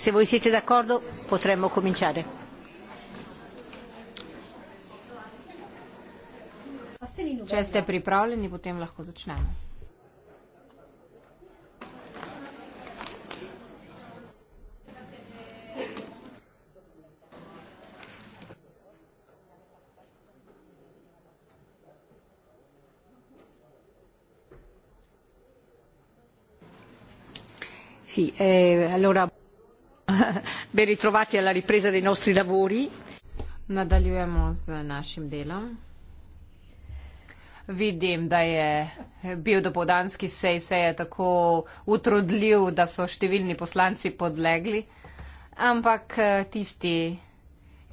Se voi siete d'accordo potremmo cominciare. Če ste pripravljeni, potem lahko začnemo. Sì, eh, allora ben ritrovati alla ripresa dei nostri lavori. Nadaljujemo z našim delom. Vidim, da je bil dopoldanski sej seje tako utrudljiv, da so številni poslanci podlegli, ampak eh, tisti,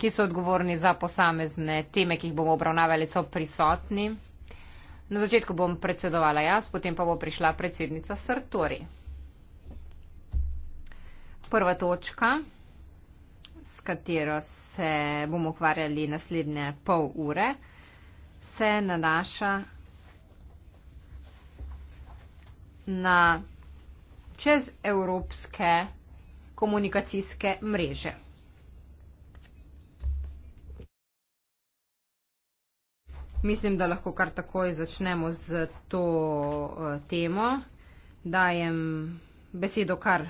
ki so odgovorni za posamezne teme, ki jih bomo obravnavali, so prisotni. Na začetku bom predsedovala jaz, potem pa bo prišla predsednica Sartori prva točka, s katero se bomo ukvarjali naslednje pol ure, se nanaša na čezevropske komunikacijske mreže. Mislim, da lahko kar takoj začnemo z to eh, temo. Dajem besedo kar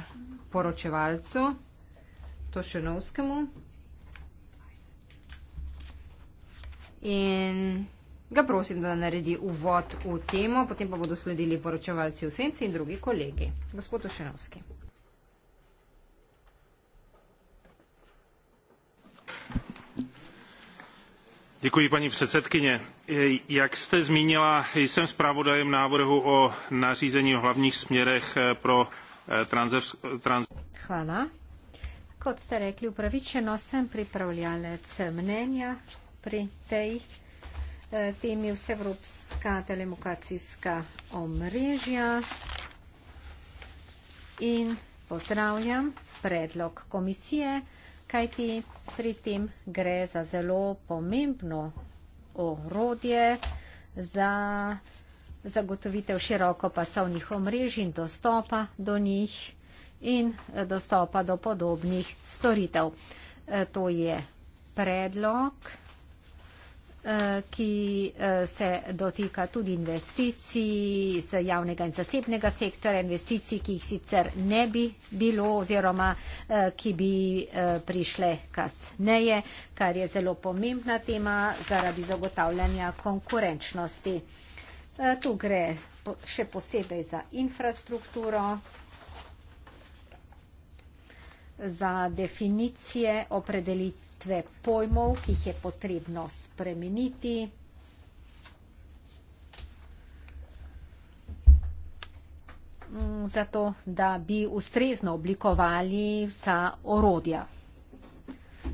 poročevalcu Tošenovskemu. In ga prosim, da naredi uvod v temo, potem pa bodo sledili poročevalci v senci in drugi kolegi. Gospod Tošenovski. Děkuji, paní předsedkyně. Jak jste zmínila, jsem zpravodajem návrhu o nařízení o hlavních směrech pro Hvala. Kot ste rekli, upravičeno sem pripravljalec mnenja pri tej eh, temi vsevropska telemokacijska omrežja in pozdravljam predlog komisije, kajti pri tem gre za zelo pomembno orodje za zagotovitev širokopasovnih omrežij in dostopa do njih in eh, dostopa do podobnih storitev. Eh, to je predlog, eh, ki se dotika tudi investicij z javnega in zasebnega sektora, investicij, ki jih sicer ne bi bilo oziroma ki bi prišle kasneje, kar je zelo pomembna tema zaradi zagotavljanja konkurenčnosti. Eh, tu gre še posebej za infrastrukturo, za definicije, opredelitve pojmov, ki jih je potrebno spremeniti. Mm, zato da bi ustrezno oblikovali vsa orodja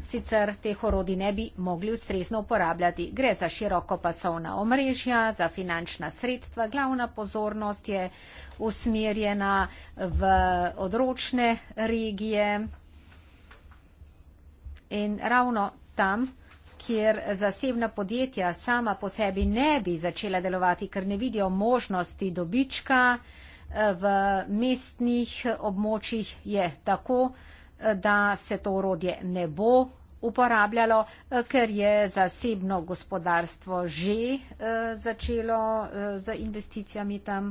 sicer teh orodij ne bi mogli ustrezno uporabljati. Gre za široko pasovna omrežja, za finančna sredstva. Glavna pozornost je usmerjena v odročne regije in ravno tam kjer zasebna podjetja sama po sebi ne bi začela delovati, ker ne vidijo možnosti dobička eh, v mestnih območjih, je tako, da se to urodje ne bo uporabljalo, eh, ker je zasebno gospodarstvo že eh, začelo eh, z investicijami tam.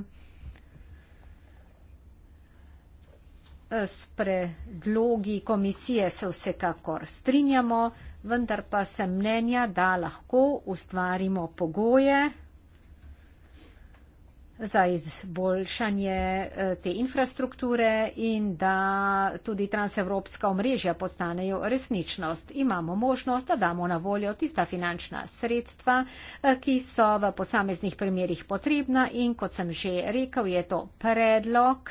S predlogi komisije se vsekakor strinjamo, vendar pa sem mnenja, da lahko ustvarimo pogoje, za izboljšanje eh, te infrastrukture in da tudi transevropska omrežja postanejo resničnost. Imamo možnost, da damo na voljo tista finančna sredstva, eh, ki so v posameznih primerjih potrebna in kot sem že rekel, je to predlog,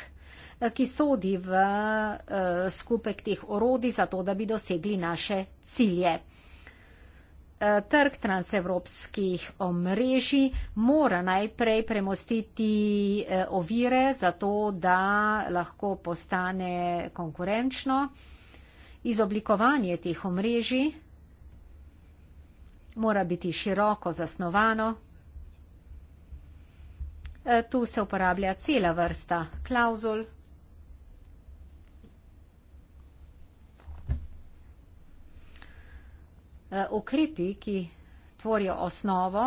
eh, ki sodi v skupek teh orodi za to, da bi dosegli naše cilje trg transevropskih omrežij mora najprej premostiti e, ovire za to, da lahko postane konkurenčno. Izoblikovanje teh omrežij mora biti široko zasnovano. E, tu se uporablja cela vrsta klauzul. Eh, ukrepi, ki tvorijo osnovo,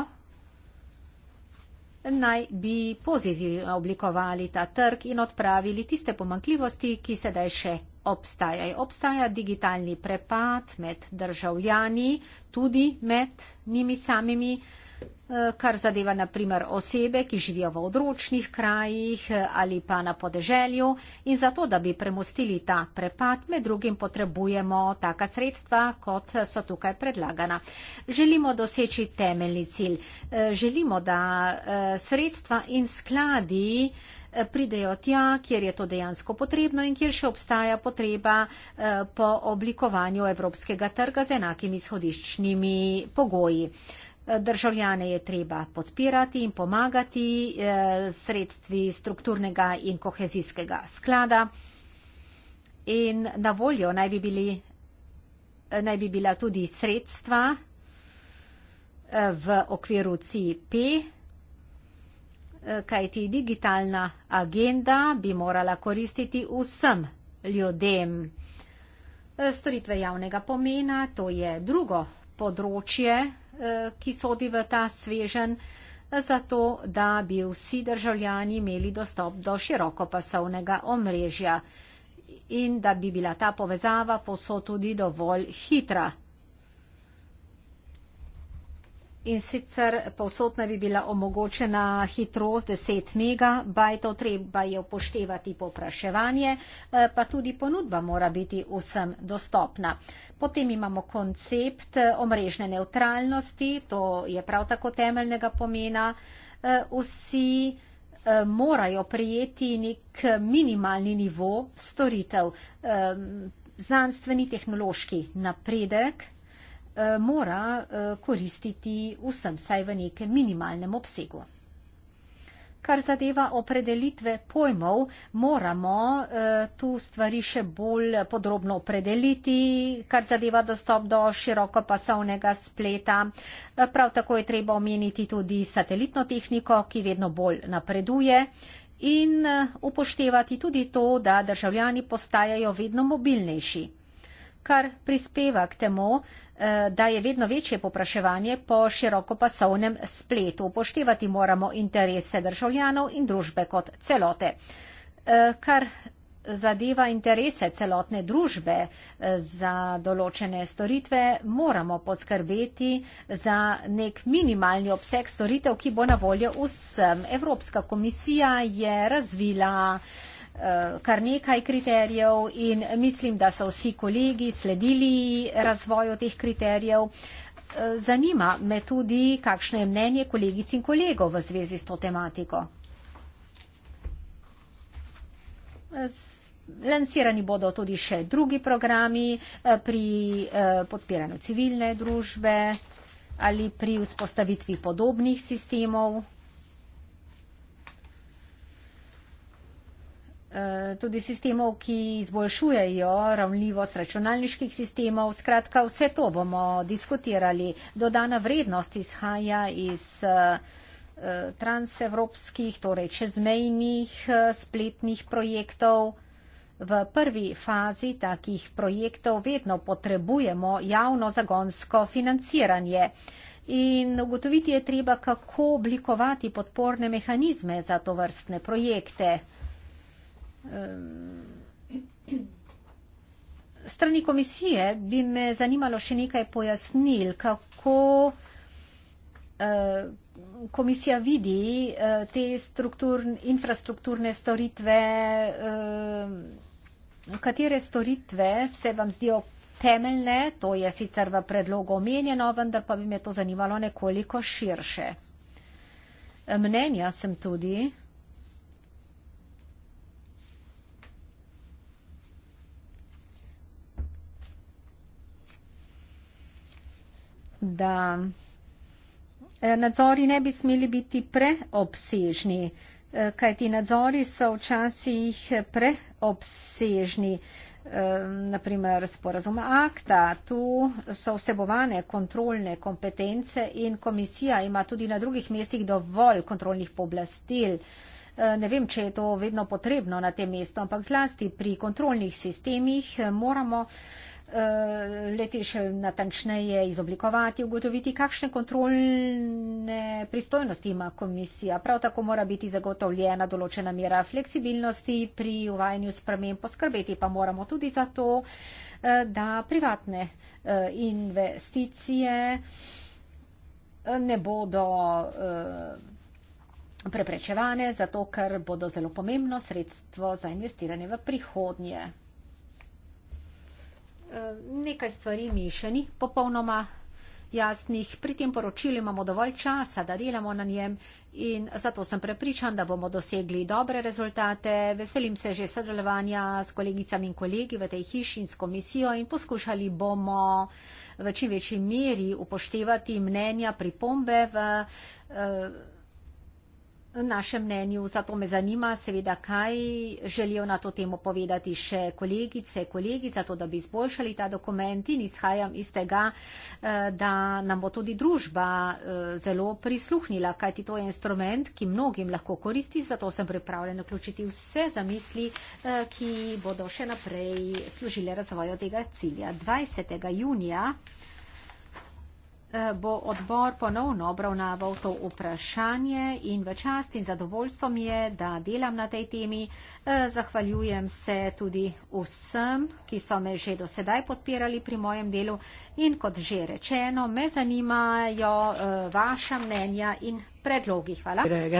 naj bi pozitivno oblikovali ta trg in odpravili tiste pomankljivosti, ki sedaj še obstajajo. Obstaja digitalni prepad med državljani, tudi med njimi samimi. Eh, kar zadeva naprimer osebe, ki živijo v odročnih krajih eh, ali pa na podeželju in zato, da bi premustili ta prepad, med drugim potrebujemo taka sredstva, kot so tukaj predlagana. Želimo doseči temeljni cilj. Eh, želimo, da sredstva in skladi pridejo tja, kjer je to dejansko potrebno in kjer še obstaja potreba po oblikovanju evropskega trga z enakimi izhodiščnimi pogoji. Državljane je treba podpirati in pomagati s eh, sredstvi strukturnega in kohezijskega sklada. In na voljo naj bi, bili, naj bi bila tudi sredstva eh, v okviru CIP, eh, kajti digitalna agenda bi morala koristiti vsem ljudem. Storitve javnega pomena, to je drugo področje Eh, ki sodi v ta svežen, zato da bi vsi državljani imeli dostop do širokopasovnega omrežja in da bi bila ta povezava posod tudi dovolj hitra. In sicer povsod naj bi bila omogočena hitrost 10 megabajtov, treba je upoštevati popraševanje, eh, pa tudi ponudba mora biti vsem dostopna. Potem imamo koncept eh, omrežne neutralnosti, to je prav tako temeljnega pomena. Eh, vsi morajo prijeti nek minimalni nivo storitev. Znanstveni tehnološki napredek Eh, mora eh, koristiti vsem, saj v nekem minimalnem obsegu. Kar zadeva opredelitve pojmov, moramo eh, tu stvari še bolj podrobno opredeliti, kar zadeva dostop do širokopasovnega spleta. Prav tako je treba omeniti tudi satelitno tehniko, ki vedno bolj napreduje. In upoštevati tudi to, da državljani postajajo vedno mobilnejši kar prispeva k temu, eh, da je vedno večje popraševanje po širokopasovnem spletu. Upoštevati moramo interese državljanov in družbe kot celote. Eh, kar zadeva interese celotne družbe eh, za določene storitve, moramo poskrbeti za nek minimalni obseg storitev, ki bo na voljo vsem. Evropska komisija je razvila Eh, kar nekaj kriterijev in mislim, da so vsi kolegi sledili razvoju teh kriterijev. Eh, zanima me tudi, kakšno je mnenje kolegic in kolegov v zvezi s to tematiko. Eh, lansirani bodo tudi še drugi programi pri podpiranju civilne družbe ali pri vzpostavitvi podobnih sistemov. Eh, tudi sistemov, ki izboljšujejo ravnljivost računalniških sistemov. Skratka, vse to bomo diskutirali. Dodana vrednost izhaja iz eh, eh, transevropskih, torej čezmejnih spletnih projektov. V prvi fazi takih projektov vedno potrebujemo javno zagonsko financiranje in ugotoviti je treba, kako oblikovati podporne mehanizme za to vrstne projekte strani komisije bi me zanimalo še nekaj pojasnil, kako eh, komisija vidi eh, te infrastrukturne storitve, eh, katere storitve se vam zdijo temeljne, to je sicer v predlogu omenjeno, vendar pa bi me to zanimalo nekoliko širše. Mnenja sem tudi, da da eh, nadzori ne bi smeli biti preobsežni, eh, kaj ti nadzori so včasih preobsežni, eh, naprimer sporazum akta, tu so vsebovane kontrolne kompetence in komisija ima tudi na drugih mestih dovolj kontrolnih poblastil. Ne vem, če je to vedno potrebno na tem mestu, ampak zlasti pri kontrolnih sistemih moramo letiš natančneje izoblikovati, ugotoviti, kakšne kontrolne pristojnosti ima komisija. Prav tako mora biti zagotovljena določena mera fleksibilnosti pri uvajanju sprememb, poskrbeti pa moramo tudi za to, eh, da privatne eh, investicije eh, ne bodo preprečevane, zato ker bodo zelo pomembno sredstvo za investiranje v prihodnje. Eh, nekaj stvari mi še ni popolnoma jasnih. Pri tem poročilu imamo dovolj časa, da delamo na njem in zato sem prepričan, da bomo dosegli dobre rezultate. Veselim se že sodelovanja s kolegicami in kolegi v tej hiši in s komisijo in poskušali bomo v čim večji meri upoštevati mnenja, pripombe v. Uh, našem mnenju. Zato me zanima, seveda, kaj želijo na to temo povedati še kolegice, kolegi, zato da bi izboljšali ta dokument in izhajam iz tega, eh, da nam bo tudi družba eh, zelo prisluhnila, kajti to je instrument, ki mnogim lahko koristi, zato sem pripravljen vključiti vse zamisli, eh, ki bodo še naprej služile razvoju tega cilja. 20. junija Eh, bo odbor ponovno obravnaval to vprašanje in v čast in zadovoljstvo mi je, da delam na tej temi. Eh, zahvaljujem se tudi vsem, ki so me že do sedaj podpirali pri mojem delu in kot že rečeno, me zanimajo eh, vaša mnenja in predlogi. Hvala. E-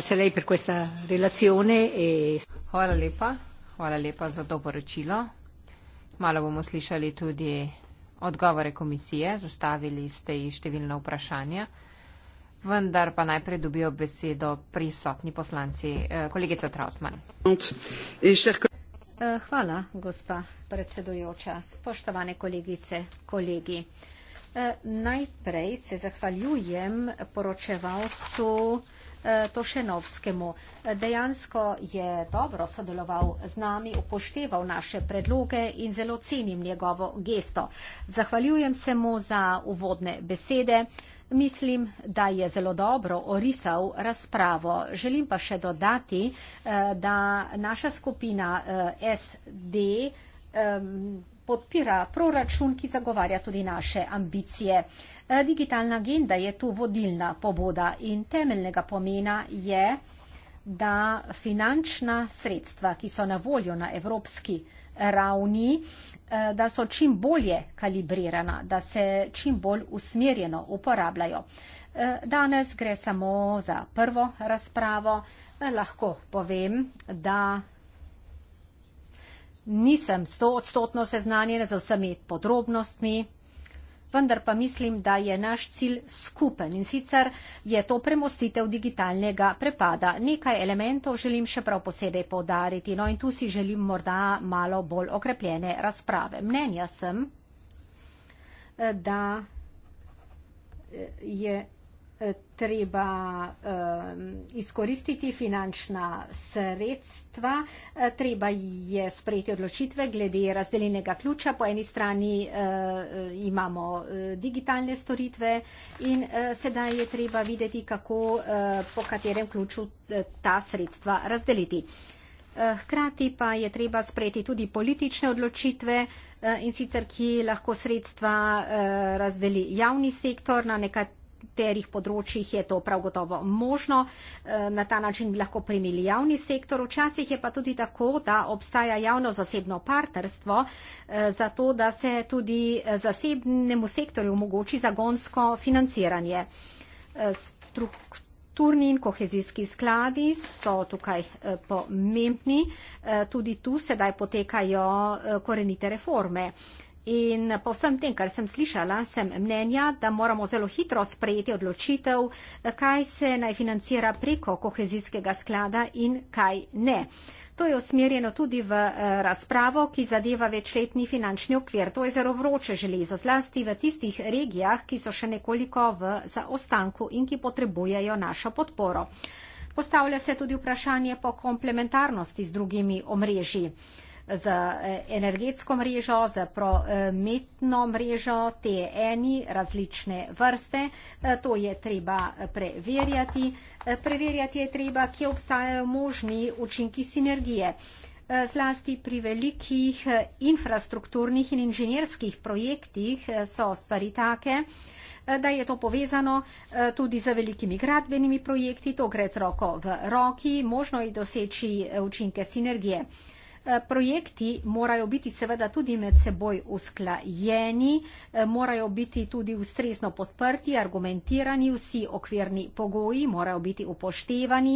hvala lepa, hvala lepa za doporočilo. Malo bomo slišali tudi odgovore komisije, zastavili ste ji številna vprašanja, vendar pa najprej dobijo besedo prisotni poslanci. Eh, kolegica Trautmann. Eh, eh, hvala, gospa predsedujoča. Spoštovane kolegice, kolegi. Najprej se zahvaljujem poročevalcu Eh, Tošenovskemu. Dejansko je dobro sodeloval z nami, upošteval naše predloge in zelo cenim njegovo gesto. Zahvaljujem se mu za uvodne besede. Mislim, da je zelo dobro orisal razpravo. Želim pa še dodati, eh, da naša skupina eh, SD podpira proračun, ki zagovarja tudi naše ambicije. E, digitalna agenda je tu vodilna pobuda in temeljnega pomena je, da finančna sredstva, ki so na voljo na evropski ravni, e, da so čim bolje kalibrirana, da se čim bolj usmerjeno uporabljajo. E, danes gre samo za prvo razpravo. Lahko povem, da nisem stoodstotno seznanjen z vsemi podrobnostmi, vendar pa mislim, da je naš cilj skupen in sicer je to premostitev digitalnega prepada. Nekaj elementov želim še prav posebej povdariti, no in tu si želim morda malo bolj okrepljene razprave. Mnenja sem, eh, da eh, je treba ehm, izkoristiti finančna sredstva, eh, treba je sprejeti odločitve glede razdeljenega ključa. Po eni strani eh, imamo eh, digitalne storitve in sedaj je treba videti, kako po katerem ključu ta sredstva razdeliti. Hkrati pa je treba sprejeti tudi politične odločitve in sicer, ki lahko sredstva razdeli javni sektor na nekatere nekaterih področjih je to prav gotovo možno, e, na ta način bi lahko primili javni sektor. Včasih je pa tudi tako, da obstaja javno-zasebno partnerstvo, e, zato da se tudi e, zasebnemu sektorju omogoči zagonsko financiranje. Strukturni in kohezijski skladi so tukaj pomembni, tudi tu sedaj potekajo korenite reforme. In po vsem tem, kar sem slišala, sem mnenja, da moramo zelo hitro sprejeti odločitev, kaj se naj financira preko kohezijskega sklada in kaj ne. To je usmerjeno tudi v eh, razpravo, ki zadeva večletni finančni okvir. To je zelo vroče železo, zlasti v tistih regijah, ki so še nekoliko v zaostanku in ki potrebujejo našo podporo. Postavlja se tudi vprašanje po komplementarnosti z drugimi omrežji z eh, energetsko mrežo, z prometno mrežo, te eni različne vrste. Eh, to je treba eh, preverjati. Preverjati je treba, kje obstajajo možni učinki sinergije. Zlasti pri velikih infrastrukturnih in inženjerskih projektih so stvari take, da je to povezano tudi z velikimi gradbenimi projekti, to gre z roko v roki, možno je doseči učinke sinergije. Eh, projekti morajo biti seveda tudi med seboj usklajeni, eh, morajo biti tudi ustrezno podprti, argumentirani, vsi okvirni pogoji morajo biti upoštevani,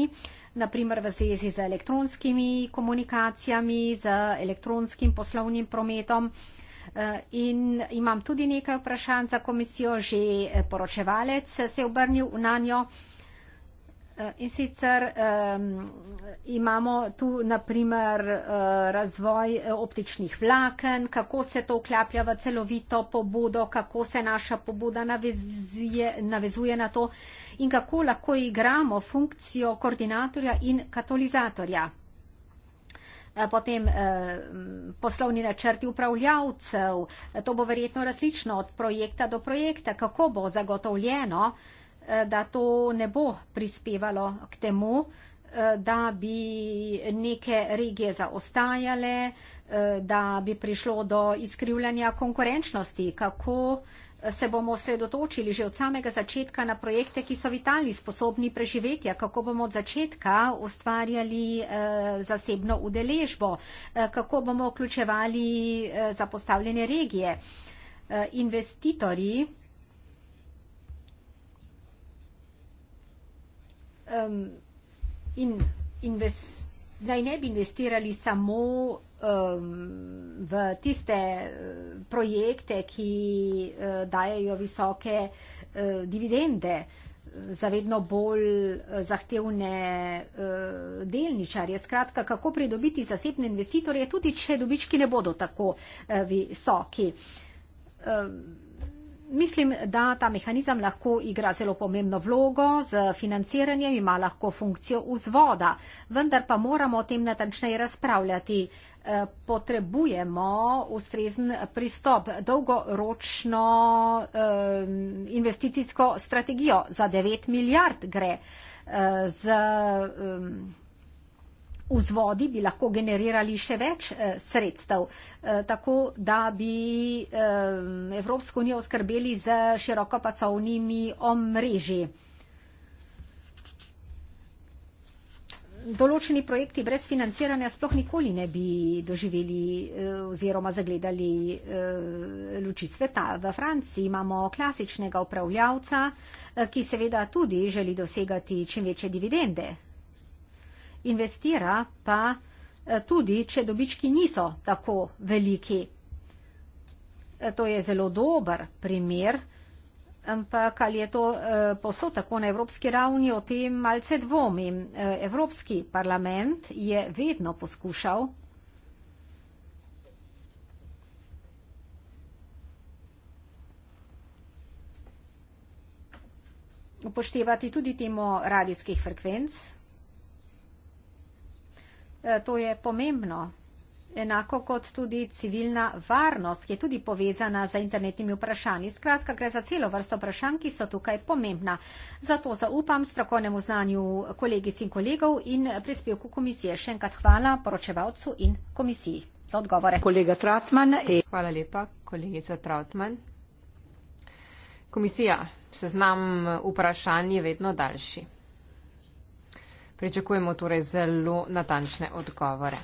naprimer v zvezi z elektronskimi komunikacijami, z elektronskim poslovnim prometom. Eh, in imam tudi nekaj vprašanj za komisijo, že poročevalec se je obrnil na njo. Eh, in sicer um, imamo tu naprimer uh, eh, razvoj eh, optičnih vlaken, kako se to vklaplja v celovito pobudo, kako se naša pobuda navezuje, navezuje na to in kako lahko igramo funkcijo koordinatorja in katalizatorja. Potem eh, poslovni načrti upravljavcev, to bo verjetno različno od projekta do projekta, kako bo zagotovljeno eh, Eh, da to ne bo prispevalo k temu, eh, da bi neke regije zaostajale, eh, da bi prišlo do izkrivljanja konkurenčnosti, kako se bomo osredotočili že od samega začetka na projekte, ki so vitalni, sposobni preživetja, kako bomo od začetka ustvarjali zasebno udeležbo, kako bomo vključevali zapostavljene regije. Investitorji um, in inves, naj ne bi investirali samo um, v tiste uh, projekte, ki uh, dajajo visoke uh, dividende za vedno bolj uh, zahtevne uh, delničarje. Skratka, kako pridobiti zasebne investitorje, tudi če dobički ne bodo tako uh, visoki. Um, Mislim, da ta mehanizem lahko igra zelo pomembno vlogo, z financiranjem ima lahko funkcijo vzvoda, vendar pa moramo o tem natančneje razpravljati. Eh, potrebujemo ustrezen pristop, dolgoročno eh, investicijsko strategijo za 9 milijard gre eh, z vzvodi bi lahko generirali še več eh, sredstev, eh, tako da bi eh, Evropsko unijo oskrbeli z širokopasovnimi omrežji. Določeni projekti brez financiranja sploh nikoli ne bi doživeli eh, oziroma zagledali eh, luči sveta. V Franciji imamo klasičnega upravljavca, eh, ki seveda tudi želi dosegati čim večje dividende investira pa eh, tudi, če dobički niso tako veliki. Eh, to je zelo dober primer, ampak ali je to eh, posod tako na evropski ravni, o tem malce dvomim. Evropski parlament je vedno poskušal upoštevati tudi temo radijskih frekvenc. Eh, to je pomembno. Enako kot tudi civilna varnost, ki je tudi povezana z internetnimi vprašanji. Skratka, gre za celo vrsto vprašanj, ki so tukaj pomembna. Zato zaupam strokovnemu znanju kolegic in kolegov in prispevku komisije. Še enkrat hvala poročevalcu in komisiji za odgovore. Kolega Trautmann. E- hvala lepa, kolegica Trautmann. Komisija, seznam vprašanj je vedno daljši. Pričakujemo torej zelo natančne odgovore.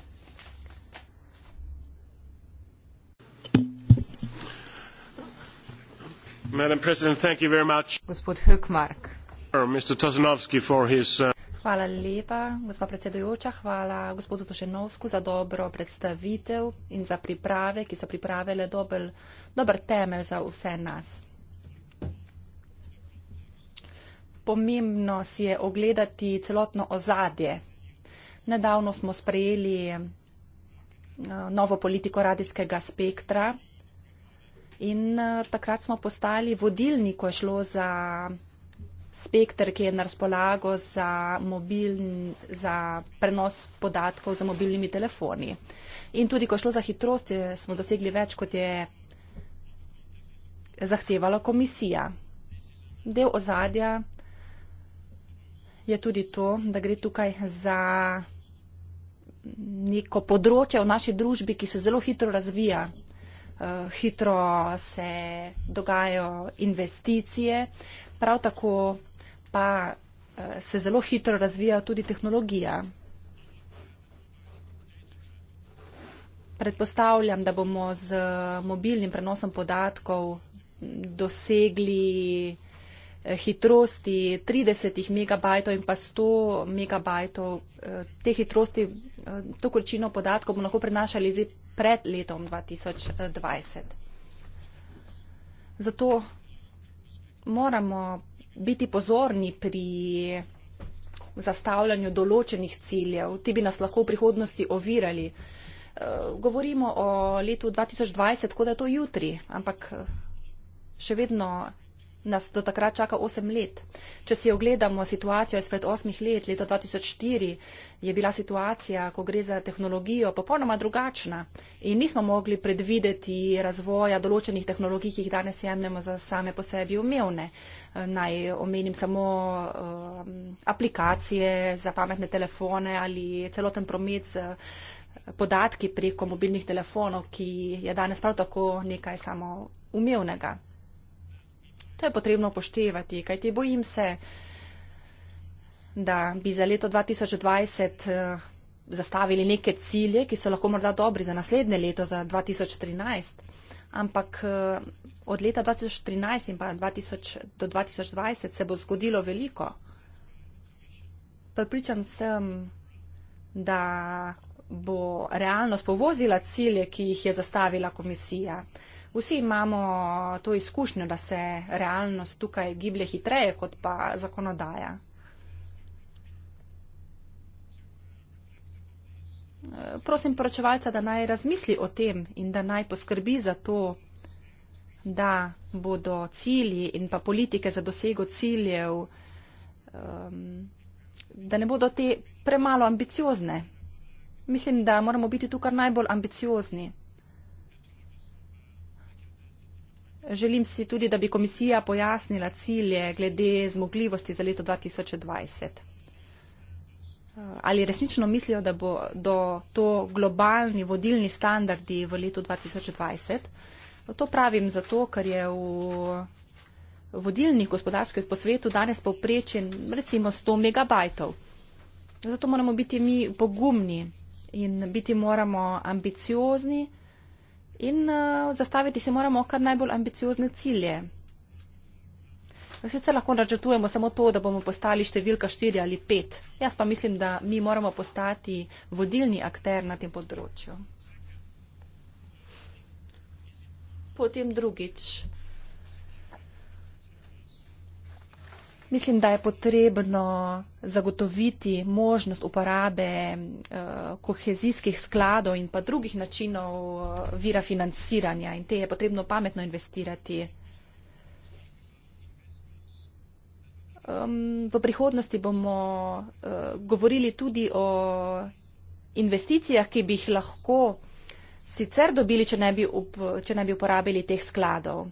Gospod Hökmark. Uh, hvala lepa, gospa predsedujoča, hvala gospodu Tošenovsku za dobro predstavitev in za priprave, ki so pripravile dober, dober temelj za vse nas. pomembno si je ogledati celotno ozadje. Nedavno smo sprejeli eh, novo politiko radijskega spektra in eh, takrat smo postali vodilni, ko je šlo za spektr, ki je na razpolago za, za prenos podatkov za mobilnimi telefoni. In tudi, ko je šlo za hitrost, je, smo dosegli več, kot je zahtevala komisija. Del ozadja je tudi to, da gre tukaj za neko področje v naši družbi, ki se zelo hitro razvija. Eh, hitro se dogajajo investicije, prav tako pa eh, se zelo hitro razvija tudi tehnologija. Predpostavljam, da bomo z mobilnim prenosom podatkov dosegli Eh, hitrosti 30 megabajtov in pa 100 megabajtov. Eh, te hitrosti, eh, to količino podatkov bomo lahko prenašali zdaj pred letom 2020. Zato moramo biti pozorni pri zastavljanju določenih ciljev. Ti bi nas lahko v prihodnosti ovirali. Govorimo o letu 2020, tako da je to jutri, ampak še vedno nas do takrat čaka 8 let. Če si ogledamo situacijo izpred 8 let, leto 2004, je bila situacija, ko gre za tehnologijo, popolnoma drugačna in nismo mogli predvideti razvoja določenih tehnologij, ki jih danes jemljemo za same po sebi umevne. Eh, naj omenim samo um, aplikacije za pametne telefone ali celoten promet z eh, podatki preko mobilnih telefonov, ki je danes prav tako nekaj samo umevnega. To je potrebno poštevati, kajti bojim se, da bi za leto 2020 eh, zastavili neke cilje, ki so lahko morda dobri za naslednje leto, za 2013. Ampak eh, od leta 2013 in pa 2000, do 2020 se bo zgodilo veliko. Pripričan sem, da bo realnost povozila cilje, ki jih je zastavila komisija. Vsi imamo to izkušnjo, da se realnost tukaj giblje hitreje kot pa zakonodaja. Prosim poročevalca, da naj razmisli o tem in da naj poskrbi za to, da bodo cilji in pa politike za dosego ciljev, um, da ne bodo te premalo ambiciozne. Mislim, da moramo biti tukaj najbolj ambiciozni. Želim si tudi, da bi komisija pojasnila cilje glede zmogljivosti za leto 2020. Eh, ali resnično mislijo, da bo do to globalni vodilni standardi v letu 2020? No, to pravim zato, ker je v vodilnih gospodarskih po svetu danes povprečen recimo 100 megabajtov. Zato moramo biti mi pogumni in biti moramo ambiciozni in uh, zastaviti si moramo kar najbolj ambiciozne cilje. Sicer lahko načrtujemo samo to, da bomo postali številka štiri ali pet. Jaz pa mislim, da mi moramo postati vodilni akter na tem področju. Potem drugič. Mislim, da je potrebno zagotoviti možnost uporabe eh, kohezijskih skladov in pa drugih načinov eh, vira financiranja in te je potrebno pametno investirati. V prihodnosti bomo eh, govorili tudi o investicijah, ki bi jih lahko sicer dobili, če ne bi uporabili teh skladov.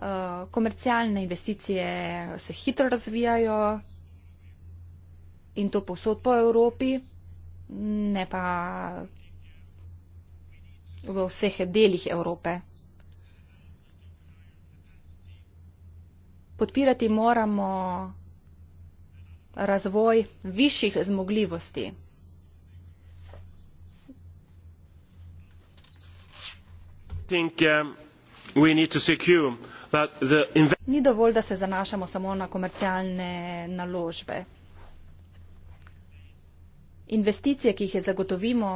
Eh, komercialne investicije se hitro razvijajo in to povsod po Evropi, ne pa v vseh delih Evrope. Podpirati moramo razvoj višjih zmogljivosti. Think, um, we need to secure Ni dovolj, da se zanašamo samo na komercialne naložbe. Investicije, ki jih je zagotovimo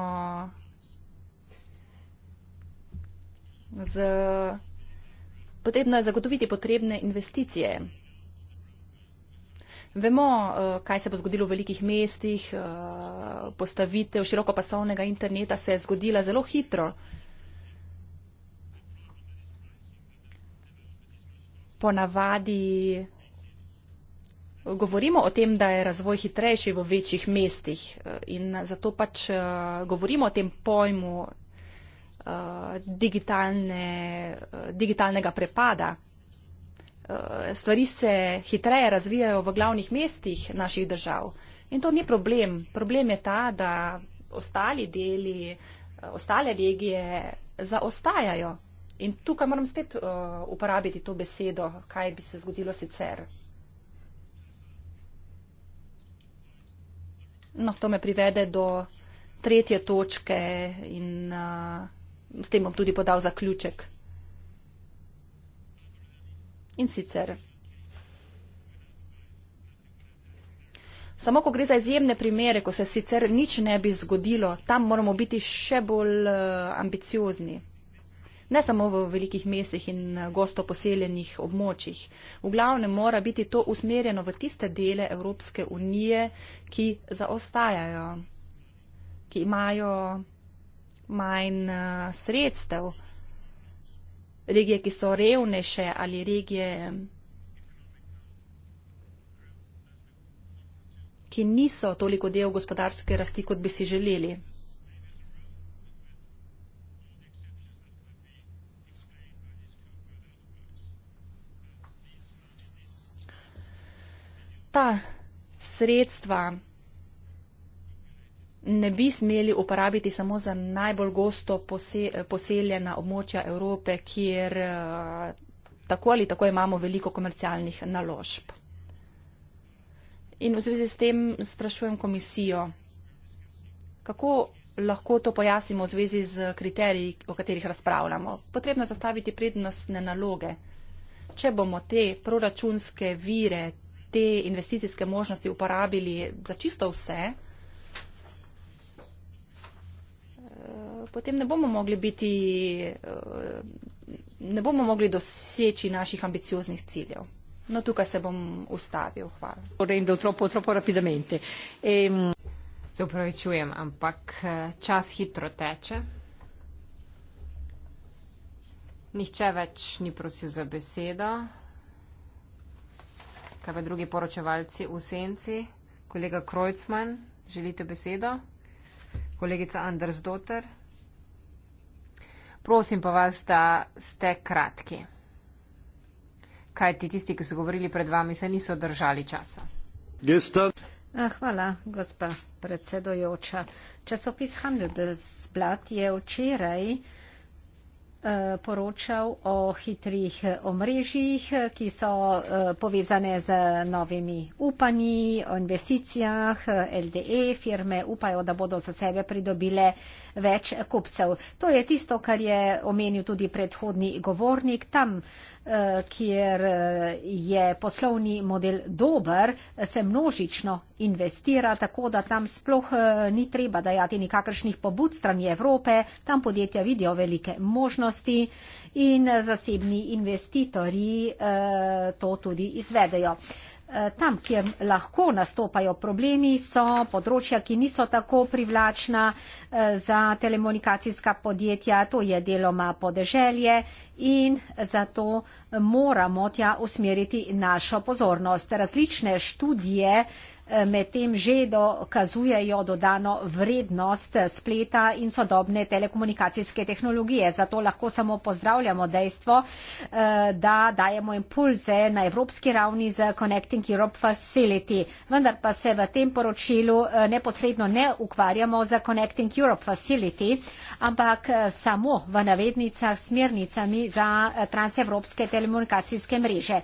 z... Potrebno je zagotoviti potrebne investicije. Vemo, eh, kaj se bo zgodilo v velikih mestih, eh, postavitev širokopasovnega interneta se je zgodila zelo hitro. ponavadi govorimo o tem, da je razvoj hitrejši v večjih mestih eh, in zato pač eh, govorimo o tem pojmu eh, digitalne, digitalnega prepada. Stvari se hitreje razvijajo v glavnih mestih naših držav in to ni problem. Problem je ta, da ostali deli, ostale regije zaostajajo. In tukaj moram spet uh, uporabiti to besedo, kaj bi se zgodilo sicer. No, to me privede do tretje točke in uh, s tem bom tudi podal zaključek. In sicer. Samo ko gre za izjemne primere, ko se sicer nič ne bi zgodilo, tam moramo biti še bolj uh, ambiciozni ne samo v velikih mestih in eh, gosto poseljenih območjih. V glavnem mora biti to usmerjeno v tiste dele Evropske unije, ki zaostajajo, ki imajo manj eh, sredstev, regije, ki so revnejše ali regije, ki niso toliko del gospodarske rasti, kot bi si želeli. ta sredstva ne bi smeli uporabiti samo za najbolj gosto pose, poseljena območja Evrope, kjer eh, tako ali tako imamo veliko komercialnih naložb. In v zvezi s tem sprašujem komisijo, kako lahko to pojasnimo v zvezi z kriteriji, o katerih razpravljamo. Potrebno je zastaviti prednostne naloge. Če bomo te proračunske vire, te investicijske možnosti uporabili za čisto vse, eh, potem ne bomo mogli biti, eh, ne bomo mogli doseči naših ambicioznih ciljev. No, tukaj se bom ustavil. Hvala. Rendo troppo, troppo rapidamente. Ehm... Se upravičujem, ampak eh, čas hitro teče. Nihče več ni prosil za besedo kaj pa drugi poročevalci v senci. Kolega Krojcman, želite besedo? Kolegica Anders Dotter? Prosim pa vas, da ste kratki. Kaj ti tisti, ki so govorili pred vami, se niso držali časa? Hvala, gospa predsedojoča. Časopis Handelsblad je včeraj. Eh, poročal o hitrih omrežjih, ki so eh, povezane z novimi upanji, o investicijah LDE. Firme upajo, da bodo za sebe pridobile več kupcev. To je tisto, kar je omenil tudi predhodni govornik. Tam, eh, kjer eh, je poslovni model dober, se množično investira, tako da tam sploh eh, ni treba dajati nikakršnih pobud strani Evrope. Tam podjetja vidijo velike možnosti in zasebni investitorji to tudi izvedejo. Eh, tam, kjer lahko nastopajo problemi, so področja, ki niso tako privlačna eh, za telekomunikacijska podjetja, to je deloma podeželje in zato moramo tja usmeriti našo pozornost. Različne študije medtem že dokazujejo dodano vrednost spleta in sodobne telekomunikacijske tehnologije. Zato lahko samo pozdravljamo dejstvo, eh, da dajemo impulze na evropski ravni z Connecting Europe Facility. Vendar pa se v tem poročilu eh, neposredno ne ukvarjamo z Connecting Europe Facility, ampak eh, samo v navednicah smernicami za transevropske telekomunikacijske mreže.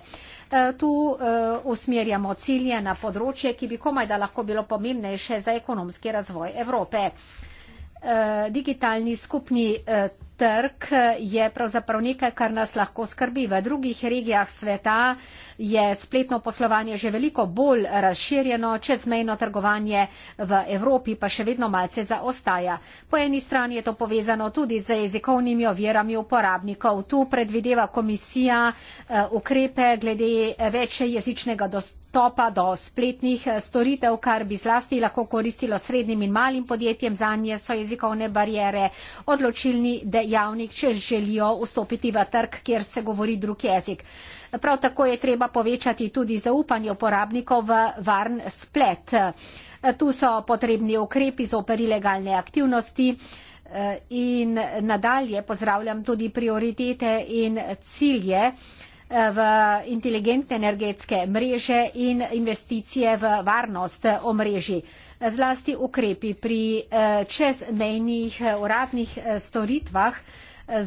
Eh, tu eh, usmerjamo cilje na področje, ki bi komaj da lahko bilo pomembnejše za ekonomski razvoj Evrope. Eh, digitalni skupni trg trg eh, je pravzaprav nekaj, kar nas lahko skrbi. V drugih regijah sveta je spletno poslovanje že veliko bolj razširjeno, čezmejno trgovanje v Evropi pa še vedno malce zaostaja. Po eni strani je to povezano tudi z jezikovnimi ovirami uporabnikov. Tu predvideva komisija eh, ukrepe glede večje jezičnega dostopa dostopa do spletnih eh, storitev, kar bi zlasti lahko koristilo srednjim in malim podjetjem. Za nje so jezikovne barijere odločilni dejavnik, če želijo vstopiti v trg, kjer se govori drug jezik. Prav tako je treba povečati tudi zaupanje uporabnikov v varn splet. Eh, tu so potrebni ukrepi za operi legalne aktivnosti eh, in nadalje pozdravljam tudi prioritete in cilje v inteligentne energetske mreže in investicije v varnost omrežji. Zlasti ukrepi pri eh, čezmejnih eh, uradnih eh, storitvah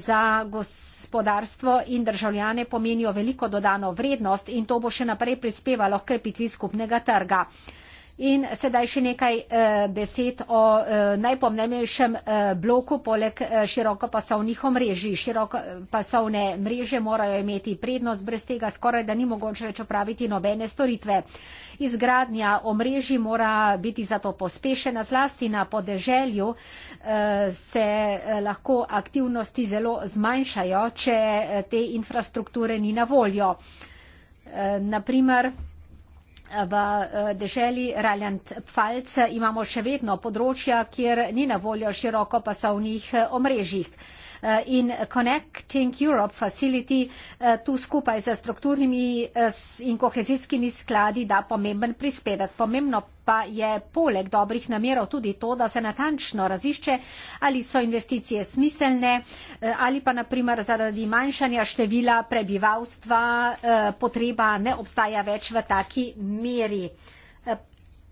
za gospodarstvo in državljane pomenijo veliko dodano vrednost in to bo še naprej prispevalo k krepitvi skupnega trga. In sedaj še nekaj eh, besed o eh, najpomembnejšem eh, bloku poleg eh, širokopasovnih omrežij. Širokopasovne mreže morajo imeti prednost, brez tega skoraj da ni mogoče več opraviti nobene storitve. Izgradnja omrežij mora biti zato pospešena, zlasti na podeželju eh, se eh, lahko aktivnosti zelo zmanjšajo, če eh, te infrastrukture ni na voljo. Eh, naprimer, v eh, deželi Raljant-Pfalc imamo še vedno področja, kjer ni na voljo široko pasovnih eh, omrežjih. Eh, in Connecting Europe Facility, eh, tu skupaj z strukturnimi eh, in kohezijskimi skladi da pomemben prispevek. Pomembno pa je poleg dobrih namerov tudi to, da se natančno razišče, ali so investicije smiselne ali pa naprimer zaradi manjšanja števila prebivalstva potreba ne obstaja več v taki meri.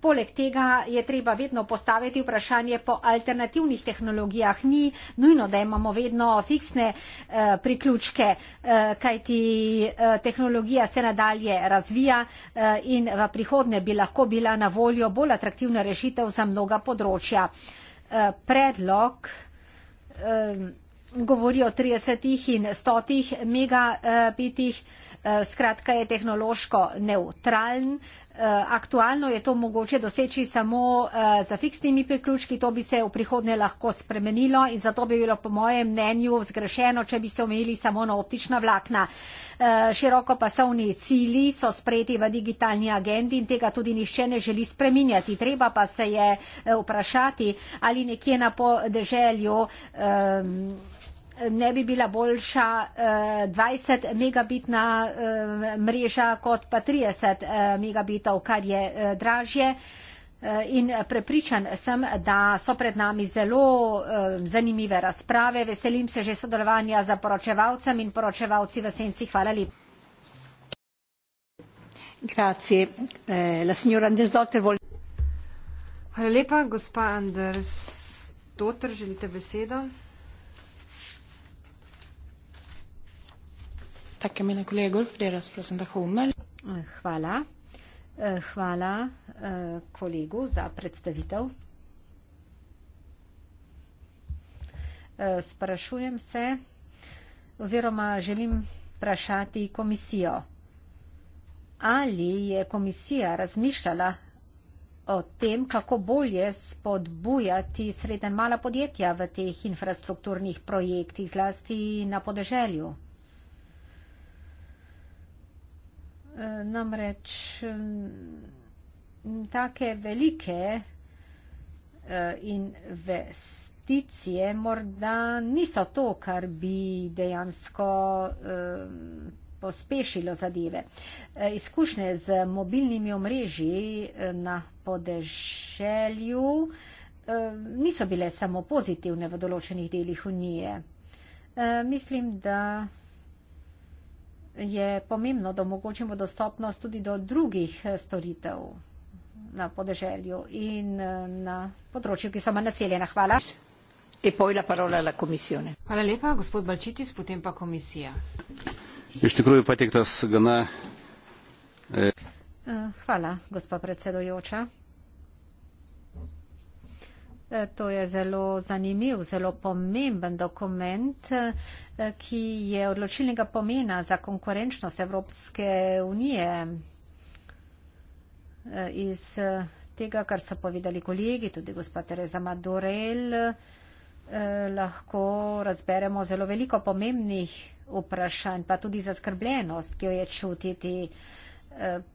Poleg tega je treba vedno postaviti vprašanje po alternativnih tehnologijah. Ni nujno, da imamo vedno fiksne eh, priključke, eh, kajti eh, tehnologija se nadalje razvija eh, in v prihodnje bi lahko bila na voljo bolj atraktivna rešitev za mnoga področja. Eh, predlog. Eh, govori o 30 in 100 megabitih, eh, skratka je tehnološko neutralen, Eh, aktualno je to mogoče doseči samo uh, eh, za fiksnimi priključki, to bi se v prihodnje lahko spremenilo in zato bi bilo po mojem mnenju zgrešeno, če bi se omejili samo na optična vlakna. Uh, eh, široko pasovni cili so sprejeti v digitalni agendi in tega tudi nišče ne želi spreminjati. Treba pa se je uh, vprašati, ali nekje na podeželju. Um, ne bi bila boljša 20 eh, megabitna eh, mreža kot pa 30 eh, megabitov, kar je dražje. In prepričan sem, da so pred nami zelo zanimive razprave. Veselim se že sodelovanja za poročevalcem in poročevalci v senci. Hvala lepa. Grazie. La signora Anders Dotter vuole. Hvala lepa, gospa Anders Dotter, želite besedo? tacka mina kollegor för deras presentationer. Hvala. Eh, hvala eh, kolegu za predstavitev. Eh, sprašujem se oziroma želim vprašati komisijo. Ali je komisija razmišljala o tem, kako bolje spodbujati sreden mala podjetja v teh infrastrukturnih projektih, zlasti na podeželju? namreč mm, take velike e, investicije morda niso to, kar bi dejansko e, pospešilo zadeve. E, izkušnje z mobilnimi omrežji na podeželju niso bile samo pozitivne v določenih delih Unije. Mislim, da je pomembno, da omogočimo dostopnost tudi do drugih eh, storitev na podeželju in eh, na področju, ki so manj naseljena. Hvala. E poi la parola alla Commissione. Hvala lepa, gospod Balčitis, potem pa komisija. Iš tikrųjų pateiktas gana. E, eh. Hvala, gospod predsedojoča. E, to je zelo zanimiv, zelo pomemben dokument, e, ki je odločilnega pomena za konkurenčnost Evropske unije. E, iz tega, kar so povedali kolegi, tudi gospa Tereza Madurel, lahko razberemo zelo veliko pomembnih vprašanj, pa tudi zaskrbljenost, ki jo je čutiti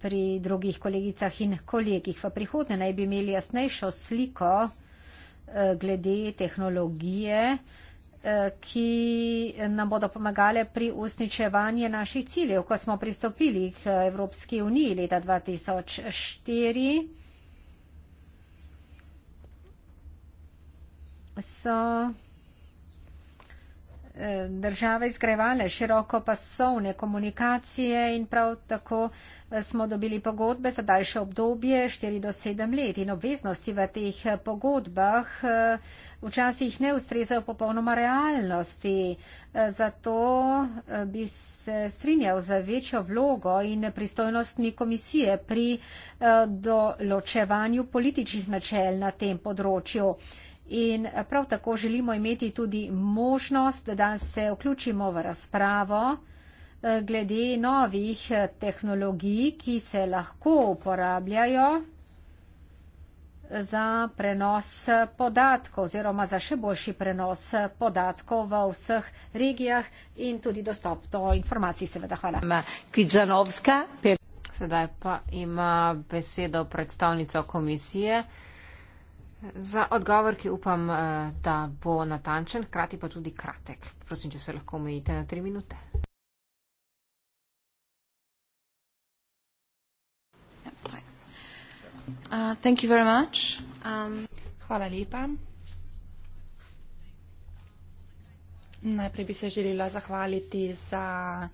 pri drugih kolegicah in kolegih. V prihodnje naj bi imeli jasnejšo sliko glede tehnologije, eh, ki nam bodo pomagale pri usničevanju naših ciljev. Ko smo pristopili k Evropski uniji leta 2004, so države izgrevale širokopasovne komunikacije in prav tako eh, smo dobili pogodbe za daljše obdobje 4 do 7 let in obveznosti v teh pogodbah eh, včasih ne ustrezajo popolnoma realnosti. Eh, zato bi se strinjal za večjo vlogo in pristojnostni komisije pri določevanju političnih načel na tem področju. In prav tako želimo imeti tudi možnost, da se vključimo v razpravo eh, glede novih eh, tehnologij, ki se lahko uporabljajo eh, za prenos podatkov oziroma za še boljši prenos podatkov v vseh regijah in tudi dostop do informacij. Seveda, hvala. Sedaj pa ima besedo predstavnica komisije. Za odgovor, ki upam, eh, da bo natančen, hkrati pa tudi kratek. Prosim, če se lahko omejite na tri minute. Uh, thank you very much. Um, Hvala lepa. Najprej bi se želela zahvaliti za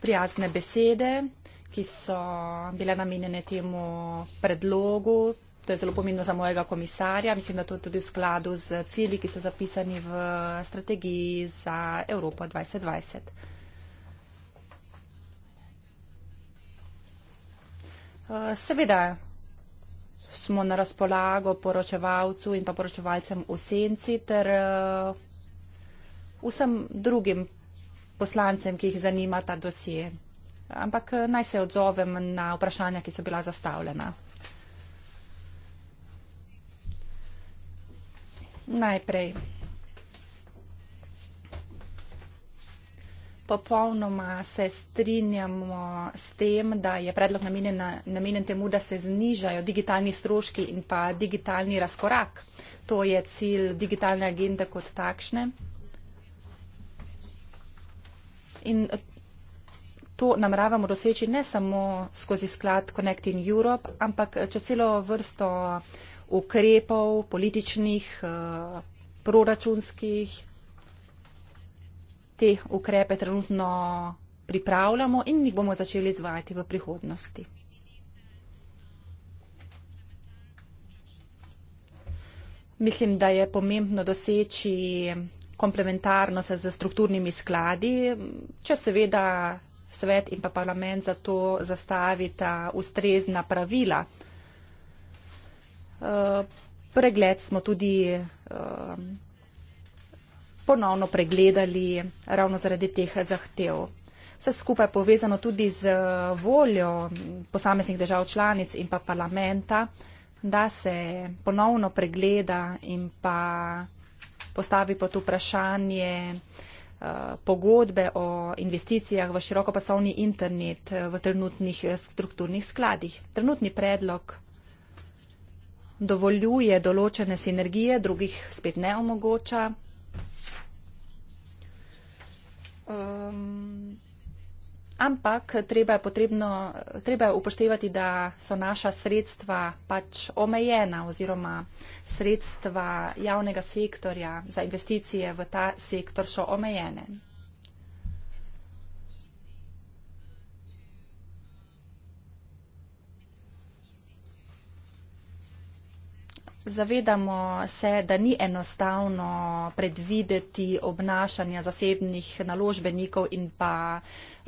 prijazne besede, ki so bile namenjene temu predlogu, To je zelo pomembno za mojega komisarja. Mislim, da to je tudi v skladu z cilji, ki so zapisani v strategiji za Evropo 2020. Eh, seveda smo na razpolago poročevalcu in pa poročevalcem v senci ter eh, vsem drugim poslancem, ki jih zanima ta dosje. Ampak eh, naj se odzovem na vprašanja, ki so bila zastavljena. najprej. Popolnoma se strinjamo s tem, da je predlog namenjen, na, namenjen temu, da se znižajo digitalni stroški in pa digitalni razkorak. To je cilj digitalne agende kot takšne. In to namravamo doseči ne samo skozi sklad Connecting Europe, ampak čez celo vrsto ukrepov, političnih, eh, proračunskih. Te ukrepe trenutno pripravljamo in jih bomo začeli izvajati v prihodnosti. Mislim, da je pomembno doseči komplementarnost z strukturnimi skladi, če seveda svet in pa parlament za to zastavita ustrezna pravila pregled smo tudi eh, ponovno pregledali ravno zaradi teh zahtev. Vse skupaj je povezano tudi z voljo posameznih držav članic in pa parlamenta, da se ponovno pregleda in pa postavi pod vprašanje eh, pogodbe o investicijah v širokopasovni internet eh, v trenutnih strukturnih skladih. Trenutni predlog dovoljuje določene sinergije, drugih spet ne omogoča. Um, ampak treba je, potrebno, treba je upoštevati, da so naša sredstva pač omejena oziroma sredstva javnega sektorja za investicije v ta sektor so omejene. Zavedamo se, da ni enostavno predvideti obnašanja zasebnih naložbenikov in pa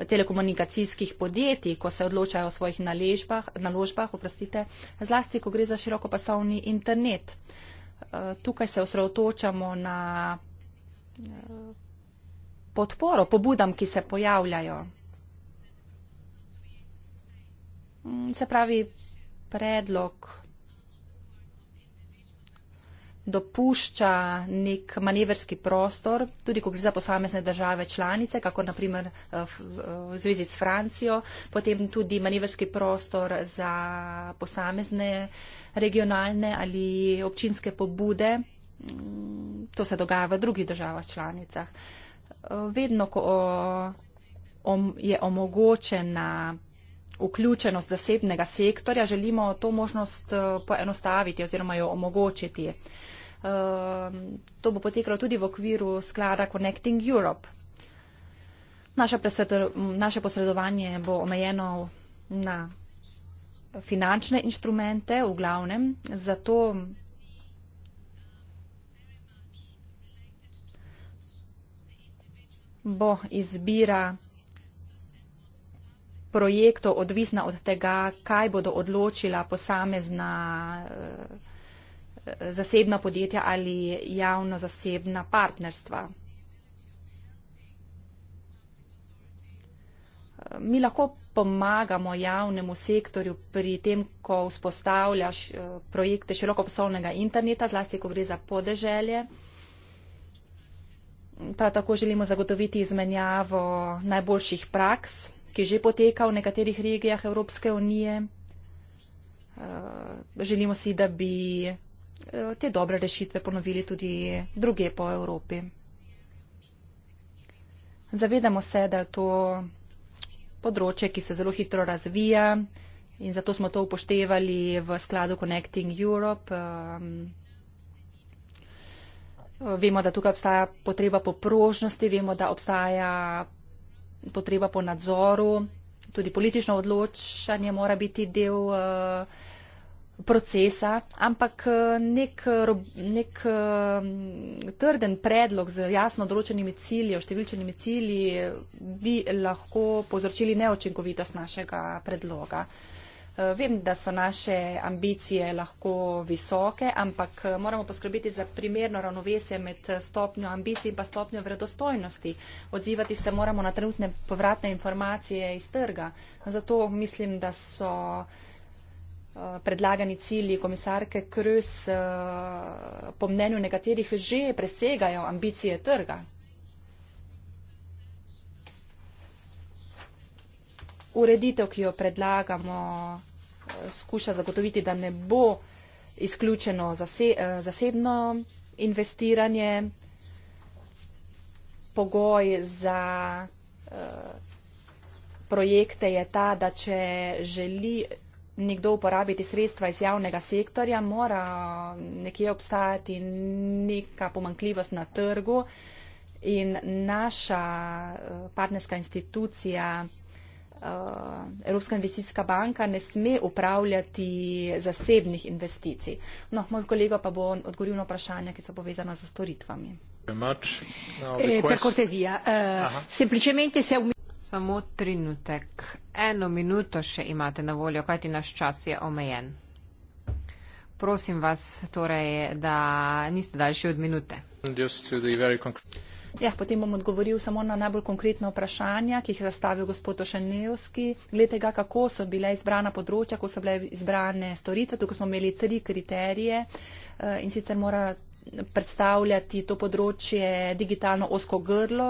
telekomunikacijskih podjetij, ko se odločajo o svojih naležbah, naložbah oprostite, zlasti, ko gre za širokopasovni internet. Eh, tukaj se osredotočamo na eh, podporo pobudam, ki se pojavljajo. Mm, se pravi, predlog dopušča nek manevrski prostor, tudi ko gre za posamezne države članice, kako naprimer eh, v zvezi s Francijo, potem tudi manevrski prostor za posamezne regionalne ali občinske pobude. Mm, to se dogaja v drugih državah članicah. Eh, vedno, ko je omogočena vključenost zasebnega sektorja, želimo to možnost eh, poenostaviti oziroma jo omogočiti. Ehm, to bo potekalo tudi v okviru sklada Connecting Europe. Naše, naše posredovanje bo omejeno na finančne inštrumente v glavnem, zato bo izbira projektov odvisna od tega, kaj bodo odločila posamezna uh, zasebna podjetja ali javno-zasebna partnerstva. Mi lahko pomagamo javnemu sektorju pri tem, ko vzpostavljaš eh, projekte širokopasovnega interneta, zlasti ko gre za podeželje. Prav tako želimo zagotoviti izmenjavo najboljših praks, ki že poteka v nekaterih regijah Evropske unije. Eh, želimo si, da bi te dobre rešitve ponovili tudi druge po Evropi. Zavedamo se, da je to področje, ki se zelo hitro razvija in zato smo to upoštevali v skladu Connecting Europe. Um, vemo, da tukaj obstaja potreba po prožnosti, vemo, da obstaja potreba po nadzoru, tudi politično odločanje mora biti del uh, procesa, ampak eh, nek, eh, nek eh, trden predlog z jasno določenimi cilji, oštevilčenimi cilji bi lahko povzročili neočinkovitost našega predloga. Vem, da so naše ambicije lahko visoke, ampak moramo poskrbeti za primerno ravnovesje med stopnjo ambicij in pa stopnjo vredostojnosti. Odzivati se moramo na trenutne povratne informacije iz trga. Zato mislim, da so Eh, predlagani cilji komisarke Krus eh, po mnenju nekaterih že presegajo ambicije trga? Ureditev, ki jo predlagamo, eh, skuša zagotoviti, da ne bo izključeno zasebno investiranje, pogoj za projekte je ta, da če želi izključiti nekdo uporabiti sredstva iz javnega sektorja, mora nekje obstajati neka pomankljivost na trgu in naša eh, partnerska institucija, eh, Evropska investicijska banka, ne sme upravljati zasebnih investicij. No, moj kolega pa bo odgovoril na vprašanja, ki so povezana z storitvami. Eh, per cortesia, eh, semplicemente se è un... Samo trenutek. Eno minuto še imate na voljo, kajti naš čas je omejen. Prosim vas, torej, da niste daljši od minute. Ja, potem bom odgovoril samo na najbolj konkretno vprašanje, ki jih je zastavil gospod Ošenevski. Glede tega, kako so bile izbrana področja, kako so bile izbrane storitve, tukaj smo imeli tri kriterije eh, in sicer mora predstavljati to področje digitalno osko grlo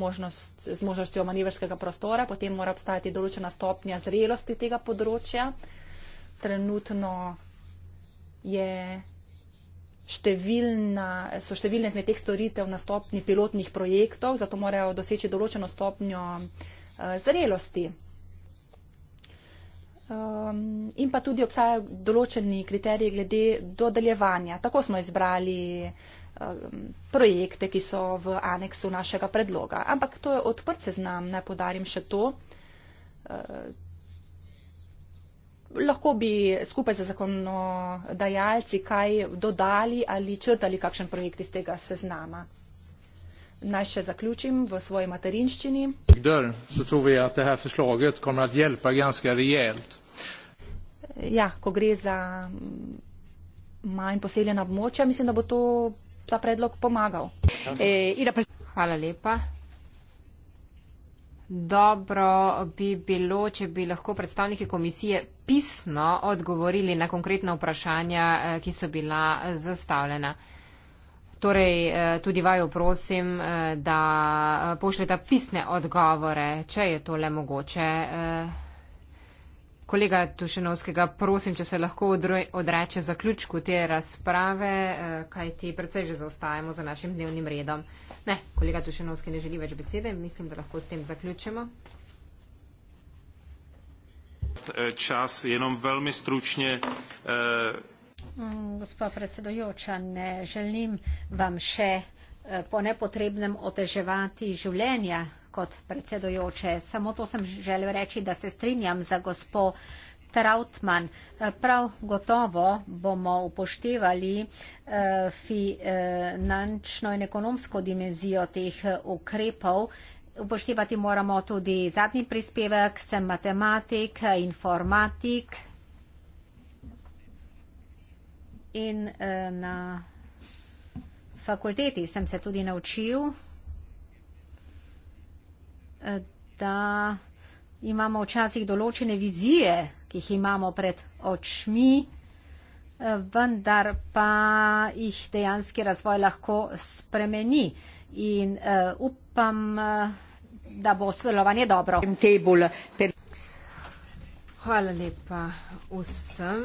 možnost, z možnostjo manevrskega prostora, potem mora obstajati določena stopnja zrelosti tega področja. Trenutno je številna, so številne izmed teh storitev na stopni pilotnih projektov, zato morajo doseči določeno stopnjo eh, zrelosti Um, in pa tudi obstajajo določeni kriteriji glede dodeljevanja. Tako smo izbrali um, projekte, ki so v aneksu našega predloga. Ampak to je odprt seznam, naj podarim še to. Uh, lahko bi skupaj za zakonodajalci kaj dodali ali črtali kakšen projekt iz tega seznama. Naj še zaključim v svoji materinščini. Kdor, ja, ko gre za manj poseljena območja, mislim, da bo to ta predlog pomagal. E, Hvala lepa. Dobro bi bilo, če bi lahko predstavniki komisije pisno odgovorili na konkretna vprašanja, eh, ki so bila eh, zastavljena. Torej, eh, tudi vaju prosim, da pošljete pisne odgovore, če je to le mogoče. Kolega Tušenovskega, prosim, če se lahko odreče zaključku te razprave, eh, kaj ti predvsej že zaostajamo za našim dnevnim redom. Ne, kolega Tušenovski ne želi več besede, mislim, da lahko s tem zaključimo. Eh, čas, jenom velmi stručne. Eh, mm, gospa predsedojoča, ne želim vam še po nepotrebnem oteževati življenja kot predsedojoče. Samo to sem želel reči, da se strinjam za gospo Trautman. Prav gotovo bomo upoštevali eh, finančno in ekonomsko dimenzijo teh ukrepov. Upoštevati moramo tudi zadnji prispevek, sem matematik, informatik in eh, na fakulteti sem se tudi naučil da imamo včasih določene vizije, ki jih imamo pred očmi, eh, vendar pa jih dejanski razvoj lahko spremeni. In uh, upam, uh, da bo sodelovanje dobro. Hvala lepa vsem.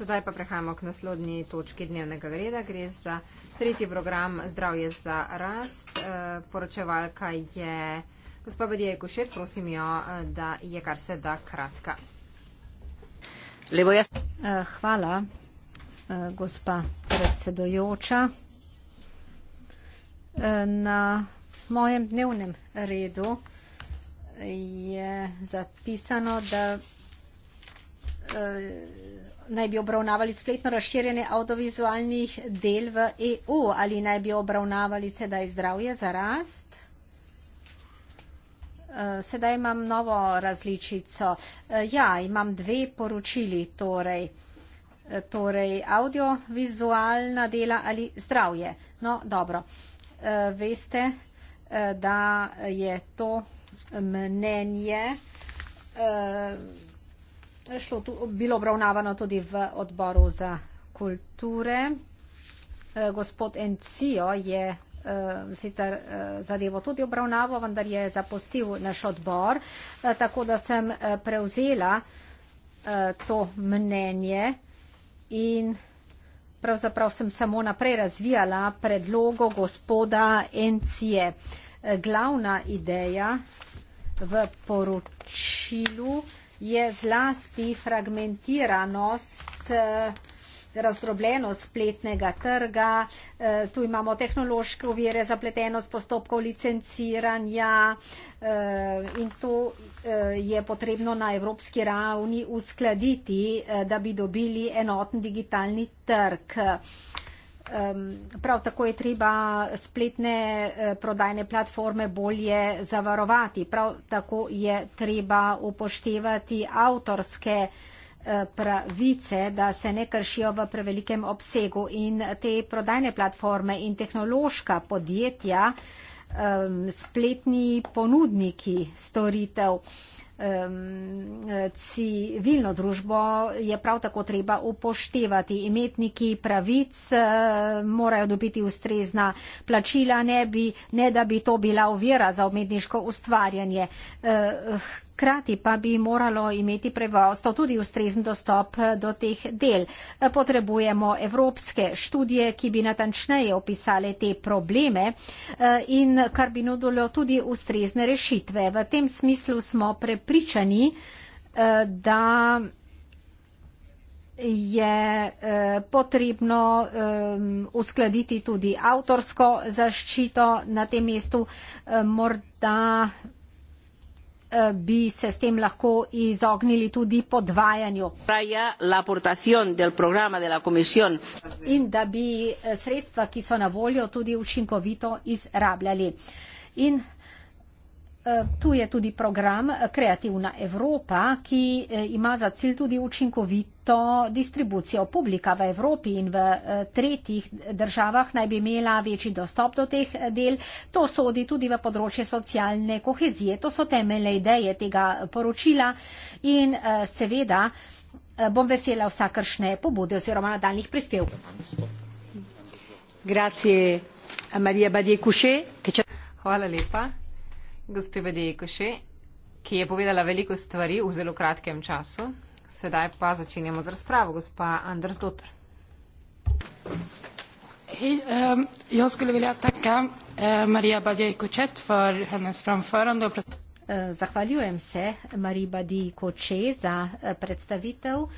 Sedaj pa prehajamo k naslednji točki dnevnega reda. Gre za tretji program Zdravje za rast. Eh, poročevalka je gospod Bedije Košet. Prosim jo, eh, da je kar se da kratka. Lepo je. Eh, hvala, gospa predsedojoča. Na mojem dnevnem redu je zapisano, da naj bi obravnavali spletno razširjene avtovizualnih del v EU ali naj bi obravnavali sedaj zdravje za rast. E, sedaj imam novo različico. E, ja, imam dve poročili, torej. E, torej, audiovizualna dela ali zdravje. No, dobro. Veste, da je to mnenje šlo tu, bilo obravnavano tudi v odboru za kulture. E, gospod Encijo je e, sicer e, zadevo tudi obravnaval, vendar je zapustil naš odbor, tako da sem prevzela to mnenje in pravzaprav sem samo naprej razvijala predlogo gospoda Encije. Glavna ideja v poročilu je zlasti fragmentiranost, eh, razdrobljenost spletnega trga, eh, tu imamo tehnološke uvire, zapletenost postopkov licenciranja eh, in to je potrebno na evropski ravni uskladiti, da bi dobili enoten digitalni trg. Ehm, prav tako je treba spletne eh, prodajne platforme bolje zavarovati, prav tako je treba upoštevati avtorske eh, pravice, da se ne kršijo v prevelikem obsegu in te prodajne platforme in tehnološka podjetja, ehm, spletni ponudniki storitev civilno družbo je prav tako treba upoštevati. Imetniki pravic eh, morajo dobiti ustrezna plačila, ne, bi, ne da bi to bila uvira za umetniško ustvarjanje. Eh, Hkrati pa bi moralo imeti prebivalstvo tudi ustrezen dostop do teh del. Potrebujemo evropske študije, ki bi natančneje opisale te probleme eh, in kar bi nudilo tudi ustrezne rešitve. V tem smislu smo prepričani, eh, da je eh, potrebno ehm, uskladiti tudi avtorsko zaščito na tem mestu. Morda bi se s tem lahko izognili tudi podvajanju. In da bi eh, sredstva, ki so na voljo, tudi učinkovito izrabljali. In Eh, tu je tudi program eh, Kreativna Evropa, ki eh, ima za cilj tudi učinkovito distribucijo publika v Evropi in v tretjih državah naj bi imela večji dostop do teh del. To sodi tudi v področje socialne kohezije. To so temeljne ideje tega poročila in seveda bom vesela vsakršne pobude oziroma nadaljnih prispevkov. Hvala lepa gospe Dejkoše, ki je povedala veliko stvari v zelo kratkem času. Sedaj pa začenjamo z razpravo, gospa Anders Dotter. Hej, um, jaz skulle velja takka uh, Marija Badej Kočet for hennes framförande. Uh, eh, zahvaljujem se Mariji Badej Koče za uh, predstavitev uh,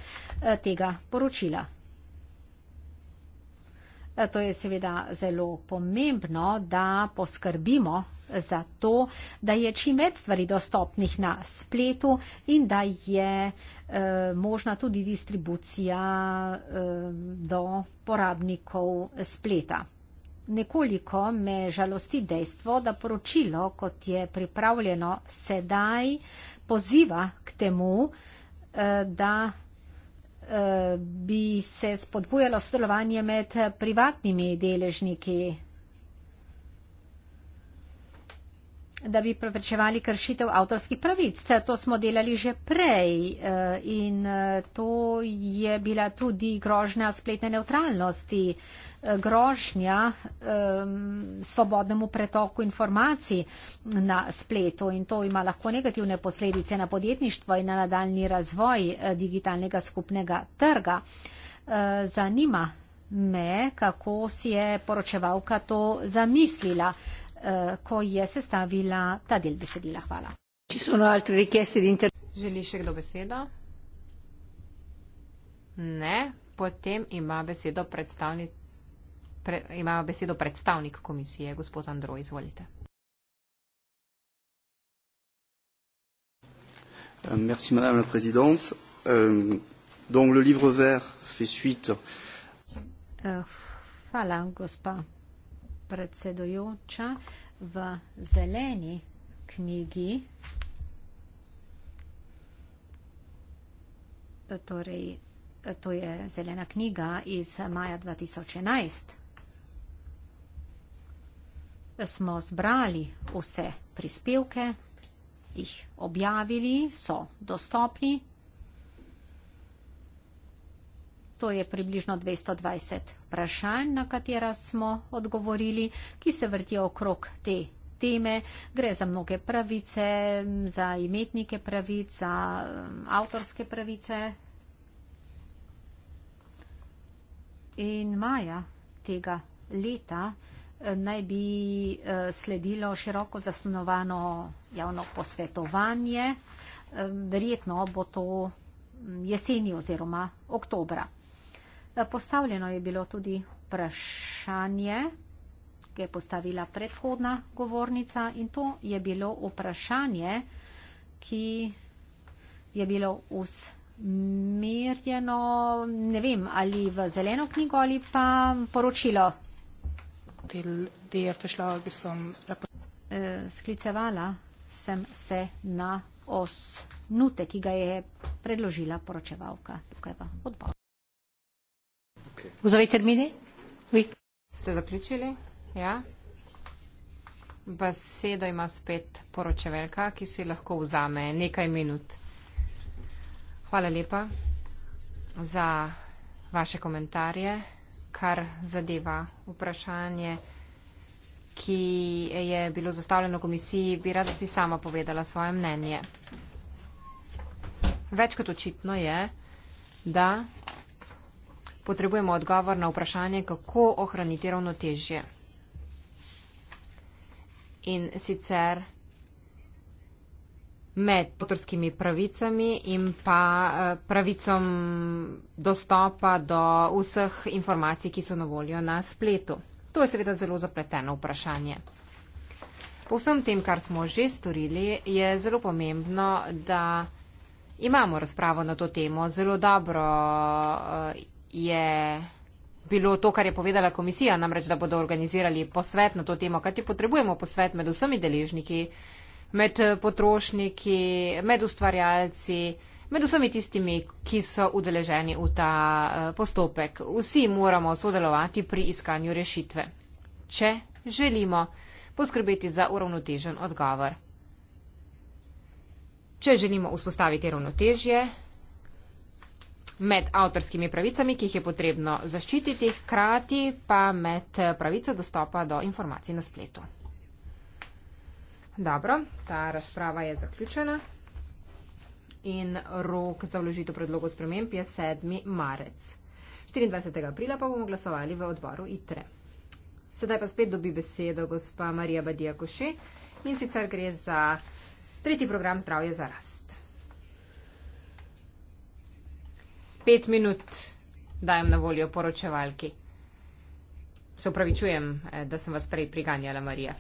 tega poročila. To je seveda zelo pomembno, da poskrbimo za to, da je čim več stvari dostopnih na spletu in da je e, možna tudi distribucija e, do porabnikov spleta. Nekoliko me žalosti dejstvo, da poročilo, kot je pripravljeno sedaj, poziva k temu, eh, da bi se spodbujalo sodelovanje med privatnimi deležniki da bi preprečevali kršitev avtorskih pravic. To smo delali že prej eh, in eh, to je bila tudi grožnja spletne neutralnosti, eh, grožnja ehm, svobodnemu pretoku informacij na spletu in to ima lahko negativne posledice na podjetništvo in na nadaljni razvoj digitalnega skupnega trga. Zanima me, kako si je poročevalka to zamislila. Eh, ko je sestavila ta del besedila. Hvala. Želi še kdo besedo? Ne. Potem ima besedo predstavnik. Pre, ima besedo predstavnik komisije, gospod Andro, izvolite. Euh, merci, madame la présidente. Euh, donc, le livre vert fait suite. Euh, hvala, gospa predsedojoča v zeleni knjigi, torej to je zelena knjiga iz maja 2011, smo zbrali vse prispevke, jih objavili, so dostopni. to je približno 220 vprašanj, na katera smo odgovorili, ki se vrtijo okrog te teme. Gre za mnoge pravice, za imetnike pravic, za um, avtorske pravice. In maja tega leta eh, naj bi eh, sledilo široko zasnovano javno posvetovanje. Eh, verjetno bo to mm, jeseni oziroma oktobra. Postavljeno je bilo tudi vprašanje, ki je postavila predhodna govornica in to je bilo vprašanje, ki je bilo usmerjeno, ne vem, ali v zeleno knjigo ali pa poročilo. Del, del forslag, som... Eh, sklicevala sem se na osnute, ki ga je predložila poročevalka tukaj v odboru. Vous avez terminé? Oui. Ste zaključili? Ja. Besedo ima spet poročevelka, ki si lahko vzame nekaj minut. Hvala lepa za vaše komentarje, kar zadeva vprašanje, ki je bilo zastavljeno komisiji, bi rada bi sama povedala svoje mnenje. Več kot očitno je, da potrebujemo odgovor na vprašanje, kako ohraniti ravnotežje. In sicer med avtorskimi pravicami in pa eh, pravicom dostopa do vseh informacij, ki so na voljo na spletu. To je seveda zelo zapleteno vprašanje. Po vsem tem, kar smo že storili, je zelo pomembno, da imamo razpravo na to temo. Zelo dobro eh, je bilo to, kar je povedala komisija, namreč, da bodo organizirali posvet na to temo, kajti potrebujemo posvet med vsemi deležniki, med potrošniki, med ustvarjalci, med vsemi tistimi, ki so udeleženi v ta eh, postopek. Vsi moramo sodelovati pri iskanju rešitve, če želimo poskrbeti za uravnotežen odgovor. Če želimo vzpostaviti ravnotežje, med avtorskimi pravicami, ki jih je potrebno zaščititi, hkrati pa med eh, pravico dostopa do informacij na spletu. Dobro, ta razprava je zaključena in rok za vložitev predlogov sprememb je 7. marec. 24. aprila pa bomo glasovali v odboru ITRE. Sedaj pa spet dobi besedo gospa Marija Badija Koši in sicer gre za tretji program Zdravje za rast. pet minut dajem na voljo poročevalki. Se upravičujem, eh, da sem vas prej priganjala, Marija.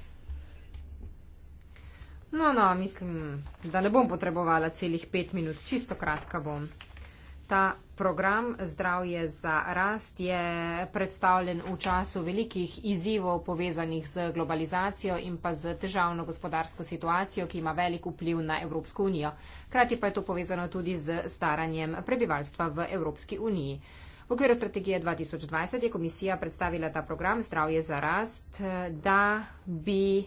No, no, mislim, da ne bom potrebovala celih pet minut, čisto kratka bom ta program Zdravje za rast je predstavljen v času velikih izzivov povezanih z globalizacijo in pa z državno gospodarsko situacijo, ki ima velik vpliv na Evropsko unijo. Krati pa je to povezano tudi z staranjem prebivalstva v Evropski uniji. V okviru strategije 2020 je komisija predstavila ta program Zdravje za rast, da bi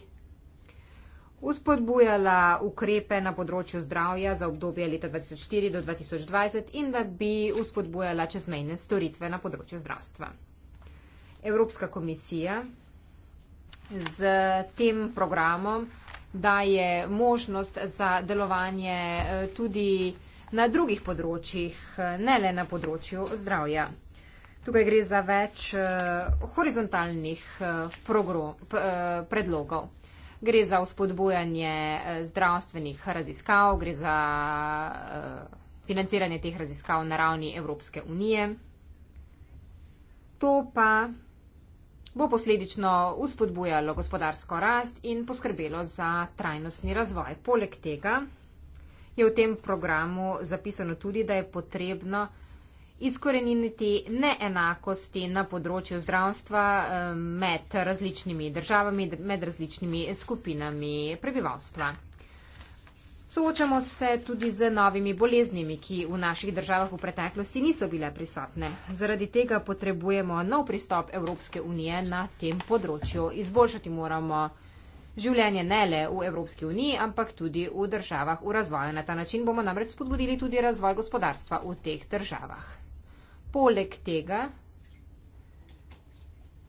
vzpodbujala ukrepe na področju zdravja za obdobje leta 2004 do 2020 in da bi vzpodbujala čezmejne storitve na področju zdravstva. Evropska komisija z tem programom daje možnost za delovanje eh, tudi na drugih področjih, eh, ne le na področju zdravja. Tukaj gre za več eh, horizontalnih predlogov gre za vzpodbujanje eh, zdravstvenih raziskav, gre za eh, financiranje teh raziskav na ravni Evropske unije. To pa bo posledično vzpodbujalo gospodarsko rast in poskrbelo za trajnostni razvoj. Poleg tega je v tem programu zapisano tudi, da je potrebno izkoreniniti neenakosti na področju zdravstva eh, med različnimi državami, med različnimi skupinami prebivalstva. Soočamo se tudi z novimi boleznimi, ki v naših državah v preteklosti niso bile prisotne. Zaradi tega potrebujemo nov pristop Evropske unije na tem področju. Izboljšati moramo življenje ne le v Evropski uniji, ampak tudi v državah v razvoju. Na ta način bomo namreč spodbudili tudi razvoj gospodarstva v teh državah poleg tega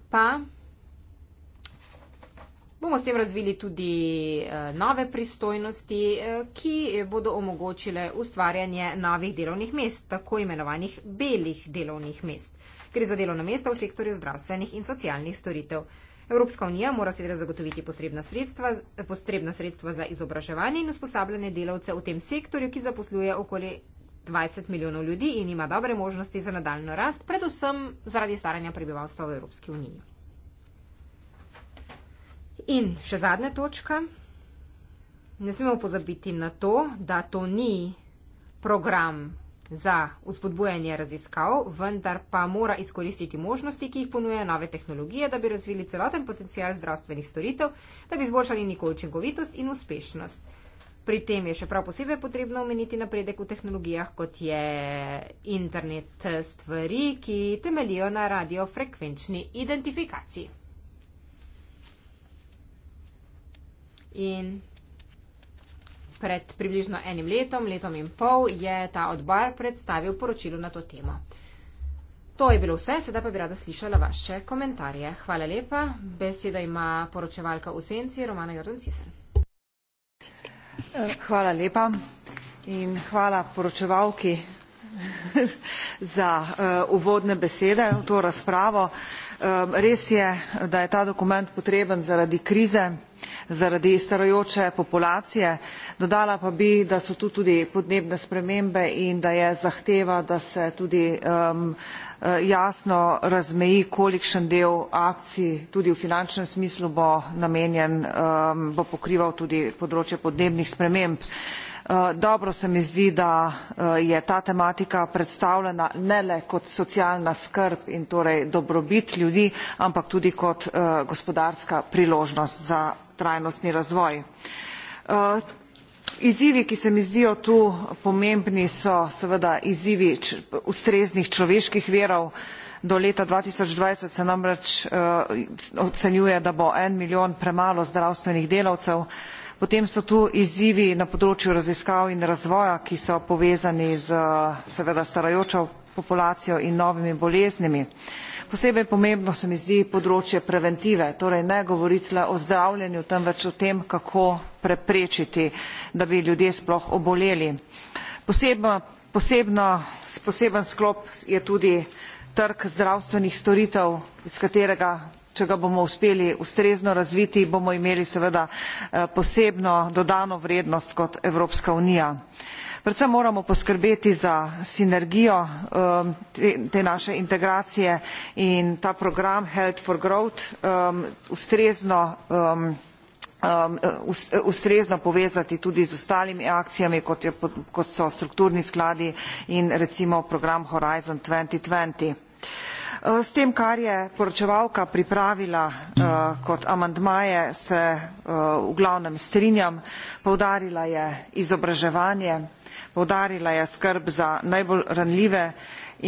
pa bomo s tem razvili tudi eh, nove pristojnosti, eh, ki bodo omogočile ustvarjanje novih delovnih mest, tako imenovanih belih delovnih mest. Gre za delovna mesta v sektorju zdravstvenih in socialnih storitev. Evropska unija mora seveda zagotoviti posrebna sredstva, posrebna sredstva za izobraževanje in usposabljanje delavcev v tem sektorju, ki zaposluje okoli 20 milijonov ljudi in ima dobre možnosti za nadaljno rast, predvsem zaradi staranja prebivalstva v Evropski uniji. In še zadnja točka. Ne smemo pozabiti na to, da to ni program za vzpodbujanje raziskav, vendar pa mora izkoristiti možnosti, ki jih ponuje nove tehnologije, da bi razvili celoten potencial zdravstvenih storitev, da bi izboljšali njihovo učinkovitost in uspešnost. Pri tem je še prav posebej potrebno omeniti napredek v tehnologijah, kot je internet stvari, ki temelijo na radiofrekvenčni identifikaciji. In pred približno enim letom, letom in pol, je ta odbar predstavil poročilo na to temo. To je bilo vse, sedaj pa bi rada slišala vaše komentarje. Hvala lepa. Besedo ima poročevalka v senci Romana Jordan Cisen. Hvala lepa in hvala poročevalki za eh, uvodne besede v to razpravo. Eh, res je, da je ta dokument potreben zaradi krize, zaradi starajoče populacije, dodala pa bi, da so tu tudi podnebne spremembe in da je zahteva, da se tudi um, Eh, jasno razmeji, kolikšen del akcij tudi v finančnem smislu bo namenjen, bo pokrival tudi področje podnebnih sprememb. Eh, dobro se mi zdi, da eh, je ta tematika predstavljena ne le kot socialna skrb in torej dobrobit ljudi, ampak tudi kot gospodarska priložnost za trajnostni razvoj. Izzivi, ki se mi zdijo tu pomembni, so seveda izzivi ustreznih človeških verov. Do leta 2020 se namreč eh, ocenjuje, da bo en milijon premalo zdravstvenih delavcev. Potem so tu izzivi na področju raziskav in razvoja, ki so povezani z seveda starajočo populacijo in novimi boleznimi posebej pomembno se mi zdi področje preventive torej ne govoriti le o zdravljenju temveč o tem kako preprečiti da bi ljudje sploh oboleli. poseben sklop je tudi trg zdravstvenih storitev iz katerega če ga bomo uspeli ustrezno razviti bomo imeli seveda eh, posebno dodano vrednost kot evropska unija predvsem moramo poskrbeti za sinergijo um, te naše integracije in ta program health for growth um, ustrezno um, ustrezno povezati tudi z ostalimi akcijami kot je kot so strukturni skladi in recimo program horizon two thousand and twenty s tem kar je poročevalka pripravila uh, kot amandmaje se uh, v glavnem strinjam poudarila je izobraževanje poudarila je skrb za najbolj ranljive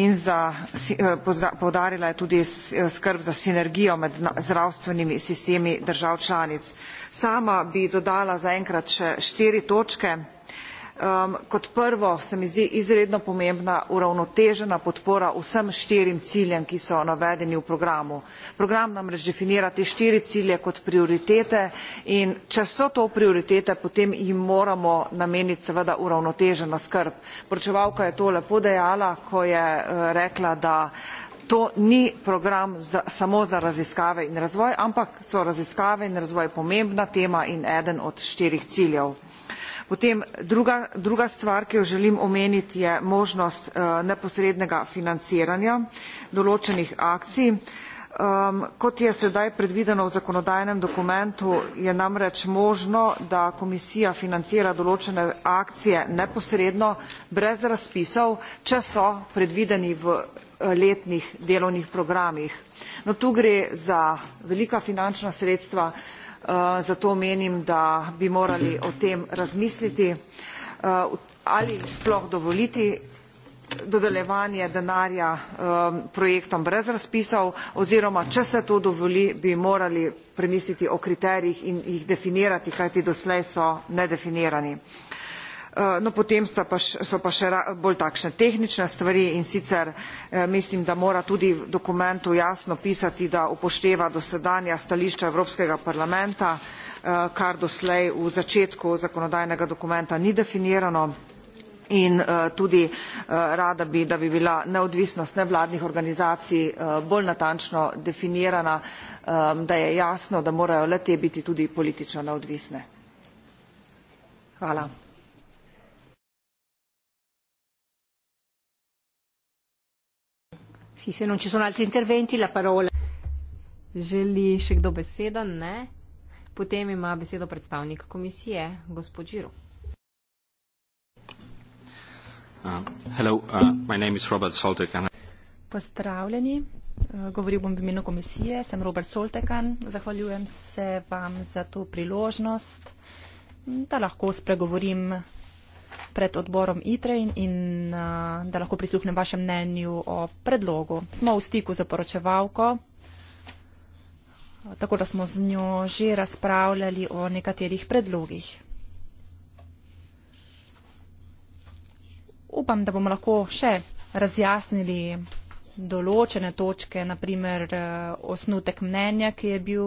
in eh, poudarila je tudi eh, skrb za sinergijo med zdravstvenimi sistemi držav članic. sama bi dodala zaenkrat še štiri točke um, kot prvo se mi zdi izredno pomembna uravnotežena podpora vsem štirim ciljem, ki so navedeni v programu. Program namreč definira te štiri cilje kot prioritete in če so to prioritete, potem jim moramo nameniti seveda uravnotežena skrb. Pročevalka je to lepo dejala, ko je uh, rekla, da To ni program za, samo za raziskave in razvoj, ampak so raziskave in razvoj pomembna tema in eden od štirih ciljev. Potem druga, druga stvar, ki jo želim omeniti, je možnost uh, neposrednega financiranja določenih akcij. Um, kot je sedaj predvideno v zakonodajnem dokumentu, je namreč možno, da komisija financira določene akcije neposredno, brez razpisov, če so predvideni v eh, letnih delovnih programih. No, tu gre za velika finančna sredstva, Eh, zato menim da bi morali o tem razmisliti eh, ali sploh dovoliti dodeljevanje denarja eh, projektom brez razpisov oziroma če se to dovoli bi morali premisliti o kriterijih in jih definirati kajti doslej so nedefinirani. Eh, no potem sta pa, so pa še bolj takšne tehnične stvari in sicer eh, mislim, da mora tudi v dokumentu jasno pisati, da upošteva dosedanja stališča Evropskega parlamenta, eh, kar doslej v začetku zakonodajnega dokumenta ni definirano in tudi rada bi, da bi bila neodvisnost nevladnih organizacij bolj natančno definirana, da je jasno, da morajo le te biti tudi politično neodvisne. Hvala. Sì, se non ci sono altri interventi, la parola. Želi še kdo besedo? Ne. Potem ima besedo predstavnik komisije, gospod Žiro. Uh, uh Pozdravljeni, uh, govoril bom v imenu komisije, sem Robert Soltekan. Zahvaljujem se vam za to priložnost, da lahko spregovorim pred odborom ITREIN in da lahko prisluhnem vašem mnenju o predlogu. Smo v stiku za poročevalko, tako da smo z njo že razpravljali o nekaterih predlogih. Upam, da bomo lahko še razjasnili določene točke, naprimer e, osnutek mnenja, ki je bil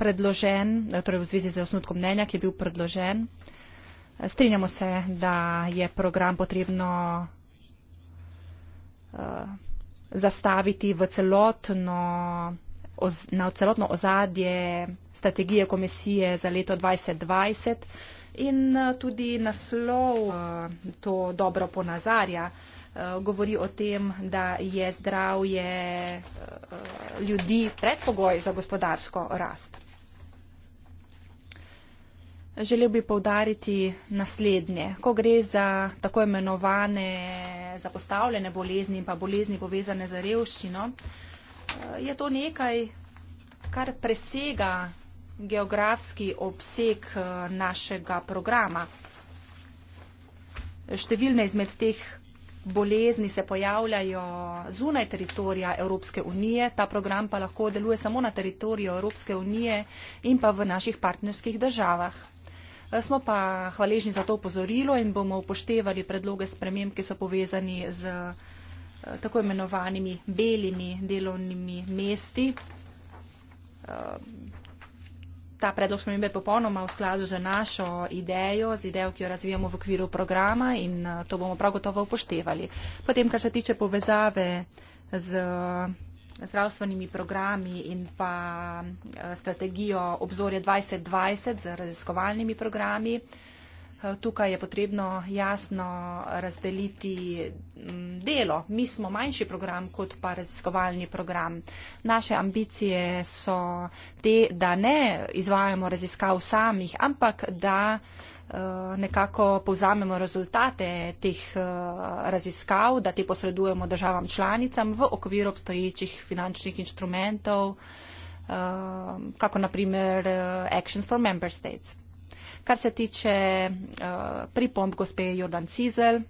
predložen, e, torej v zvezi z osnutkom mnenja, ki je bil predložen. Strinjamo se, da je program potrebno eh, zastaviti v celotno, na celotno ozadje strategije komisije za leto 2020 in eh, tudi naslov eh, to dobro ponazarja. Govori o tem, da je zdravje ljudi predpogoj za gospodarsko rast. Želel bi povdariti naslednje. Ko gre za tako imenovane zapostavljene bolezni in pa bolezni povezane za revščino, eh, je to nekaj, kar presega geografski obseg eh, našega programa. Številne izmed teh bolezni se pojavljajo zunaj teritorija Evropske unije, ta program pa lahko deluje samo na teritoriju Evropske unije in pa v naših partnerskih državah. Smo pa hvaležni za to upozorilo in bomo upoštevali predloge sprememb, ki so povezani z eh, tako imenovanimi belimi delovnimi mesti. Eh, ta predlog smo imeli popolnoma v skladu z našo idejo, z idejo, ki jo razvijamo v okviru programa in eh, to bomo prav gotovo upoštevali. Potem, kar se tiče povezave z zdravstvenimi programi in pa eh, strategijo obzorje 2020 z raziskovalnimi programi. Eh, tukaj je potrebno jasno razdeliti mm, delo. Mi smo manjši program kot pa raziskovalni program. Naše ambicije so te, da ne izvajamo raziskav samih, ampak da uh, Eh, nekako povzamemo rezultate teh eh, raziskav, da te posredujemo državam članicam v okviru obstoječih finančnih instrumentov, eh, kako naprimer Actions for Member States. Kar se tiče pripomb gospe Jordan Cizel,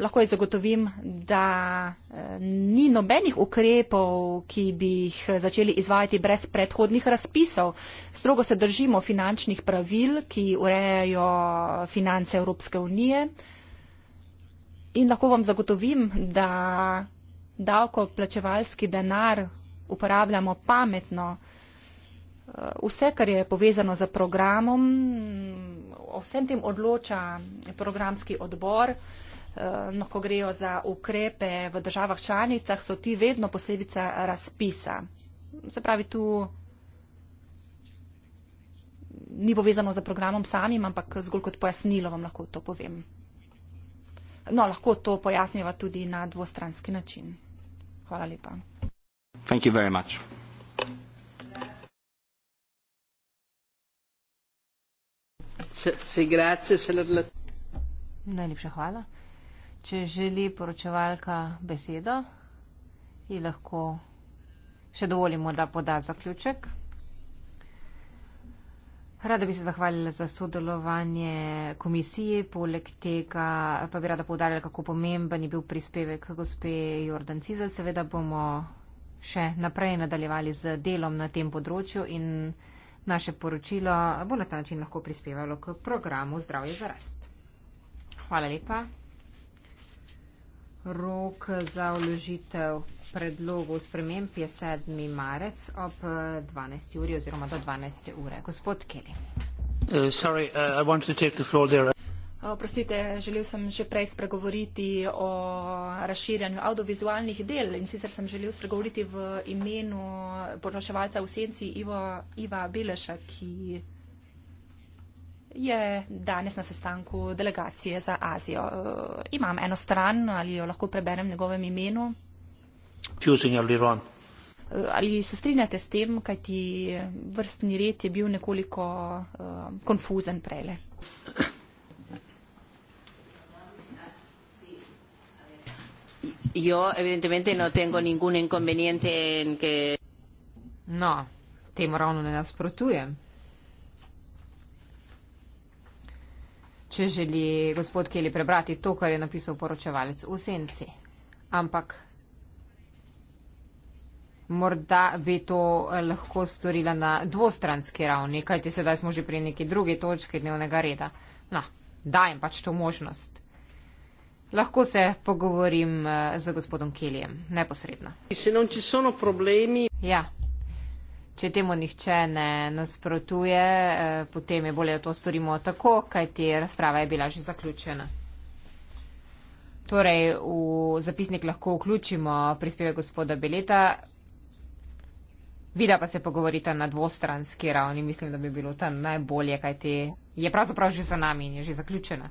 lahko jaz zagotovim, da eh, ni nobenih ukrepov, ki bi jih začeli izvajati brez predhodnih razpisov. Strogo se držimo finančnih pravil, ki urejajo finance Evropske unije. In lahko vam zagotovim, da davkoplačevalski denar uporabljamo pametno. Eh, vse, kar je povezano z programom, o vsem tem odloča programski odbor. Eh, no, ko grejo za ukrepe v državah članicah, so ti vedno posledica razpisa. Se pravi, tu ni povezano z programom samim, ampak zgolj kot pojasnilo vam lahko to povem. No, lahko to pojasnjava tudi na dvostranski način. Hvala lepa. Thank you very much. Najlepša hvala. Če želi poročevalka besedo, ji lahko še dovolimo, da poda zaključek. Rada bi se zahvalila za sodelovanje komisiji, poleg tega pa bi rada povdarjala, kako pomemben je bil prispevek gospe Jordan Cizel. Seveda bomo še naprej nadaljevali z delom na tem področju in naše poročilo bo na ta način lahko prispevalo k programu Zdravje za rast. Hvala lepa. Rok za vložitev predlogov sprememb je 7. marec ob 12. uri oziroma do 12. ure. Gospod Kelly. Uh, uh, oprostite, uh, uh, želel sem že prej spregovoriti o razširjanju audiovizualnih del in sicer sem želel spregovoriti v imenu poročevalca v senci Ivo, Iva Beleša, ki je danes na sestanku delegacije za Azijo. Eh, imam eno stran, ali jo lahko preberem v njegovem imenu. Eh, ali se strinjate s tem, kaj ti eh, vrstni red je bil nekoliko uh, konfuzen prele? No, no, temu ravno ne nasprotujem. če želi gospod Keli prebrati to, kar je napisal poročevalec v senci. Ampak morda bi to lahko storila na dvostranski ravni, kajti sedaj smo že pri neki drugi točki dnevnega reda. No, dajem pač to možnost. Lahko se pogovorim eh, z gospodom Kelijem neposredno. Ja, Če temu nihče ne nasprotuje, eh, potem je bolje, da to storimo tako, kajti razprava je bila že zaključena. Torej, v zapisnik lahko vključimo prispeve gospoda Beleta. Vida pa se pogovorita na dvostranski ravni. Mislim, da bi bilo tam najbolje, kajti je pravzaprav že za nami in je že zaključena.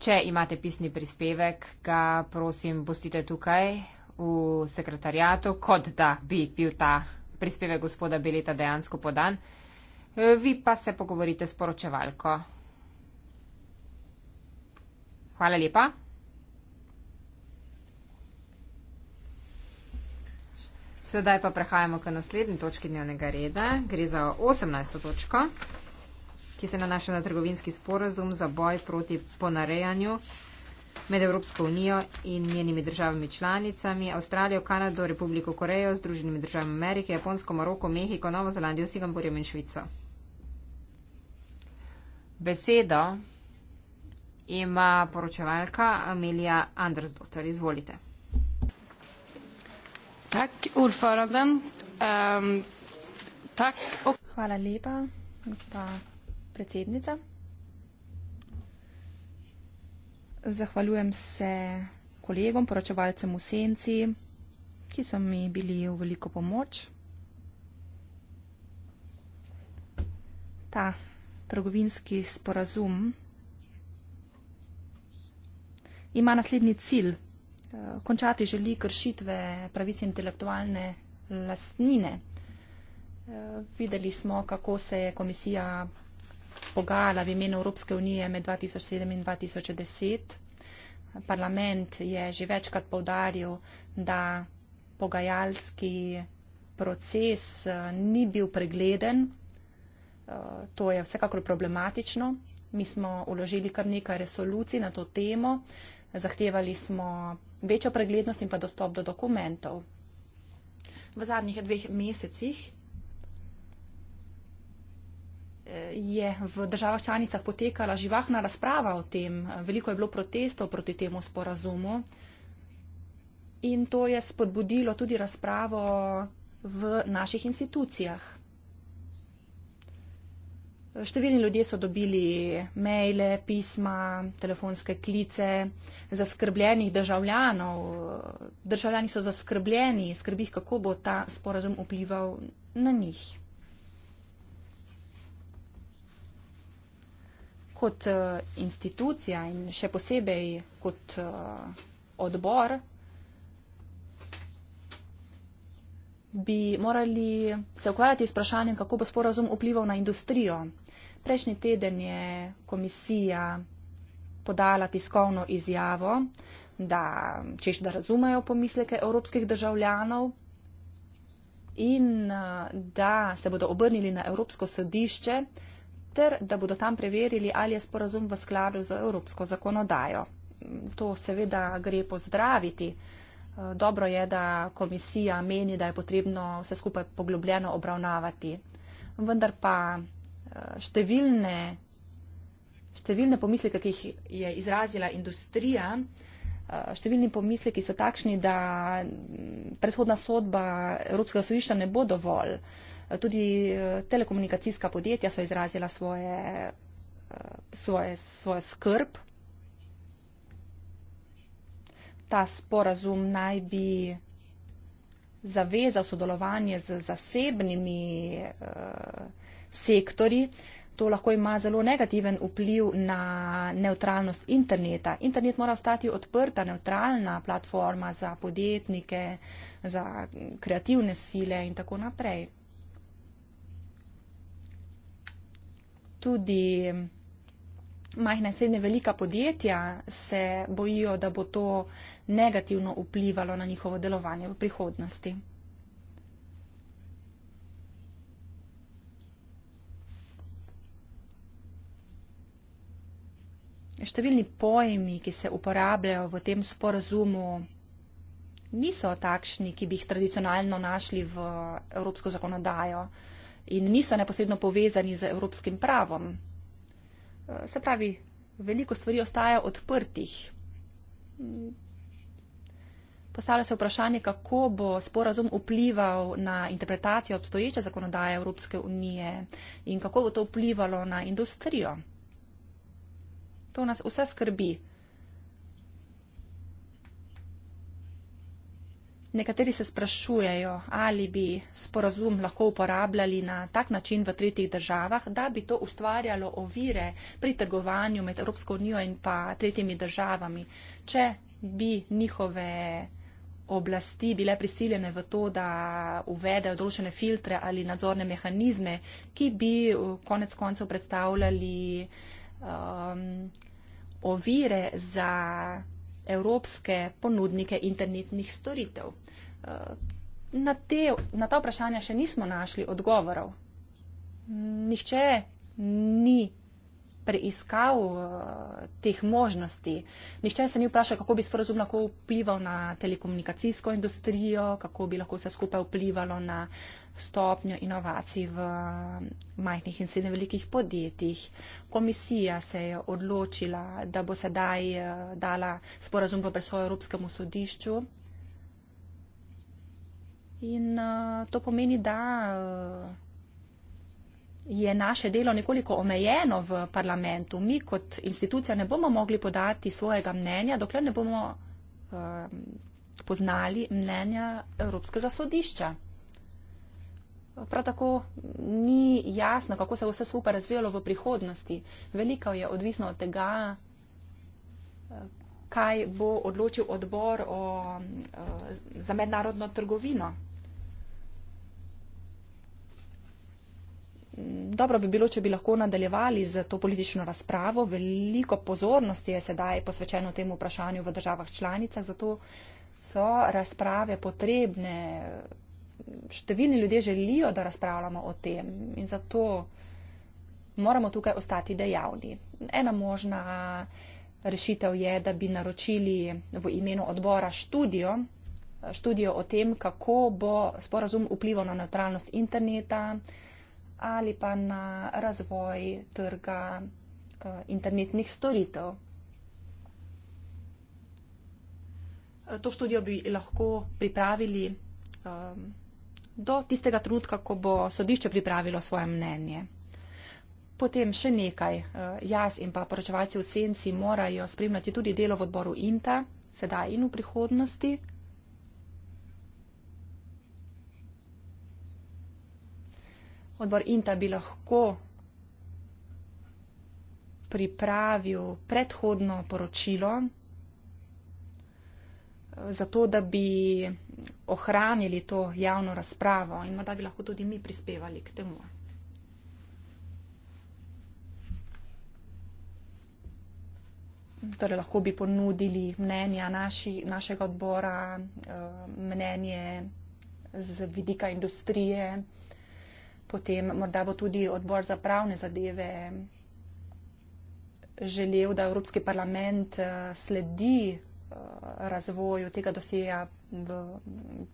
Če imate pisni prispevek, ga prosim, postite tukaj v sekretarijatu, kot da bi bil ta prispevek gospoda Beleta dejansko podan. E, vi pa se pogovorite s poročevalko. Hvala lepa. Sedaj pa prehajamo k naslednji točki dnevnega reda. Gre za 18. točko, ki se nanaša na trgovinski sporazum za boj proti ponarejanju med Evropsko unijo in njenimi državami članicami, Avstralijo, Kanado, Republiko Korejo, Združenimi državami Amerike, Japonsko, Maroko, Mehiko, Novo Zelandijo, Singapurjem in Švico. Besedo ima poročevalka Amelija Andersdotter. Izvolite. Tak, urforanden. Um, ehm, tak. Hvala lepa, gospa predsednica. zahvaljujem se kolegom, poročevalcem v senci, ki so mi bili v veliko pomoč. Ta trgovinski sporazum ima naslednji cilj. Eh, končati želi kršitve pravice intelektualne lastnine. Eh, videli smo, kako se je komisija pogajala v imenu Evropske unije med 2007 in 2010. Parlament je že večkrat povdaril, da pogajalski proces eh, ni bil pregleden. Eh, to je vsekakor problematično. Mi smo uložili kar nekaj resolucij na to temo. Zahtevali smo večjo preglednost in pa dostop do dokumentov. V zadnjih dveh mesecih je v državah članicah potekala živahna razprava o tem. Veliko je bilo protestov proti temu sporazumu in to je spodbudilo tudi razpravo v naših institucijah. Številni ljudje so dobili maile, pisma, telefonske klice, zaskrbljenih državljanov. Državljani so zaskrbljeni, skrbih, kako bo ta sporazum vplival na njih. kot eh, institucija in še posebej kot eh, odbor bi morali se ukvarjati s vprašanjem, kako bo sporazum vplival na industrijo. Prejšnji teden je komisija podala tiskovno izjavo, da češ, da razumejo pomisleke evropskih državljanov in eh, da se bodo obrnili na Evropsko sodišče, ter da bodo tam preverili, ali je sporazum v skladu z evropsko zakonodajo. To seveda gre pozdraviti. Eh, dobro je, da komisija meni, da je potrebno vse skupaj poglobljeno obravnavati. Vendar pa eh, številne, številne pomisleke, ki jih je izrazila industrija, eh, številni pomisleki so takšni, da mm, predhodna sodba Evropskega sodišča ne bo dovolj tudi eh, telekomunikacijska podjetja so izrazila svoje, eh, svoje, svoje skrb. Ta sporazum naj bi zavezal sodelovanje z zasebnimi eh, sektori. To lahko ima zelo negativen vpliv na neutralnost interneta. Internet mora ostati odprta, neutralna platforma za podjetnike, za kreativne sile in tako naprej. tudi majhna in srednje velika podjetja se bojijo, da bo to negativno vplivalo na njihovo delovanje v prihodnosti. Številni pojmi, ki se uporabljajo v tem sporazumu, niso takšni, ki bi jih tradicionalno našli v evropsko zakonodajo in niso neposredno povezani z evropskim pravom. Se pravi, veliko stvari ostaja odprtih. Postavlja se vprašanje, kako bo sporazum vplival na interpretacijo obstoječe zakonodaje Evropske unije in kako bo to vplivalo na industrijo. To nas vse skrbi. Nekateri se sprašujejo, ali bi sporazum lahko uporabljali na tak način v tretjih državah, da bi to ustvarjalo ovire pri trgovanju med Evropsko unijo in pa tretjimi državami, če bi njihove oblasti bile prisiljene v to, da uvedejo določene filtre ali nadzorne mehanizme, ki bi uh, konec koncev predstavljali um, ovire za evropske ponudnike internetnih storitev. Eh, na, te, na ta vprašanja še nismo našli odgovorov. Nihče ni preiskav uh, teh možnosti. Nihče se ni vprašal, kako bi sporozum lahko vplival na telekomunikacijsko industrijo, kako bi lahko vse skupaj vplivalo na stopnjo inovacij v eh, majhnih in srednje velikih podjetjih. Komisija se je odločila, da bo sedaj eh, dala sporazum v presojo Evropskemu sodišču. In uh, to pomeni, da uh, je naše delo nekoliko omejeno v parlamentu. Mi kot institucija ne bomo mogli podati svojega mnenja, dokler ne bomo uh, poznali mnenja Evropskega sodišča. Prav tako ni jasno, kako se bo vse skupaj razvijalo v prihodnosti. Veliko je odvisno od tega, eh, kaj bo odločil odbor o, o, eh, za mednarodno trgovino. dobro bi bilo, če bi lahko nadaljevali z to politično razpravo. Veliko pozornosti je sedaj posvečeno temu vprašanju v državah članicah, zato so razprave potrebne. Številni ljudje želijo, da razpravljamo o tem in zato moramo tukaj ostati dejavni. Ena možna rešitev je, da bi naročili v imenu odbora študijo, študijo o tem, kako bo sporazum vplival na neutralnost interneta, ali pa na razvoj trga uh, internetnih storitev. Eh, to študijo bi lahko pripravili um, do tistega trenutka, ko bo sodišče pripravilo svoje mnenje. Potem še nekaj. Jaz in pa poročevalci v senci morajo spremljati tudi delo v odboru INTA, sedaj in v prihodnosti, odbor INTA bi lahko pripravil predhodno poročilo eh, za to, da bi ohranili to javno razpravo in morda bi lahko tudi mi prispevali k temu. Torej lahko bi ponudili mnenja naši, našega odbora, eh, mnenje z vidika industrije, potem morda bo tudi odbor za pravne zadeve želel, da Evropski parlament eh, sledi eh, razvoju tega dosija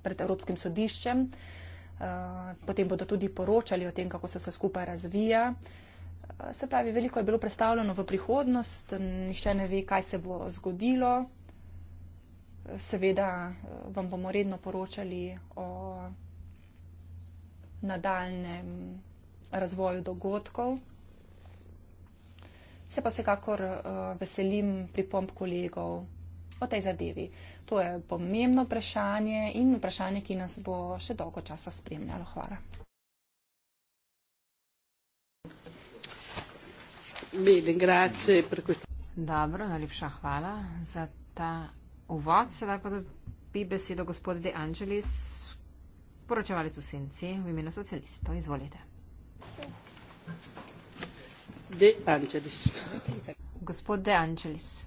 pred Evropskim sodiščem. Eh, potem bodo tudi poročali o tem, kako se vse skupaj razvija. Se pravi, veliko je bilo predstavljeno v prihodnost, nišče ne ve, kaj se bo zgodilo. Seveda vam bomo redno poročali o nadaljem razvoju dogodkov. Se pa vsekakor uh, veselim pripomp kolegov o tej zadevi. To je pomembno vprašanje in vprašanje, ki nas bo še dolgo časa spremljalo. Hvala. Dobro, najlepša hvala za ta uvod. Sedaj pa dobi besedo gospod De Angelis, Poročevalec v senci, v imenu socialistov, izvolite. De Angelis. Gospod De Angelis.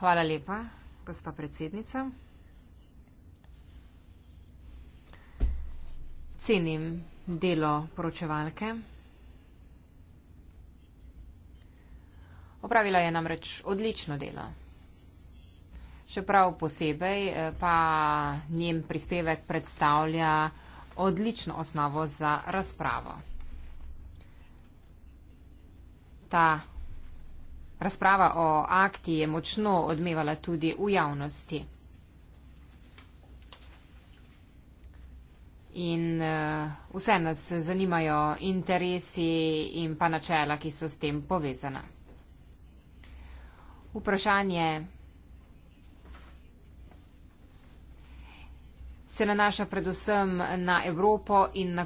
Hvala lepa, gospa predsednica. Cenim delo poročevalke. Opravila je namreč odlično delo. Še prav posebej eh, pa njen prispevek predstavlja odlično osnovo za razpravo. Ta razprava o akti je močno odmevala tudi v javnosti. In eh, vse nas zanimajo interesi in pa načela, ki so s tem povezana. Vprašanje se nanaša predvsem na Evropo in na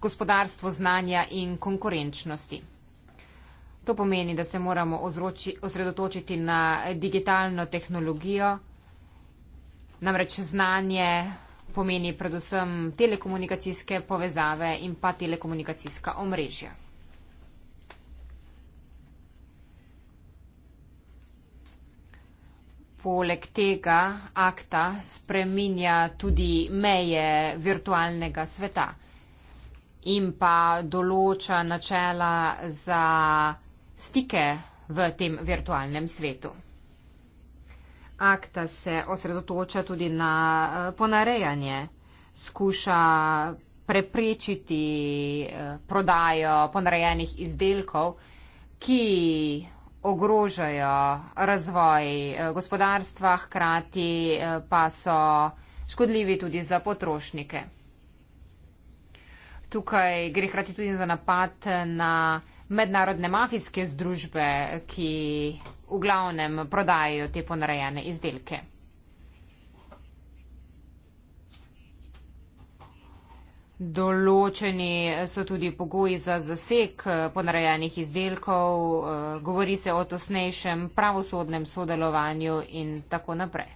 gospodarstvo znanja in konkurenčnosti. To pomeni, da se moramo ozroči, osredotočiti na digitalno tehnologijo, namreč znanje pomeni predvsem telekomunikacijske povezave in pa telekomunikacijska omrežja. poleg tega akta spreminja tudi meje virtualnega sveta in pa določa načela za stike v tem virtualnem svetu. Akta se osredotoča tudi na eh, ponarejanje, skuša preprečiti eh, prodajo ponarejenih izdelkov, ki ogrožajo razvoj eh, gospodarstva, hkrati eh, pa so škodljivi tudi za potrošnike. Tukaj gre hkrati tudi za napad na mednarodne mafijske združbe, ki v glavnem prodajajo te ponarejene izdelke. Določeni so tudi pogoji za zasek eh, ponarejenih izdelkov, eh, govori se o tosnejšem pravosodnem sodelovanju in tako naprej.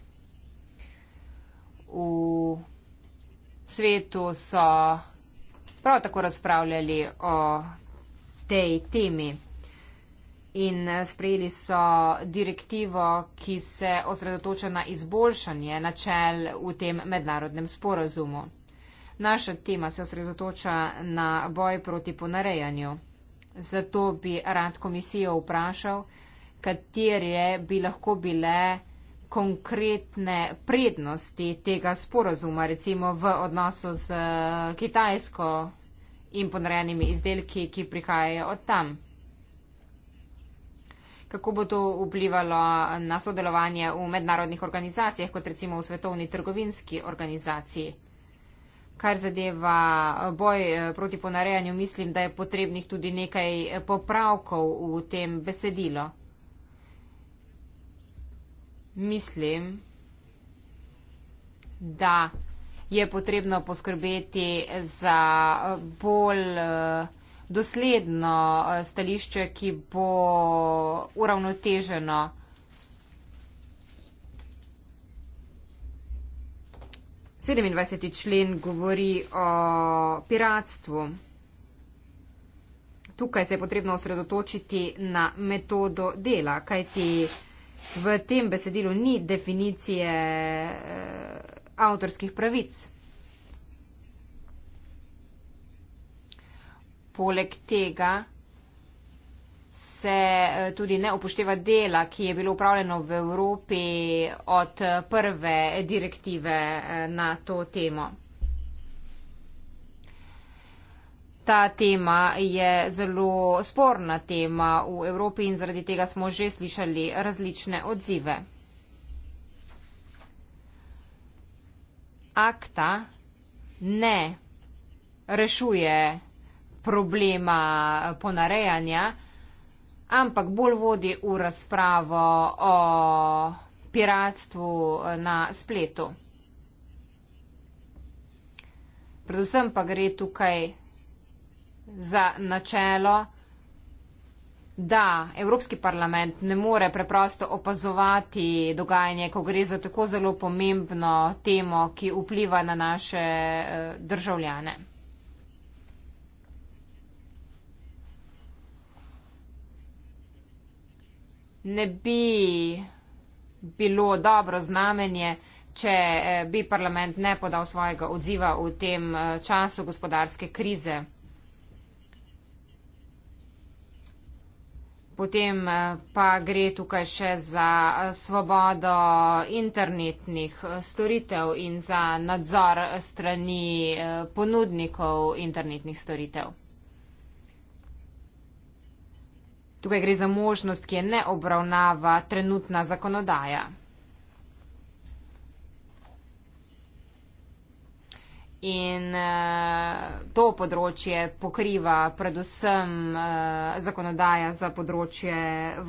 V svetu so prav tako razpravljali o tej temi in eh, sprejeli so direktivo, ki se osredotoča na izboljšanje načel v tem mednarodnem sporazumu. Naša tema se osredotoča na boj proti ponarejanju. Zato bi rad komisijo vprašal, katere bi lahko bile konkretne prednosti tega sporazuma, recimo v odnosu z eh, Kitajsko in ponarejenimi izdelki, ki prihajajo od tam. Kako bo to vplivalo na sodelovanje v mednarodnih organizacijah, kot recimo v svetovni trgovinski organizaciji? kar zadeva eh, boj eh, proti ponarejanju, mislim, da je potrebnih tudi nekaj eh, popravkov v tem besedilo. Mislim, da je potrebno poskrbeti za bolj dosledno stališče, ki bo uravnoteženo. 27. člen govori o piratstvu. Tukaj se je potrebno osredotočiti na metodo dela, kajti v tem besedilu ni definicije eh, avtorskih pravic. Poleg tega se eh, tudi ne upošteva dela, ki je bilo upravljeno v Evropi od eh, prve direktive eh, na to temo. Ta tema je zelo sporna tema v Evropi in zaradi tega smo že slišali različne odzive. Akta ne rešuje problema ponarejanja ampak bolj vodi v razpravo o piratstvu na spletu. Predvsem pa gre tukaj za načelo, da Evropski parlament ne more preprosto opazovati dogajanje, ko gre za tako zelo pomembno temo, ki vpliva na naše eh, državljane. ne bi bilo dobro znamenje, če eh, bi parlament ne podal svojega odziva v tem eh, času gospodarske krize. Potem eh, pa gre tukaj še za svobodo internetnih storitev in za nadzor strani ponudnikov internetnih storitev. Tukaj gre za možnost, ki je ne obravnava trenutna zakonodaja. In uh, to področje pokriva predvsem uh, zakonodaja za področje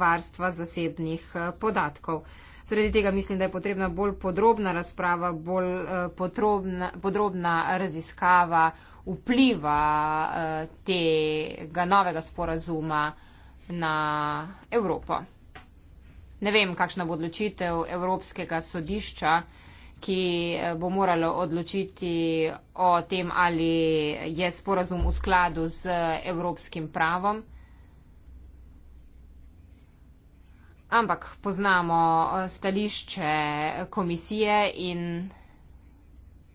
varstva zasebnih uh, podatkov. Sredi tega mislim, da je potrebna bolj podrobna razprava, bolj uh, podrobna, podrobna raziskava vpliva uh, tega novega sporazuma uh, na Evropo. Ne vem, kakšna bo odločitev Evropskega sodišča, ki eh, bo moralo odločiti o tem, ali je sporazum v skladu z eh, evropskim pravom. Ampak poznamo eh, stališče komisije in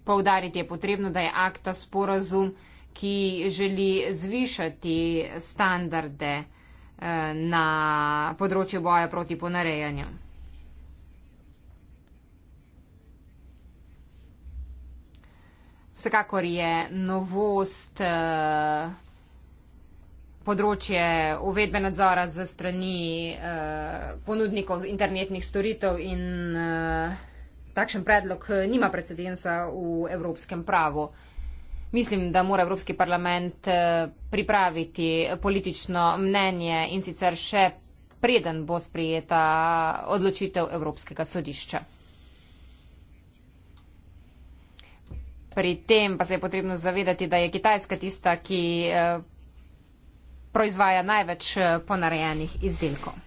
povdariti je potrebno, da je akta sporazum, ki želi zvišati standarde Eh, na področju boja proti ponarejanju. Vsekakor je novost eh, področje uvedbe nadzora za strani eh, ponudnikov internetnih storitev in takšen predlog nima precedensa v evropskem pravu. Mislim, da mora Evropski parlament eh, pripraviti politično mnenje in sicer še preden bo sprijeta odločitev Evropskega sodišča. Pri tem pa se je potrebno zavedati, da je Kitajska tista, ki eh, proizvaja največ eh, ponarejenih izdelkov.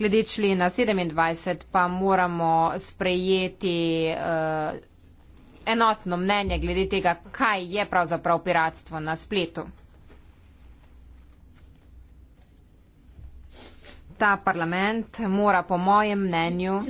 Glede člena 27 pa moramo sprejeti uh, enotno mnenje glede tega, kaj je pravzaprav piratstvo na spletu. Ta parlament mora po mojem mnenju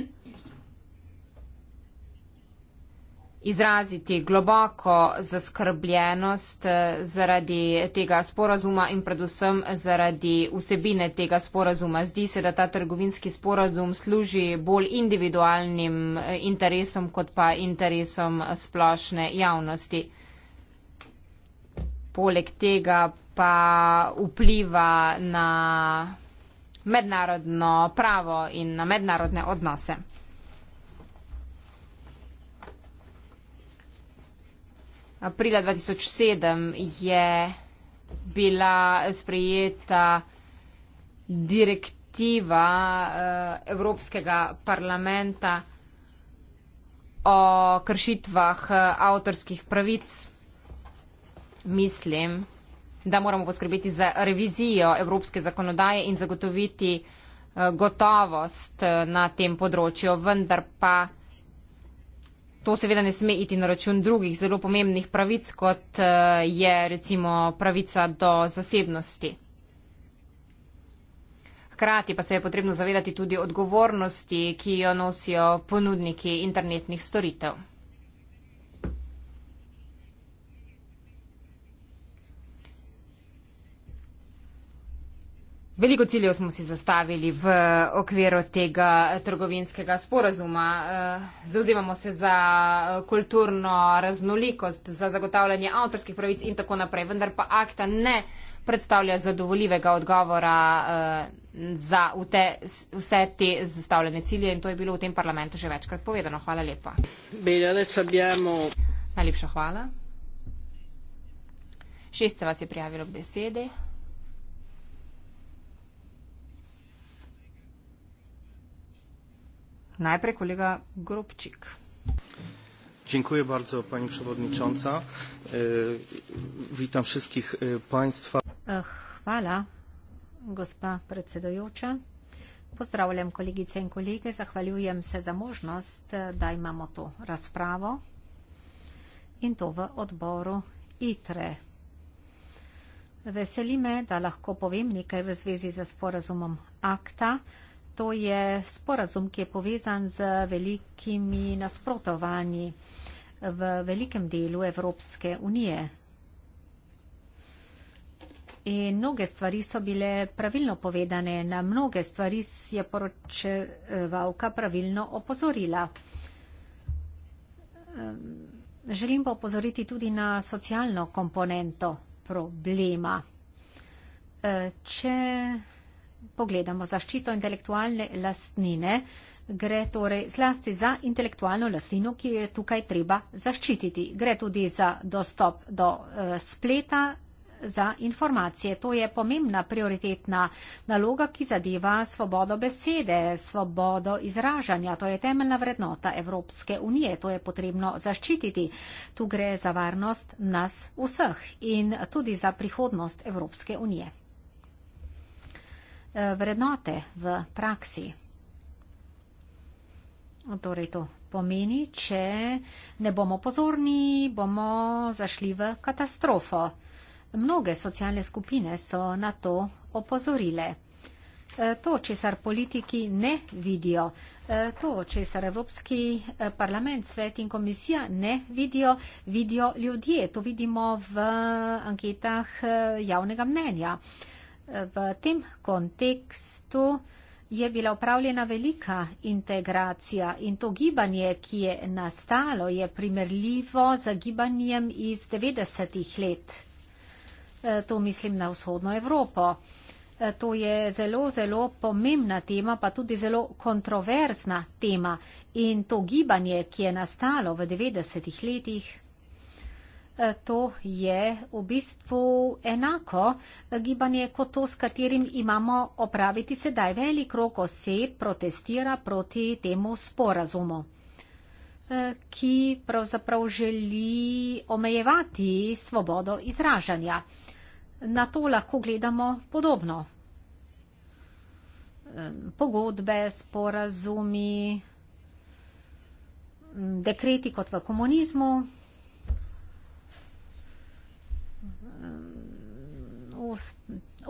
izraziti globoko zaskrbljenost eh, zaradi tega sporazuma in predvsem zaradi vsebine tega sporazuma. Zdi se, da ta trgovinski sporazum služi bolj individualnim eh, interesom kot pa interesom splošne javnosti. Poleg tega pa vpliva na mednarodno pravo in na mednarodne odnose. Aprila 2007 je bila sprejeta direktiva eh, Evropskega parlamenta o kršitvah eh, avtorskih pravic. Mislim, da moramo poskrbeti za revizijo evropske zakonodaje in zagotoviti eh, gotovost na tem področju, vendar pa. To seveda ne sme iti na račun drugih zelo pomembnih pravic, kot eh, je recimo pravica do zasebnosti. Hkrati pa se je potrebno zavedati tudi odgovornosti, ki jo nosijo ponudniki internetnih storitev. Veliko ciljev smo si zastavili v okviru tega trgovinskega sporazuma. Eh, zauzemamo se za eh, kulturno raznolikost, za zagotavljanje avtorskih pravic in tako naprej, vendar pa akta ne predstavlja zadovoljivega odgovora eh, za te, vse te zastavljene cilje in to je bilo v tem parlamentu že večkrat povedano. Hvala lepa. Najlepša hvala. Šest se vas je prijavilo k besedi. Najprej kolega Grobčik. Dziękuję bardzo pani przewodnicząca. E, witam wszystkich e, państwa. E, hvala, gospa predsedujoča. Pozdravljam kolegice in kolege, zahvaljujem se za možnost, da imamo to razpravo in to v odboru ITRE. Veseli me, da lahko povem nekaj v zvezi z sporazumom akta to je sporazum, ki je povezan z velikimi nasprotovanji v velikem delu Evropske unije. In mnoge stvari so bile pravilno povedane, na mnoge stvari je poročevalka pravilno opozorila. Ehm, želim pa opozoriti tudi na socialno komponento problema. Ehm, če pogledamo zaščito intelektualne lastnine. Gre torej zlasti za intelektualno lastnino, ki je tukaj treba zaščititi. Gre tudi za dostop do uh, spleta za informacije. To je pomembna prioritetna naloga, ki zadeva svobodo besede, svobodo izražanja. To je temeljna vrednota Evropske unije. To je potrebno zaščititi. Tu gre za varnost nas vseh in tudi za prihodnost Evropske unije. Eh, vrednote v praksi. Torej to pomeni, če ne bomo pozorni, bomo zašli v katastrofo. Mnoge socialne skupine so na to opozorile. Eh, to, česar politiki ne vidijo, eh, to, česar Evropski parlament, svet in komisija ne vidijo, vidijo ljudje. To vidimo v anketah javnega mnenja. V tem kontekstu je bila upravljena velika integracija in to gibanje, ki je nastalo, je primerljivo z gibanjem iz 90-ih let. E, to mislim na vzhodno Evropo. E, to je zelo, zelo pomembna tema, pa tudi zelo kontroverzna tema. In to gibanje, ki je nastalo v 90-ih letih, to je v bistvu enako gibanje kot to, s katerim imamo opraviti sedaj. Velik krok oseb protestira proti temu sporazumu, eh, ki pravzaprav želi omejevati svobodo izražanja. Na to lahko gledamo podobno. Eh, pogodbe, sporazumi, dekreti kot v komunizmu,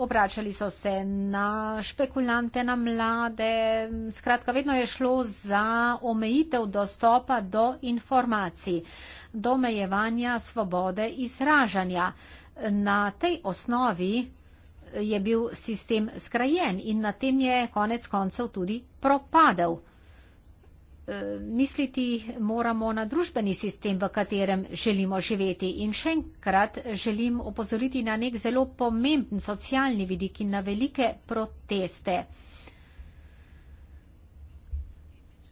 obračali so se na špekulante, na mlade. Skratka, vedno je šlo za omejitev dostopa do informacij, do omejevanja svobode izražanja. Na tej osnovi je bil sistem skrajen in na tem je konec koncev tudi propadel. Eh, misliti moramo na družbeni sistem, v katerem želimo živeti. In še enkrat želim opozoriti na nek zelo pomemben socialni vidik in na velike proteste,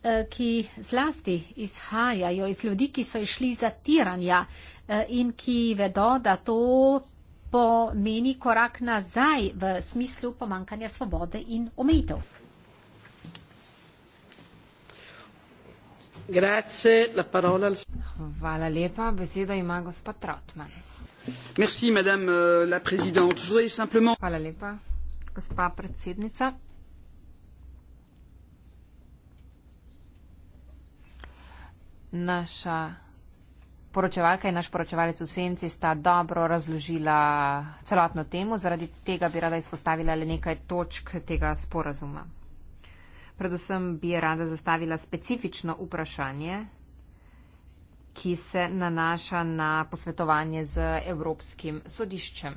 eh, ki zlasti izhajajo iz ljudi, ki so išli zatiranja eh, in ki vedo, da to pomeni korak nazaj v smislu pomankanja svobode in omejitev. Grazie, la parola al... Hvala lepa, besedo ima gospod Trotman. Merci, madame, euh, la simplement... Hvala lepa, gospa predsednica. Naša poročevalka in naš poročevalec v senci sta dobro razložila celotno temo, zaradi tega bi rada izpostavila le nekaj točk tega sporazuma. Predvsem bi rada zastavila specifično vprašanje, ki se nanaša na posvetovanje z Evropskim sodiščem.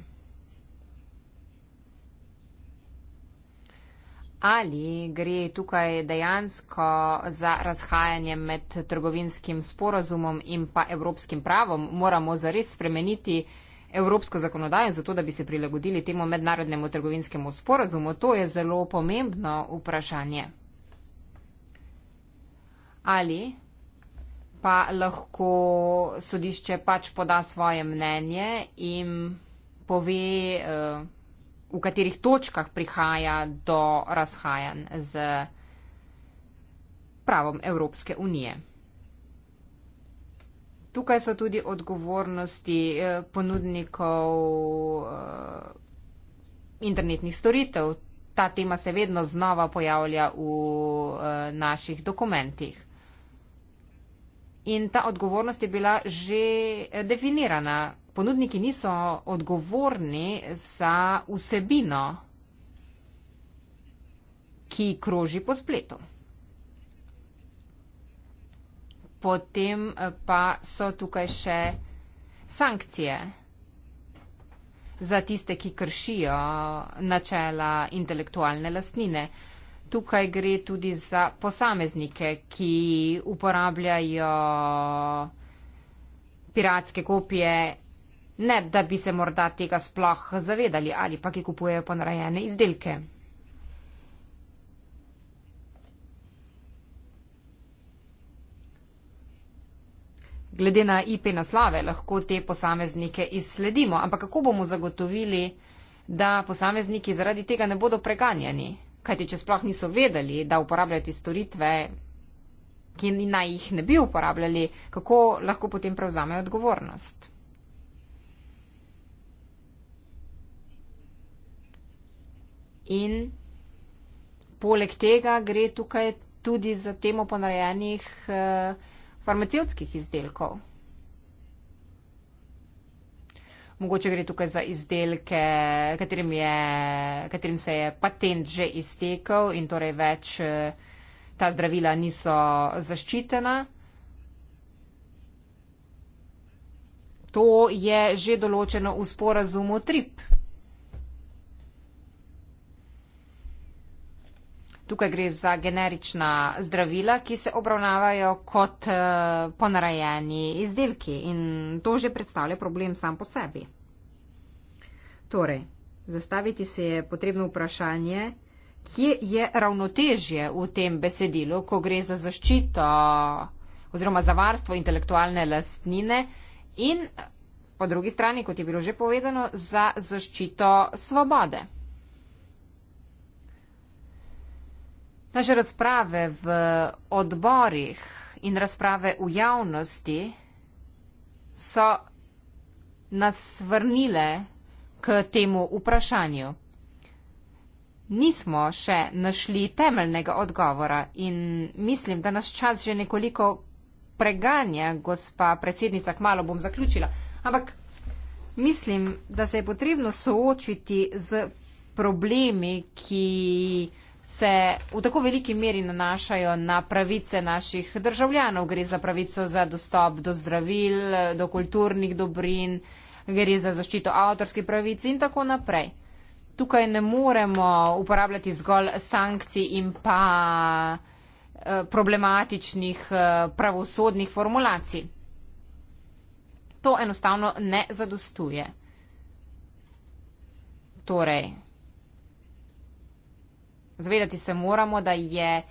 Ali gre tukaj dejansko za razhajanje med trgovinskim sporazumom in pa evropskim pravom? Moramo zares spremeniti evropsko zakonodajo, zato da bi se prilagodili temu mednarodnemu trgovinskemu sporazumu? To je zelo pomembno vprašanje ali pa lahko sodišče pač poda svoje mnenje in pove, eh, v katerih točkah prihaja do razhajanj z pravom Evropske unije. Tukaj so tudi odgovornosti eh, ponudnikov eh, internetnih storitev. Ta tema se vedno znova pojavlja v naših dokumentih. In ta odgovornost je bila že eh, definirana. Ponudniki niso odgovorni za vsebino, ki kroži po spletu. Potem eh, pa so tukaj še sankcije za tiste, ki kršijo načela intelektualne lastnine tukaj gre tudi za posameznike, ki uporabljajo piratske kopije, ne da bi se morda tega sploh zavedali ali pa ki kupujejo ponarejene izdelke. Glede na IP naslove lahko te posameznike izsledimo, ampak kako bomo zagotovili, da posamezniki zaradi tega ne bodo preganjeni? kajti če sploh niso vedeli, da uporabljajo te storitve, ki naj jih ne bi uporabljali, kako lahko potem prevzamejo odgovornost. In poleg tega gre tukaj tudi za temo ponarejenih eh, farmacevskih izdelkov. mogoče gre tukaj za izdelke, katerim, je, katerim se je patent že iztekel in torej več eh, ta zdravila niso zaščitena. To je že določeno v sporazumu TRIP. Tukaj gre za generična zdravila, ki se obravnavajo kot eh, ponarejeni izdelki in to že predstavlja problem sam po sebi. Torej, zastaviti se je potrebno vprašanje, kje je ravnotežje v tem besedilu, ko gre za zaščito oziroma za varstvo intelektualne lastnine in po drugi strani, kot je bilo že povedano, za zaščito svobode. Naše razprave v odborih in razprave v javnosti so nas vrnile k temu vprašanju. Nismo še našli temeljnega odgovora in mislim, da nas čas že nekoliko preganja, gospa predsednica, kmalo bom zaključila. Ampak mislim, da se je potrebno soočiti z problemi, ki se v tako veliki meri nanašajo na pravice naših državljanov. Gre za pravico za dostop do zdravil, do kulturnih dobrin, gre za zaščito avtorskih pravic in tako naprej. Tukaj ne moremo uporabljati zgolj sankcij in pa eh, problematičnih eh, pravosodnih formulacij. To enostavno ne zadostuje. Torej, Zavedati se moramo, da je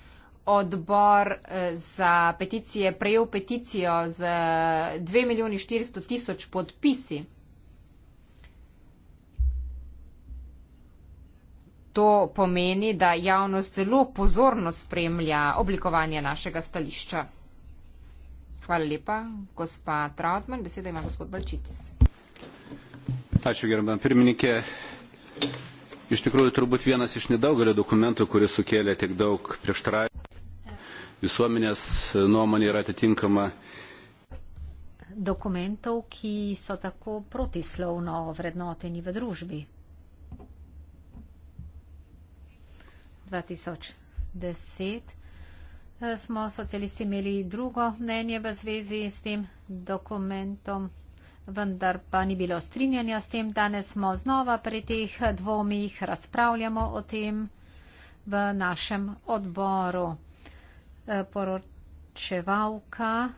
odbor eh, za peticije prejel peticijo z 2 eh, milijoni 400 tisoč podpisi. To pomeni, da javnost zelo pozorno spremlja oblikovanje našega stališča. Hvala lepa, gospa Trautmann. Beseda ima gospod Balčitis. Hvala, gospod predsednik. Iš tikrųjų, turbūt vienas iš nedaugelio dokumentų, kuris sukėlė tiek daug prieštaravimų. Visuomenės nuomonė yra atitinkama. Dokumentų, ki so tako protislovno vrednoteni v družbi. 2010 eh, smo socialisti imeli drugo mnenje v zvezi s tem dokumentom vendar pa ni bilo strinjanja s tem. Danes smo znova pri teh dvomih, razpravljamo o tem v našem odboru. E, poročevalka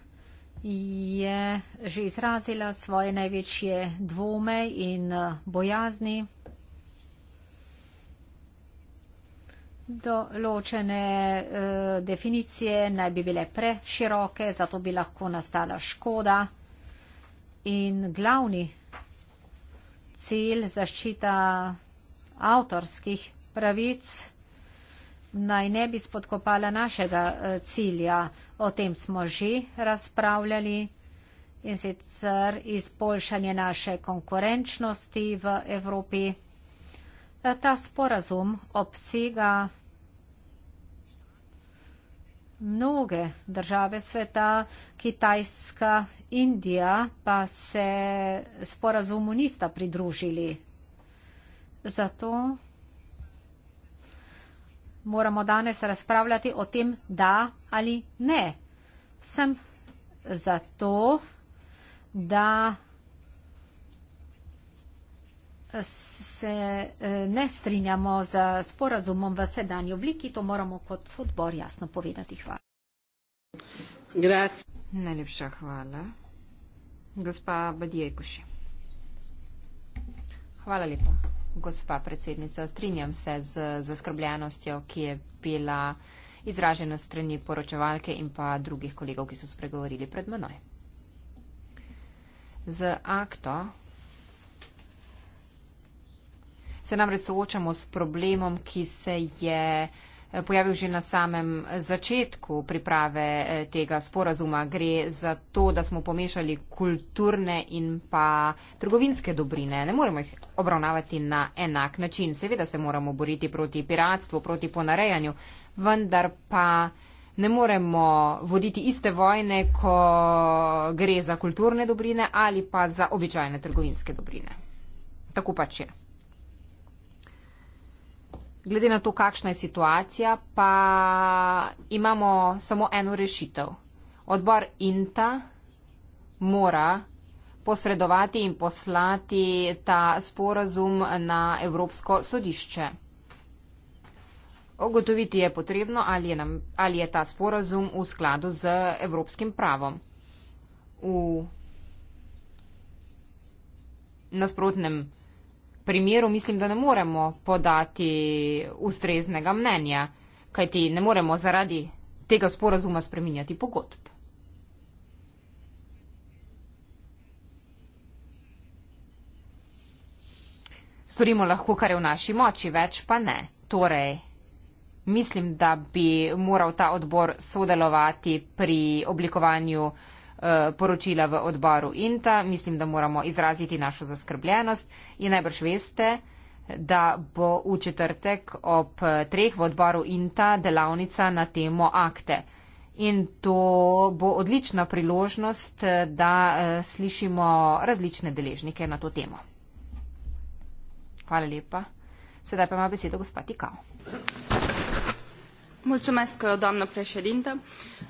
je že izrazila svoje največje dvome in e, bojazni. Določene uh, definicije naj bi bile preširoke, zato bi lahko nastala škoda. In glavni cilj zaščita avtorskih pravic naj ne bi spodkopala našega eh, cilja. O tem smo že razpravljali in sicer izboljšanje naše konkurenčnosti v Evropi. Ta sporazum obsega mnoge države sveta, Kitajska, Indija pa se sporazumu nista pridružili. Zato moramo danes razpravljati o tem, da ali ne. Sem zato, da se eh, ne strinjamo z sporazumom v sedanji obliki, to moramo kot odbor jasno povedati. Hvala. Najlepša hvala. Gospa Badijekuši. Hvala lepa, gospa predsednica. Strinjam se z zaskrbljenostjo, ki je bila izražena strani poročevalke in pa drugih kolegov, ki so spregovorili pred menoj. Z akto, se namreč soočamo s problemom, ki se je eh, pojavil že na samem eh, začetku priprave eh, tega sporazuma. Gre za to, da smo pomešali kulturne in pa trgovinske dobrine. Ne moremo jih obravnavati na enak način. Seveda se moramo boriti proti piratstvu, proti ponarejanju, vendar pa ne moremo voditi iste vojne, ko gre za kulturne dobrine ali pa za običajne trgovinske dobrine. Tako pač je glede na to, kakšna je situacija, pa imamo samo eno rešitev. Odbor INTA mora posredovati in poslati ta sporazum na Evropsko sodišče. Ogotoviti je potrebno, ali je, nam, ali je ta sporazum v skladu z evropskim pravom. V nasprotnem primeru primeru mislim, da ne moremo podati ustreznega mnenja, kajti ne moremo zaradi tega sporazuma spreminjati pogodb. Storimo lahko, kar je v naši moči, več pa ne. Torej, mislim, da bi moral ta odbor sodelovati pri oblikovanju uh, Eh, poročila v odboru INTA. Mislim, da moramo izraziti našo zaskrbljenost in najbrž veste, da bo v četrtek ob treh v odboru INTA delavnica na temo akte. In to bo odlična priložnost, da eh, slišimo različne deležnike na to temo. Hvala lepa. Sedaj pa ima besedo gospa Tikao. Mulțumesc, doamnă președintă.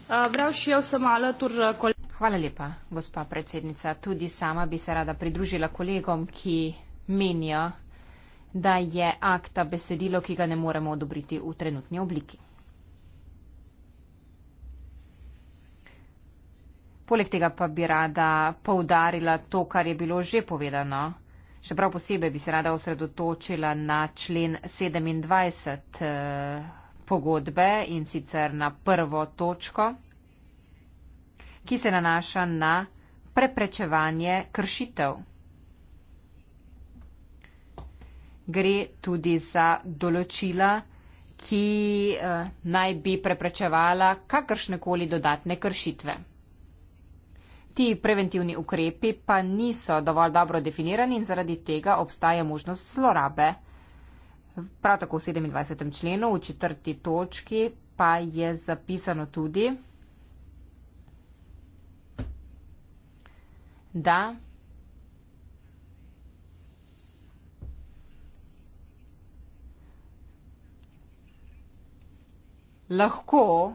Eh, vreau și eu să mă alătur colegilor. Hvala lepa, gospa predsednica. Tudi sama bi se rada pridružila kolegom, ki menijo, da je akta besedilo, ki ga ne moremo odobriti v trenutni obliki. Poleg tega pa bi rada poudarila to, kar je bilo že povedano. Še prav posebej bi se rada osredotočila na člen 27 eh, pogodbe in sicer na prvo točko, ki se nanaša na preprečevanje kršitev. Gre tudi za določila, ki eh, naj bi preprečevala kakršnekoli dodatne kršitve. Ti preventivni ukrepi pa niso dovolj dobro definirani in zaradi tega obstaja možnost zlorabe. Prav tako v 27. členu v četrti točki pa je zapisano tudi, Da. Lahko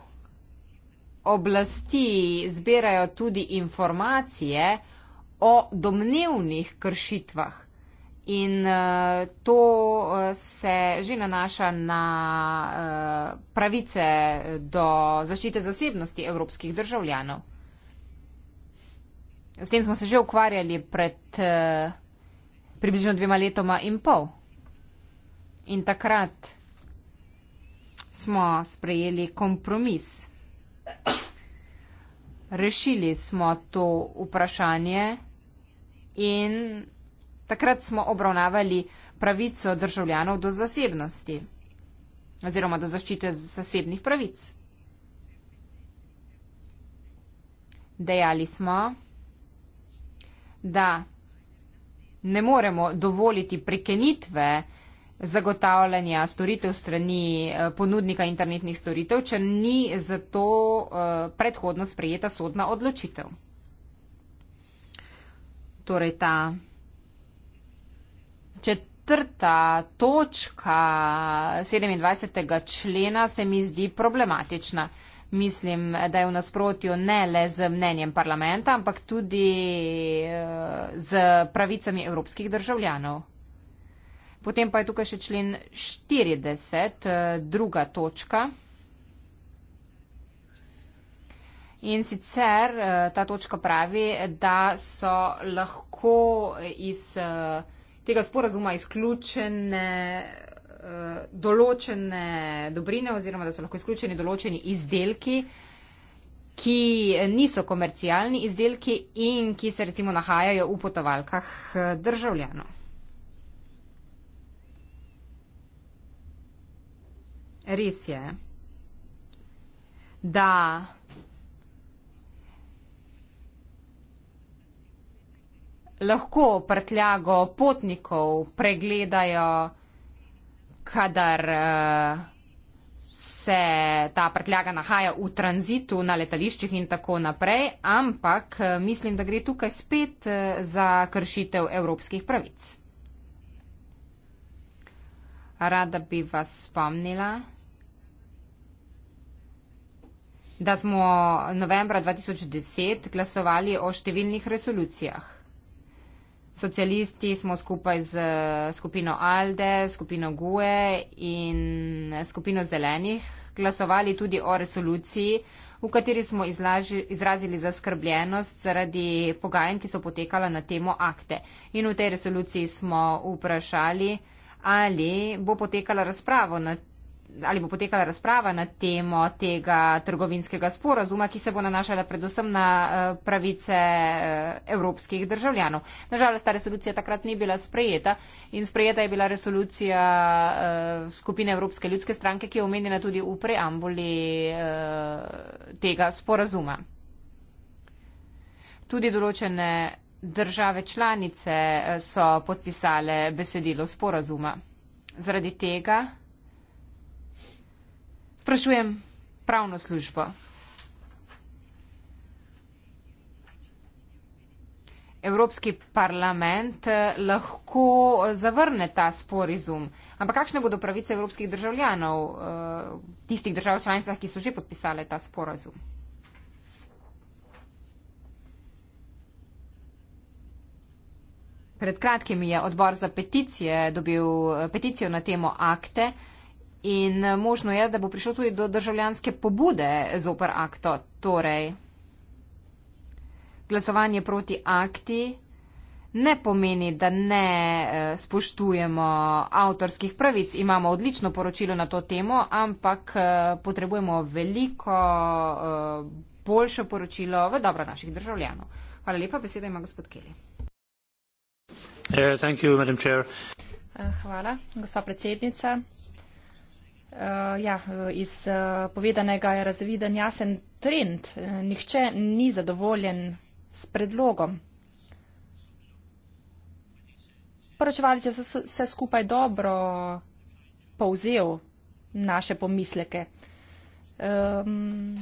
oblasti zbirajo tudi informacije o domnevnih kršitvah. In eh, to eh, se že nanaša na eh, pravice do zaščite zasebnosti evropskih državljanov. S tem smo se že ukvarjali pred uh, približno dvema letoma in pol. In takrat smo sprejeli kompromis. Rešili smo to vprašanje in takrat smo obravnavali pravico državljanov do zasebnosti oziroma do zaščite zasebnih pravic. Dejali smo, da ne moremo dovoliti prekenitve zagotavljanja storitev strani eh, ponudnika internetnih storitev, če ni zato eh, predhodno sprejeta sodna odločitev. Torej ta četrta točka 27. člena se mi zdi problematična mislim, da je v nasprotju ne le z mnenjem parlamenta, ampak tudi eh, z pravicami evropskih državljanov. Potem pa je tukaj še člen 40, eh, druga točka. In sicer eh, ta točka pravi, da so lahko iz tega sporazuma izključene uh, določene dobrine oziroma da so lahko izključeni določeni izdelki, ki niso komercialni izdelki in ki se recimo nahajajo v potovalkah eh, državljanov. Res je, da lahko prtljago potnikov pregledajo kadar eh, se ta prtljaga nahaja v tranzitu na letališčih in tako naprej, ampak eh, mislim, da gre tukaj spet eh, za kršitev evropskih pravic. Rada bi vas spomnila, da smo novembra 2010 glasovali o številnih resolucijah socialisti smo skupaj z eh, skupino Alde, skupino GUE in eh, skupino zelenih glasovali tudi o resoluciji, v kateri smo izlaži, izrazili zaskrbljenost zaradi pogajanj, ki so potekala na temo akte. In v tej resoluciji smo vprašali, ali bo potekala razprava na ali bo potekala razprava na temo tega trgovinskega sporazuma, ki se bo nanašala predvsem na eh, pravice eh, evropskih državljanov. Nažalost, ta resolucija takrat ni bila sprejeta in sprejeta je bila resolucija eh, skupine Evropske ljudske stranke, ki je omenjena tudi v preambuli tega sporazuma. Tudi določene države članice so podpisale besedilo sporazuma. Zaradi tega Sprašujem pravno službo. Evropski parlament eh, lahko eh, zavrne ta sporizum. Ampak kakšne bodo pravice evropskih državljanov, eh, tistih držav članicah, ki so že podpisale ta sporazum? Pred kratkim je odbor za peticije dobil peticijo na temo akte in eh, možno je, da bo prišlo tudi do državljanske pobude z opr akto. Torej, glasovanje proti akti ne pomeni, da ne eh, spoštujemo avtorskih pravic. Imamo odlično poročilo na to temo, ampak eh, potrebujemo veliko boljše poročilo v dobro naših državljanov. Hvala lepa, beseda ima gospod Keli. Uh, thank you, Madam Chair. Uh, hvala, gospa predsednica. Uh, ja, iz uh, povedanega je razviden jasen trend. Eh, nihče ni zadovoljen s predlogom. Poročevalec je vse skupaj dobro povzel naše pomisleke. Um,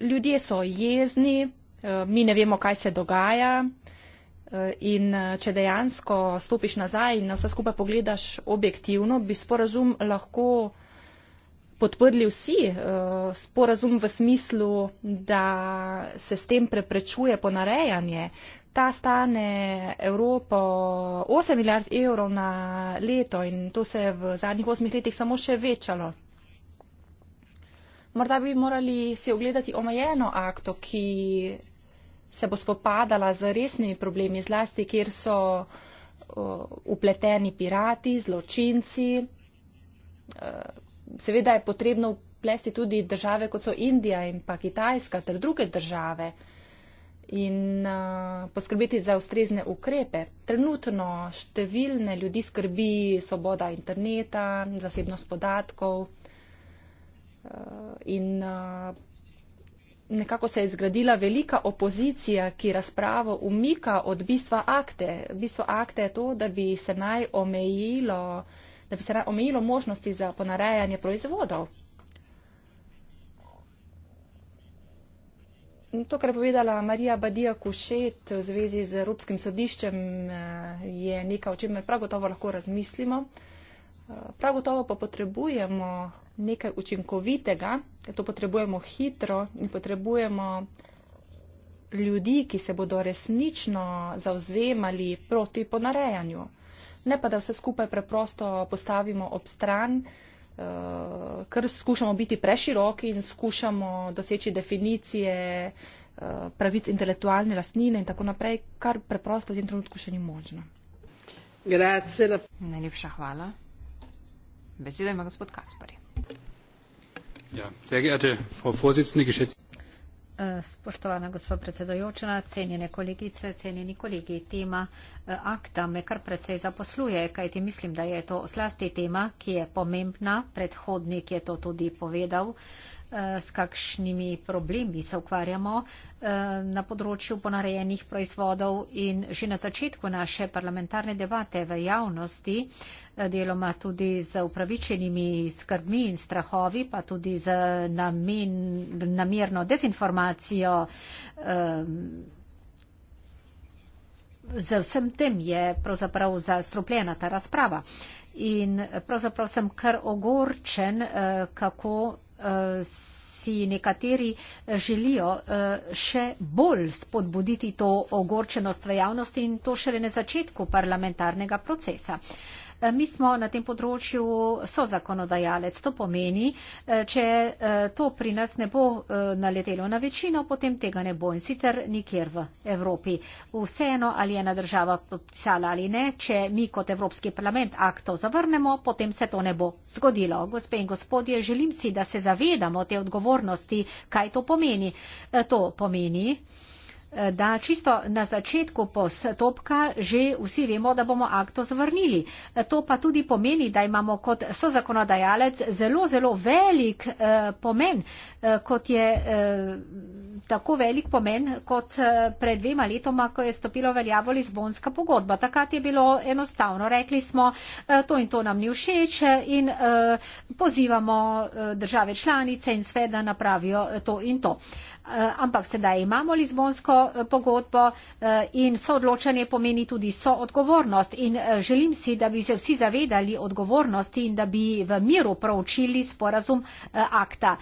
ljudje so jezni, uh, mi ne vemo, kaj se dogaja. Uh, in eh, če dejansko stopiš nazaj in na vse skupaj pogledaš objektivno, bi sporazum lahko podprli vsi. Eh, sporazum v smislu, da se s tem preprečuje ponarejanje. Ta stane Evropo 8 milijard evrov na leto in to se je v zadnjih 8 letih samo še večalo. Morda bi morali si ogledati omejeno akto, ki se bo spopadala z resnimi problemi, zlasti kjer so upleteni pirati, zločinci. E, seveda je potrebno plesti tudi države, kot so Indija in pa Kitajska ter druge države in e, poskrbeti za ustrezne ukrepe. Trenutno številne ljudi skrbi svoboda interneta, zasebnost podatkov e, in nekako se je zgradila velika opozicija, ki razpravo umika od bistva akte. Bistvo akte je to, da bi se naj omejilo, da bi se naj omejilo možnosti za ponarejanje proizvodov. To, kar je povedala Marija Badija Kušet v zvezi z Evropskim sodiščem, eh, je nekaj, o čemer prav gotovo lahko razmislimo. Eh, prav gotovo pa potrebujemo nekaj učinkovitega, to potrebujemo hitro in potrebujemo ljudi, ki se bodo resnično zauzemali proti ponarejanju. Ne pa, da vse skupaj preprosto postavimo ob stran, eh, ker skušamo biti preširoki in skušamo doseči definicije eh, pravic intelektualne lastnine in tako naprej, kar preprosto v tem trenutku še ni možno. Najlepša hvala. Besedo ima gospod Kaspari. Ja, eh, spoštovana gospa predsedojoča, cenjene kolegice, cenjeni kolegi, tema eh, akta me kar precej zaposluje, kajti mislim, da je to zlasti tema, ki je pomembna, predhodnik je to tudi povedal, Eh, s kakšnimi problemi se ukvarjamo eh, na področju ponarejenih proizvodov in že na začetku naše parlamentarne debate v javnosti, eh, deloma tudi z upravičenimi skrbmi in strahovi, pa tudi z namen, namerno dezinformacijo. Z vsem tem je pravzaprav zastrupljena ta razprava. In pravzaprav sem kar ogorčen, kako si nekateri eh, želijo eh, še bolj spodbuditi to ogorčenost v javnosti in to šele na začetku parlamentarnega procesa. Eh, mi smo na tem področju sozakonodajalec. To pomeni, eh, če eh, to pri nas ne bo naletelo na večino, potem tega ne bo in sicer nikjer v Evropi. Vseeno, ali je ena država podpisala ali ne, če mi kot Evropski parlament akto zavrnemo, potem se to ne bo zgodilo. Gospe in gospodje, želim si, da se zavedamo te odgovornosti, kaj to pomeni. To pomeni. Eh, da čisto na začetku postopka že vsi vemo, da bomo akto zavrnili. Eh, to pa tudi pomeni, da imamo kot sozakonodajalec zelo, zelo velik eh, pomen, kot je tako velik pomen, kot pred dvema letoma, ko je stopila veljavo Lizbonska pogodba. Takrat je bilo enostavno, rekli smo, to in to nam ni všeč in pozivamo države članice in sve, da napravijo to in to. Eh, ampak sedaj imamo Lizbonsko eh, pogodbo eh, in soodločanje pomeni tudi soodgovornost. In želim si, da bi se vsi zavedali odgovornosti in da bi v miru proučili sporazum akta.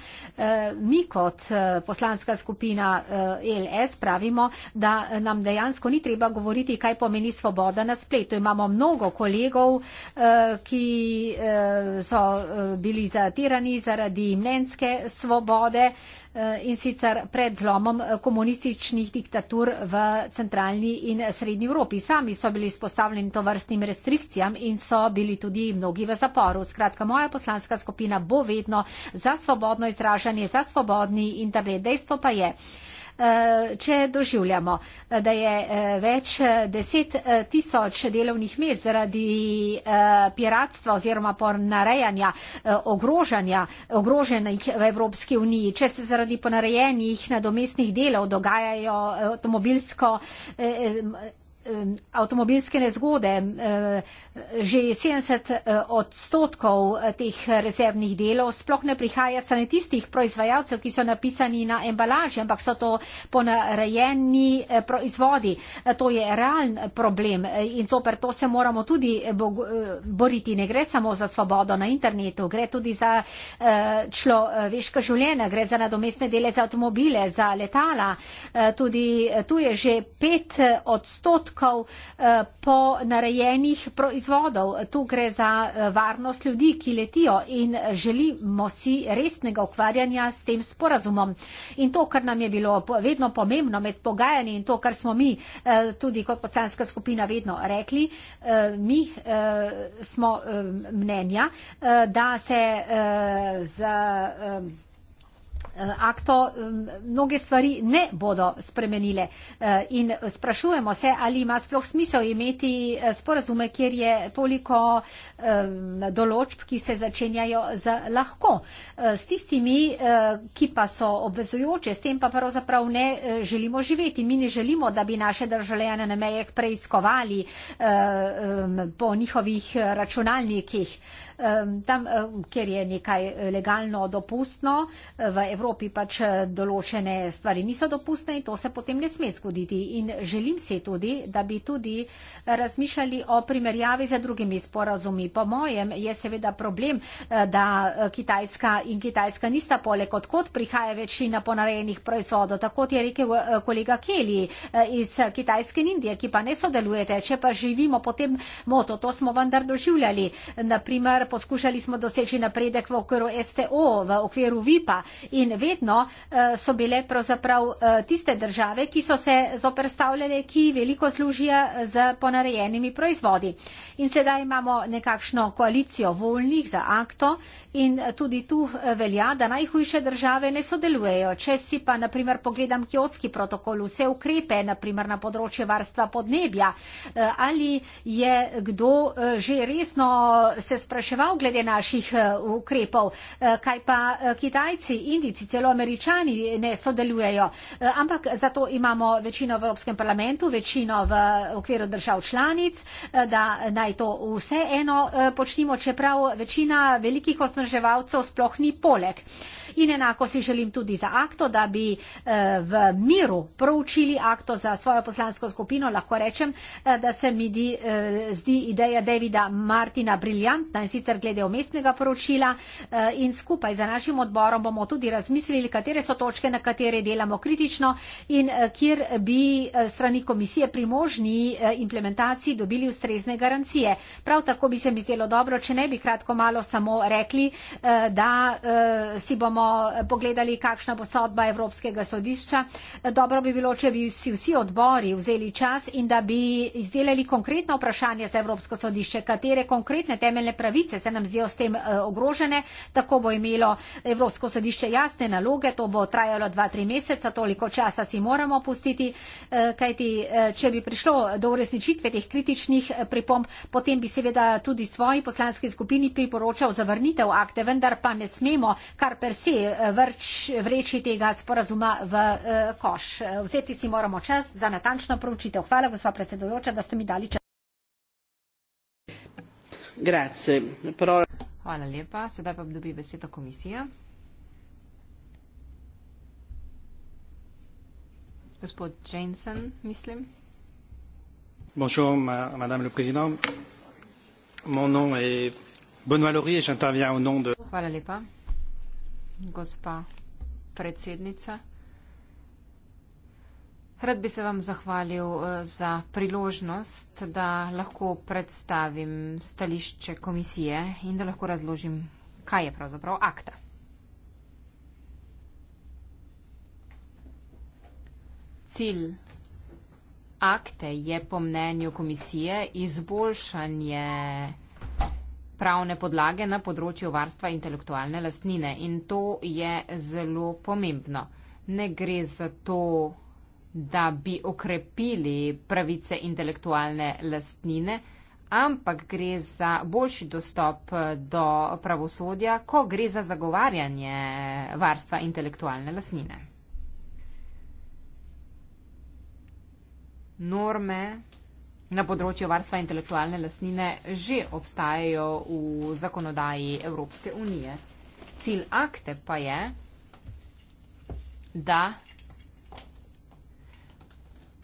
Mi kot poslanska skupina ELS pravimo, da nam dejansko ni treba govoriti, kaj pomeni svoboda na spletu. Imamo mnogo kolegov, ki so bili zatirani zaradi mnenjske svobode. Eh, in sicer pred zlomom eh, komunističnih diktatur v centralni in srednji Evropi. Sami so bili izpostavljeni to vrstnim restrikcijam in so bili tudi mnogi v zaporu. Skratka, moja poslanska skupina bo vedno za svobodno izražanje, za svobodni internet. Dejstvo pa je, Eh, če doživljamo, da je eh, več eh, deset tisoč delovnih mest zaradi piratstva oziroma ponarejanja ogrožanja, ogroženih v Evropski uniji, če se zaradi ponarejenih nadomestnih delov dogajajo avtomobilsko avtomobilske nezgode. Eh, že 70 eh, odstotkov eh, teh rezervnih delov sploh ne prihaja strani tistih proizvajalcev, ki so napisani na embalaži, ampak so to ponarejeni proizvodi. To je realen problem in zoper to se moramo tudi boriti. Ne gre samo za svobodo na internetu, gre tudi za človeška življenja, gre za nadomestne dele za avtomobile, za letala. Tudi tu je že 5 odstotkov odstotkov eh, po narejenih proizvodov. Tu gre za eh, varnost ljudi, ki letijo in želimo si resnega ukvarjanja s tem sporazumom. In to, kar nam je bilo vedno pomembno med pogajanji in to, kar smo mi eh, tudi kot poslanska skupina vedno rekli, mi smo mnenja, da se z Eh, akto mnoge stvari ne bodo spremenile. Eh, in sprašujemo se, ali ima sploh smisel imeti eh, sporazume, kjer je toliko določb, ki se začenjajo z lahko. S tistimi, ki pa so obvezujoče, s tem pa pravzaprav ne želimo živeti. Mi ne želimo, da bi naše državljane na mejek preiskovali po njihovih računalnikih. Tam, kjer je nekaj legalno dopustno v Evropi, Evropi pač eh, določene stvari niso dopustne in to se potem ne sme zgoditi. In želim se tudi, da bi tudi razmišljali o primerjavi z drugimi sporazumi. Po mojem je seveda problem, eh, da eh, Kitajska in Kitajska nista poleg odkot prihaja večina ponarejenih proizvodov. Tako je rekel kolega Keli iz Kitajske in Indije, ki pa ne sodelujete. Če pa živimo potem moto, to smo vendar doživljali. Naprimer, poskušali smo doseči napredek v okviru STO, v okviru VIPA in vedno uh, so bile pravzaprav uh, tiste države, ki so se zoprstavljale, ki veliko služijo z eh, ponarejenimi proizvodi. In sedaj imamo nekakšno koalicijo voljnih za akto in tudi tu velja, da najhujše države ne sodelujejo. Če si pa, na primer, pogledam kiotski protokol, vse ukrepe, na primer, na področju varstva podnebja, uh, ali je kdo uh, že resno se spraševal glede naših uh, ukrepov, uh, kaj pa uh, Kitajci, Indici, Nemci, celo Američani ne sodelujejo, e, ampak zato imamo večino v Evropskem parlamentu, večino v okviru držav članic, e, da naj to vse eno e, počnimo, čeprav večina velikih osnaževalcev sploh ni poleg. In enako si želim tudi za akto, da bi v miru proučili akto za svojo poslansko skupino. Lahko rečem, da se mi di, zdi ideja Davida Martina briljantna in sicer glede omestnega poročila in skupaj za našim odborom bomo tudi razmišljali, razmislili, katere so točke, na katere delamo kritično in eh, kjer bi eh, strani komisije pri možni eh, implementaciji dobili ustrezne garancije. Prav tako bi se mi zdelo dobro, če ne bi kratko malo samo rekli, da si bomo pogledali, kakšna bo sodba Evropskega sodišča. Dobro bi bilo, če bi si vsi odbori vzeli čas in da bi izdelali konkretno vprašanje za Evropsko sodišče, katere konkretne temeljne pravice se nam zdijo s tem ogrožene, tako bo imelo Evropsko sodišče jasne vrste naloge, to bo trajalo dva, tri meseca, toliko časa si moramo pustiti, eh, kajti eh, če bi prišlo do uresničitve teh kritičnih eh, pripomb, potem bi seveda tudi svoji poslanski skupini priporočal zavrnitev akte, vendar pa ne smemo kar per se vrč, vreči tega sporazuma v koš. Vzeti si moramo čas za natančno proučitev. Hvala, gospa predsedujoča, da ste mi dali čas. Grazie. Hvala lepa. Sedaj pa dobi beseda komisija. Gospod Jensen, mislim. Bonjour, ma, madame le président. Mon nom est Benoît Laurie et j'interviens au nom de... Hvala lepa, gospa predsednica. Rad bi se vam zahvalil eh, za priložnost, da lahko predstavim stališče komisije in da lahko razložim, kaj je pravzaprav akta. cilj akte je po mnenju komisije izboljšanje pravne podlage na področju varstva intelektualne lastnine in to je zelo pomembno. Ne gre za to, da bi okrepili pravice intelektualne lastnine, ampak gre za boljši dostop do pravosodja, ko gre za zagovarjanje varstva intelektualne lastnine. norme na področju varstva intelektualne lasnine že obstajajo v zakonodaji Evropske unije. Cilj akte pa je, da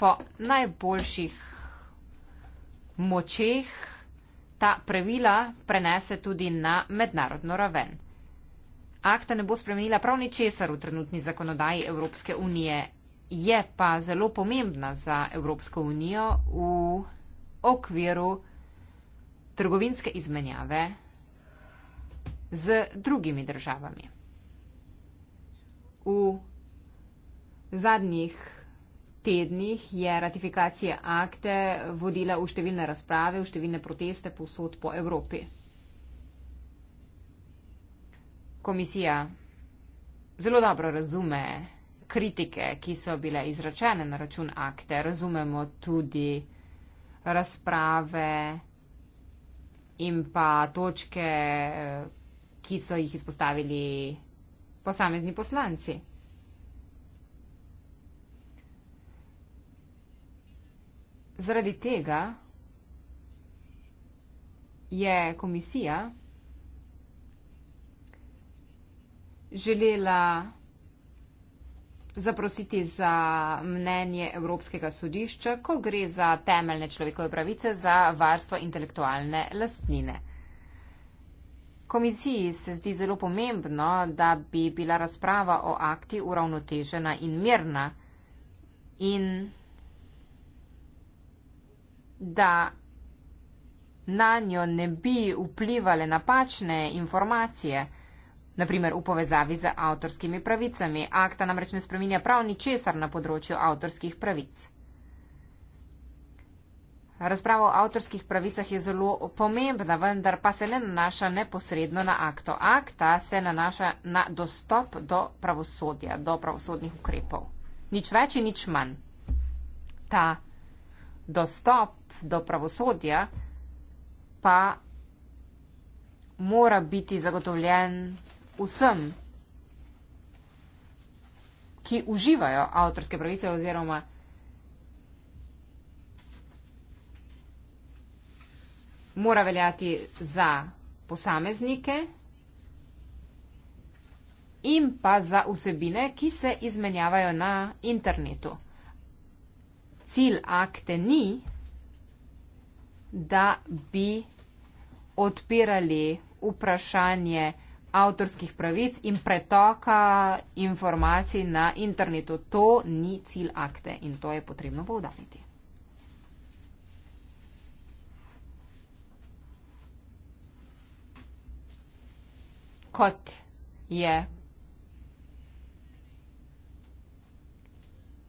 po najboljših močeh ta pravila prenese tudi na mednarodno raven. Akta ne bo spremenila prav ničesar v trenutni zakonodaji Evropske unije, je pa zelo pomembna za Evropsko unijo v okviru trgovinske izmenjave z drugimi državami. V zadnjih tednih je ratifikacija akte vodila v številne razprave, v številne proteste povsod po Evropi. Komisija zelo dobro razume kritike, ki so bile izrečene na račun akte, razumemo tudi razprave in pa točke, eh, ki so jih izpostavili posamezni poslanci. Zaradi tega je komisija želela zaprositi za mnenje Evropskega sodišča, ko gre za temeljne človekove pravice za varstvo intelektualne lastnine. Komisiji se zdi zelo pomembno, da bi bila razprava o akti uravnotežena in mirna in da na njo ne bi vplivali napačne informacije. Naprimer, v povezavi z avtorskimi pravicami. Akta namreč ne spreminja prav ničesar na področju avtorskih pravic. Razprava o avtorskih pravicah je zelo pomembna, vendar pa se ne nanaša neposredno na akto. Akta se nanaša na dostop do pravosodja, do pravosodnih ukrepov. Nič več in nič manj. Ta dostop do pravosodja pa mora biti zagotovljen vsem, ki uživajo avtorske pravice oziroma mora veljati za posameznike in pa za vsebine, ki se izmenjavajo na internetu. Cilj akte ni, da bi odpirali vprašanje, avtorskih pravic in pretoka informacij na internetu. To ni cilj akte in to je potrebno povdariti. Kot je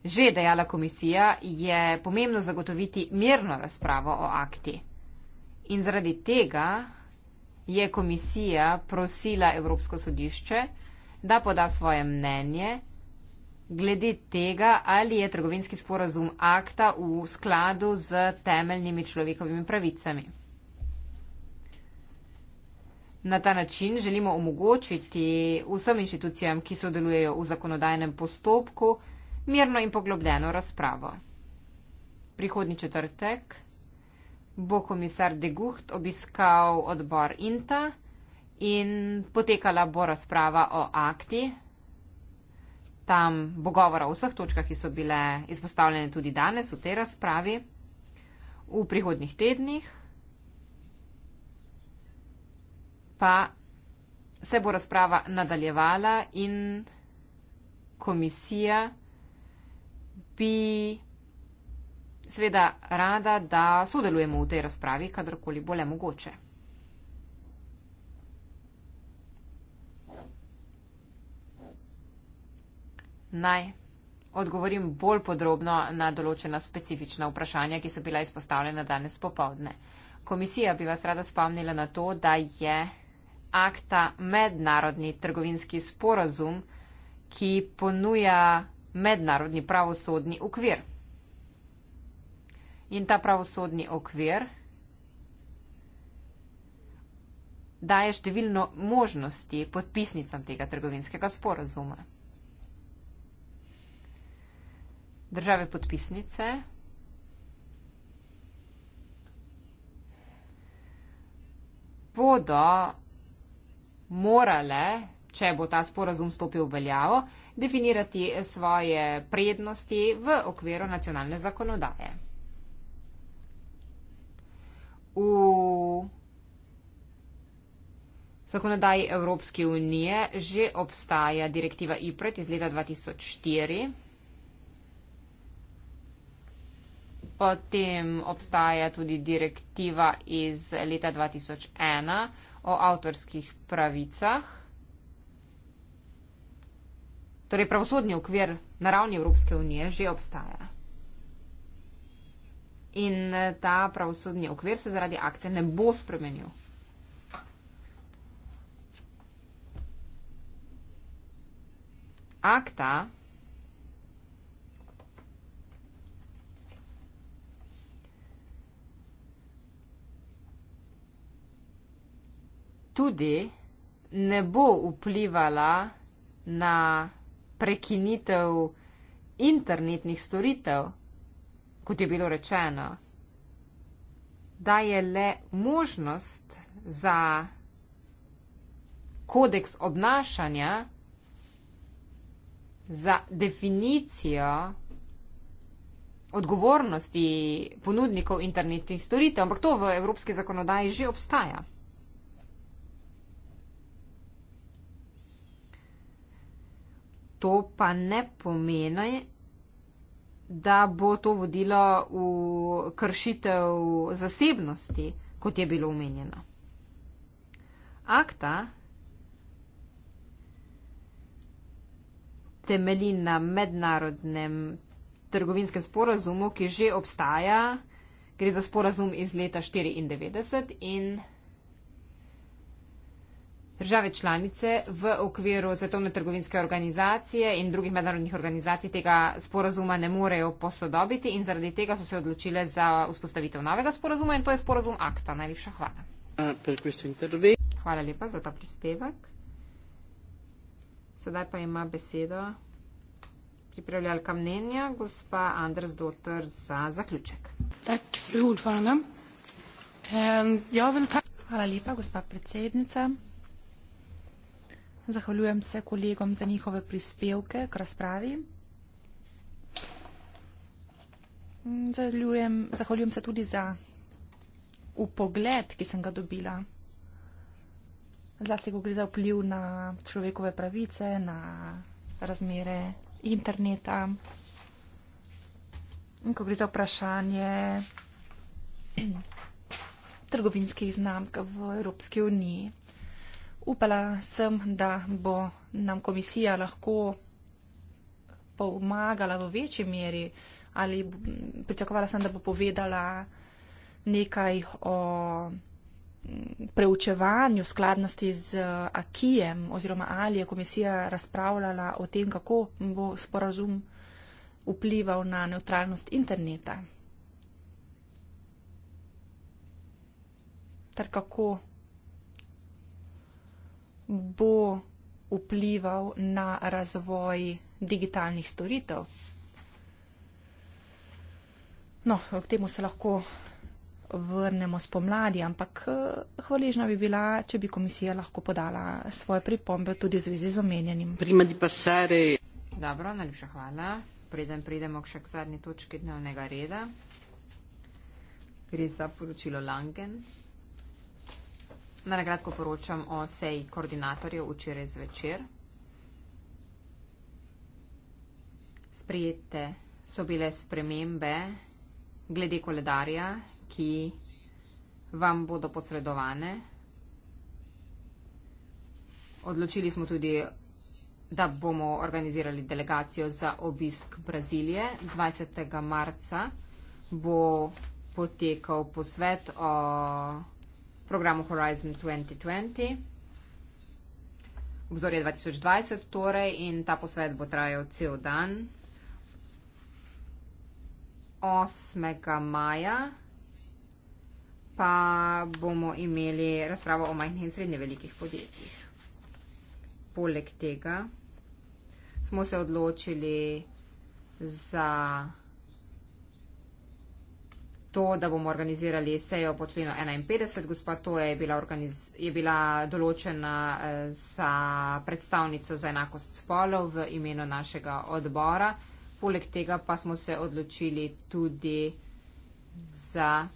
že dejala komisija, je pomembno zagotoviti mirno razpravo o akti. In zaradi tega je komisija prosila Evropsko sodišče, da poda svoje mnenje glede tega, ali je trgovinski sporazum akta v skladu z temeljnimi človekovimi pravicami. Na ta način želimo omogočiti vsem inštitucijam, ki sodelujejo v zakonodajnem postopku, mirno in poglobljeno razpravo. Prihodni četrtek bo komisar De Gucht obiskal odbor INTA in potekala bo razprava o akti. Tam bo govora o vseh točkah, ki so bile izpostavljene tudi danes v tej razpravi, v prihodnih tednih. Pa se bo razprava nadaljevala in komisija bi Sveda rada, da sodelujemo v tej razpravi, kadarkoli bo le mogoče. Naj odgovorim bolj podrobno na določena specifična vprašanja, ki so bila izpostavljena danes popovdne. Komisija bi vas rada spomnila na to, da je akta mednarodni trgovinski sporazum, ki ponuja mednarodni pravosodni ukvir. In ta pravosodni okvir daje številno možnosti podpisnicam tega trgovinskega sporazuma. Države podpisnice bodo morale, če bo ta sporazum stopil v veljavo, definirati svoje prednosti v okviru nacionalne zakonodaje v zakonodaji Evropske unije že obstaja direktiva IPRET iz leta 2004. Potem obstaja tudi direktiva iz leta 2001 o avtorskih pravicah. Torej, pravosodni okvir na ravni Evropske unije že obstaja in eh, ta pravosodni okvir se zaradi akte ne bo spremenil. Akta tudi ne bo vplivala na prekinitev internetnih storitev kot je bilo rečeno, da je le možnost za kodeks obnašanja, za definicijo odgovornosti ponudnikov internetnih storitev, ampak to v evropski zakonodaji že obstaja. To pa ne pomeni, da bo to vodilo v kršitev zasebnosti, kot je bilo omenjeno. Akta temelji na mednarodnem trgovinskem sporazumu, ki že obstaja. Gre za sporazum iz leta 1994 in države članice v okviru Svetovne trgovinske organizacije in drugih mednarodnih organizacij tega sporazuma ne morejo posodobiti in zaradi tega so se odločile za vzpostavitev novega sporazuma in to je sporazum akta. Najlepša hvala. Hvala lepa za ta prispevek. Sedaj pa ima besedo pripravljalka mnenja, gospa Andres Dotter za zaključek. Ehm, hvala lepa, gospa predsednica. Zahvaljujem se kolegom za njihove prispevke k razpravi. Zahvaljujem, zahvaljujem se tudi za upogled, ki sem ga dobila. Zlasti, ko gre za vpliv na človekove pravice, na razmere interneta in ko gre za vprašanje trgovinskih znamk v Evropski uniji upala sem, da bo nam komisija lahko pomagala v večji meri ali pričakovala sem, da bo povedala nekaj o mm, preučevanju skladnosti z eh, Akijem oziroma ali je komisija razpravljala o tem, kako bo sporazum vplival na neutralnost interneta. Ter kako bo vplival na razvoj digitalnih storitev. No, k temu se lahko vrnemo spomladi, ampak eh, hvaležna bi bila, če bi komisija lahko podala svoje pripombe tudi v zvezi z omenjenim. Primadi pa sare. Dobro, najlepša hvala. Preden pridemo še k zadnji točki dnevnega reda. Gre za poročilo Langen, Na nagradko poročam o seji koordinatorjev včeraj zvečer. Sprijete so bile spremembe glede koledarja, ki vam bodo posredovane. Odločili smo tudi, da bomo organizirali delegacijo za obisk Brazilije. 20. marca bo potekal posvet o programu Horizon 2020. Obzor je 2020, torej, in ta posvet bo trajal cel dan. 8. maja pa bomo imeli razpravo o majhnih in srednje velikih podjetjih. Poleg tega smo se odločili za to, da bomo organizirali sejo po členu 51. Gospa Toja je bila, je bila določena eh, za predstavnico za enakost spolov v imenu našega odbora. Poleg tega pa smo se odločili tudi za.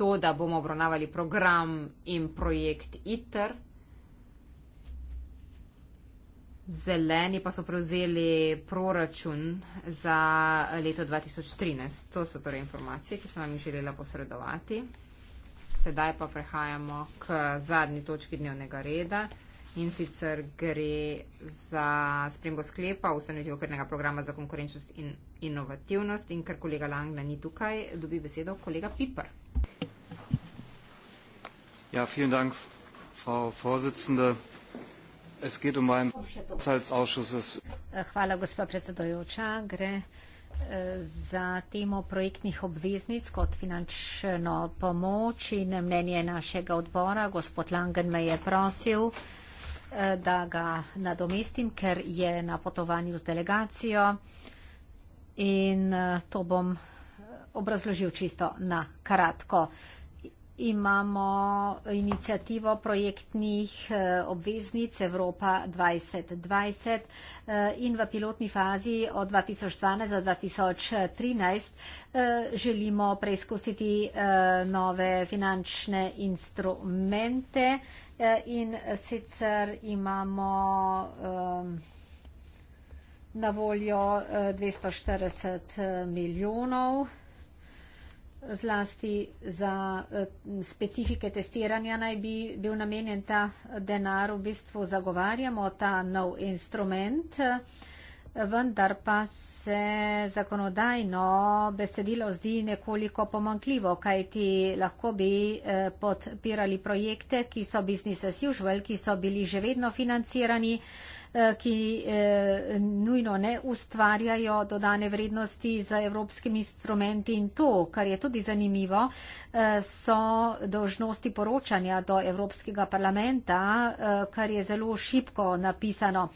To, da bomo obravnavali program in projekt ITER, Zeleni pa so prevzeli proračun za leto 2013. To so torej informacije, ki sem vam jih želela posredovati. Sedaj pa prehajamo k zadnji točki dnevnega reda in sicer gre za spremembo sklepa ustanovitev okrenega programa za konkurenčnost in inovativnost in ker kolega Langna ni tukaj, dobi besedo kolega Piper. Ja, vielen Dank, Frau Vorsitzende. Um Hvala, gospa predsedojoča. Gre eh, za temo projektnih obveznic kot finančno pomoč in mnenje našega odbora. Gospod Langen me je prosil, eh, da ga nadomestim, ker je na potovanju z delegacijo in eh, to bom obrazložil čisto na kratko imamo inicijativo projektnih eh, obveznic Evropa 2020 eh, in v pilotni fazi od 2012 do 2013 eh, želimo preizkusiti nove finančne instrumente in sicer imamo na voljo 240 milijonov evrov zlasti za eh, specifike testiranja naj bi bil namenjen ta denar. V bistvu zagovarjamo ta nov instrument, vendar pa se zakonodajno besedilo zdi nekoliko pomankljivo, kajti lahko bi eh, podpirali projekte, ki so business as usual, ki so bili že vedno financirani. Eh, ki eh, nujno ne ustvarjajo dodane vrednosti za evropskimi instrumenti in to, kar je tudi zanimivo, eh, so dožnosti poročanja do Evropskega parlamenta, kar je zelo šipko napisano.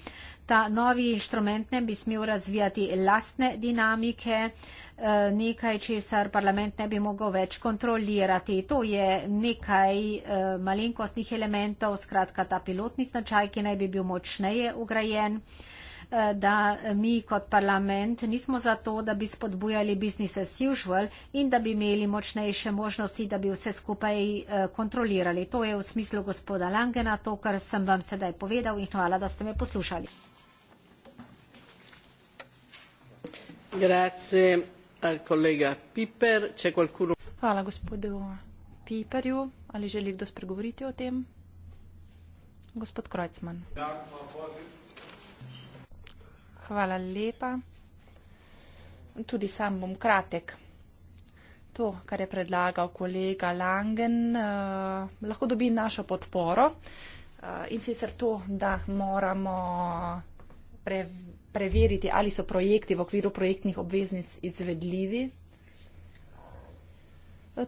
Ta novi inštrument ne bi smel razvijati lastne dinamike, eh, nekaj, česar parlament ne bi mogel več kontrolirati. To je nekaj eh, malenkostnih elementov, skratka ta pilotni značaj, ki naj bi bil močneje ugrajen eh, da mi kot parlament nismo za to, da bi spodbujali business as usual in da bi imeli močnejše možnosti, da bi vse skupaj kontrolirali. To je v smislu gospoda Langena to, kar sem vam sedaj povedal in hvala, da ste me poslušali. hvala gospodu piperju ali želi kdo spregovoriti o tem gospod kreutzmann hvala lepa tudi sam bom kratek to kar je predlagal kolega langen uh, lahko dobi našo podporo uh, in sicer to da moramo pre preveriti, ali so projekti v okviru projektnih obveznic izvedljivi.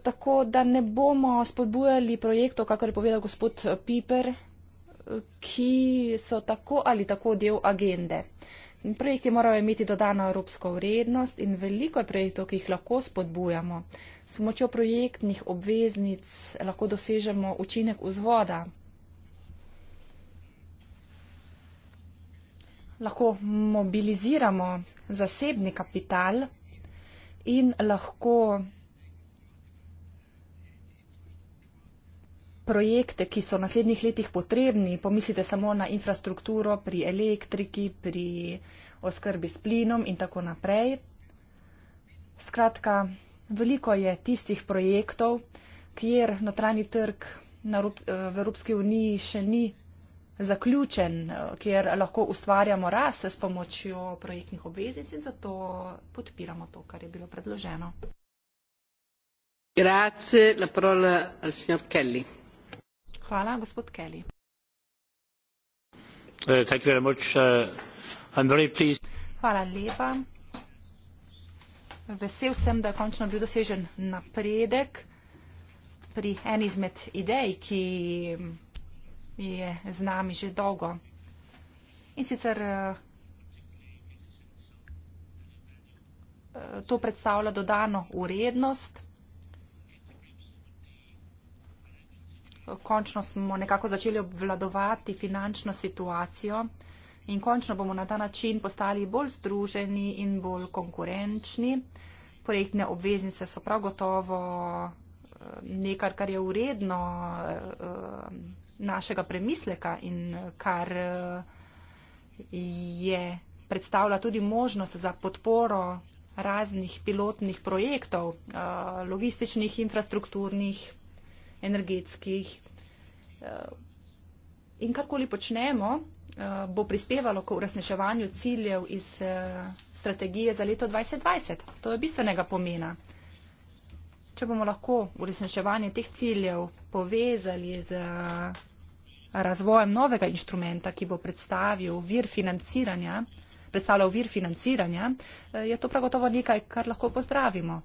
Tako da ne bomo spodbujali projektov, kakor je povedal gospod Piper, ki so tako ali tako del agende. Projekti morajo imeti dodano evropsko vrednost in veliko je projektov, ki jih lahko spodbujamo. S pomočjo projektnih obveznic lahko dosežemo učinek vzvoda lahko mobiliziramo zasebni kapital in lahko projekte, ki so v naslednjih letih potrebni, pomislite samo na infrastrukturo pri elektriki, pri oskrbi s plinom in tako naprej. Skratka, veliko je tistih projektov, kjer notranji trg v Evropski uniji še ni zaključen, kjer lahko ustvarjamo rast s pomočjo projektnih obveznic in zato podpiramo to, kar je bilo predloženo. Grazie, la parola al signor Kelly. Hvala, gospod Kelly. Uh, thank you very much. Uh, I'm very pleased. Hvala lepa. Vesel sem, da je končno bil dosežen napredek pri eni izmed idej, ki je z nami že dolgo. In sicer eh, to predstavlja dodano urednost. Končno smo nekako začeli obvladovati finančno situacijo in končno bomo na ta način postali bolj združeni in bolj konkurenčni. Projektne obveznice so prav gotovo eh, nekaj, kar je uredno eh, našega premisleka in eh, kar eh, je predstavlja tudi možnost za podporo raznih pilotnih projektov, eh, logističnih, infrastrukturnih, energetskih. In karkoli počnemo, bo prispevalo k uresničevanju ciljev iz strategije za leto 2020. To je bistvenega pomena če bomo lahko uresničevanje teh ciljev povezali z eh, razvojem novega inštrumenta, ki bo predstavil vir financiranja, predstavljal vir financiranja, eh, je to prav gotovo nekaj, kar lahko pozdravimo.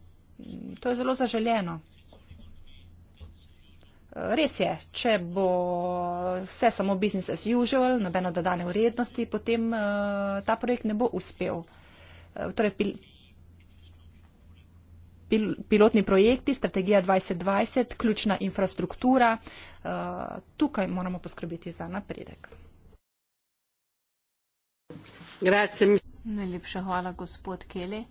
To je zelo zaželjeno. Eh, res je, če bo vse samo business as usual, nobeno dodane vrednosti, potem ta projekt ne bo uspel. Torej, pil, pilotni projekti, strategija 2020, ključna infrastruktura. Uh, tukaj moramo poskrbeti za napredek. Grazie. Najlepša hvala, gospod Keli.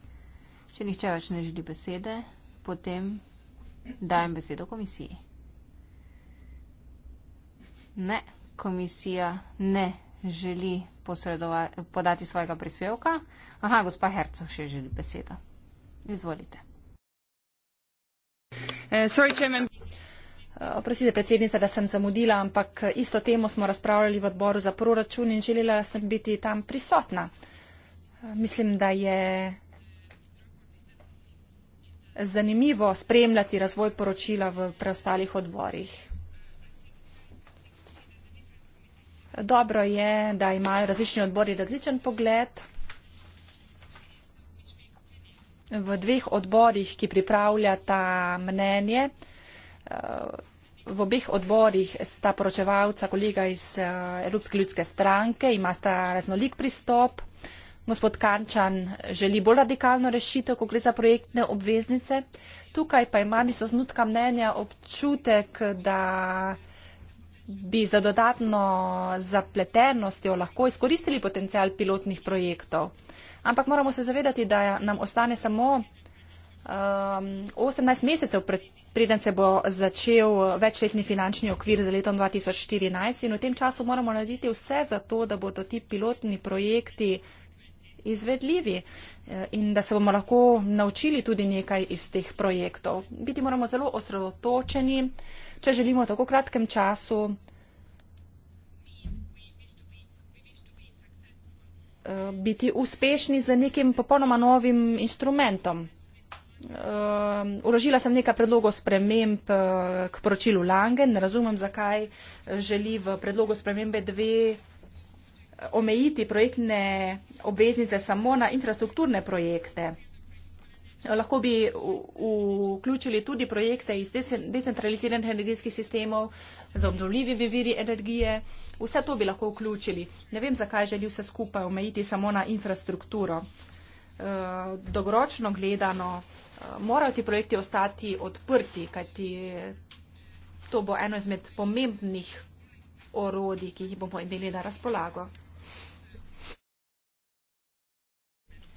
Če nihče več ne želi besede, potem dajem besedo komisiji. Ne, komisija ne želi podati svojega prispevka. Aha, gospa Hercog še želi besedo. Izvolite. Eh, eh, oprostite, predsednica, da sem zamudila, ampak isto temo smo razpravljali v odboru za proračun in želela sem biti tam prisotna. Eh, mislim, da je zanimivo spremljati razvoj poročila v preostalih odborih. Dobro je, da imajo različni odbori različen pogled, v dveh odborih, ki pripravljata mnenje. Eh, v obeh odborih sta poročevalca kolega iz eh, Evropske ljudske stranke, imata raznolik pristop. Gospod Kančan želi bolj radikalno rešitev, ko gre za projektne obveznice. Tukaj pa imam iz oznutka mnenja občutek, da bi za dodatno zapletenostjo lahko izkoristili potencial pilotnih projektov. Ampak moramo se zavedati, da nam ostane samo um, 18 mesecev pred preden se bo začel uh, večletni finančni okvir za letom 2014 in v tem času moramo narediti vse za to, da bodo ti pilotni projekti izvedljivi uh, in da se bomo lahko naučili tudi nekaj iz teh projektov. Biti moramo zelo osredotočeni, če želimo v tako kratkem času Eh, biti uspešni z nekim popolnoma novim instrumentom. Eh, uložila sem nekaj predlogov sprememb eh, k poročilu Lange, ne razumem, zakaj želi v predlogu spremembe dve omejiti projektne obveznice samo na infrastrukturne projekte. Lahko bi vključili tudi projekte iz decentraliziranih energetskih sistemov za obnovljivi viri energije. Vse to bi lahko vključili. Ne vem, zakaj želi vse skupaj omejiti samo na infrastrukturo. Eh, Dogoročno gledano eh, morajo ti projekti ostati odprti, kajti to bo eno izmed pomembnih orodij, ki jih bomo imeli na razpolago.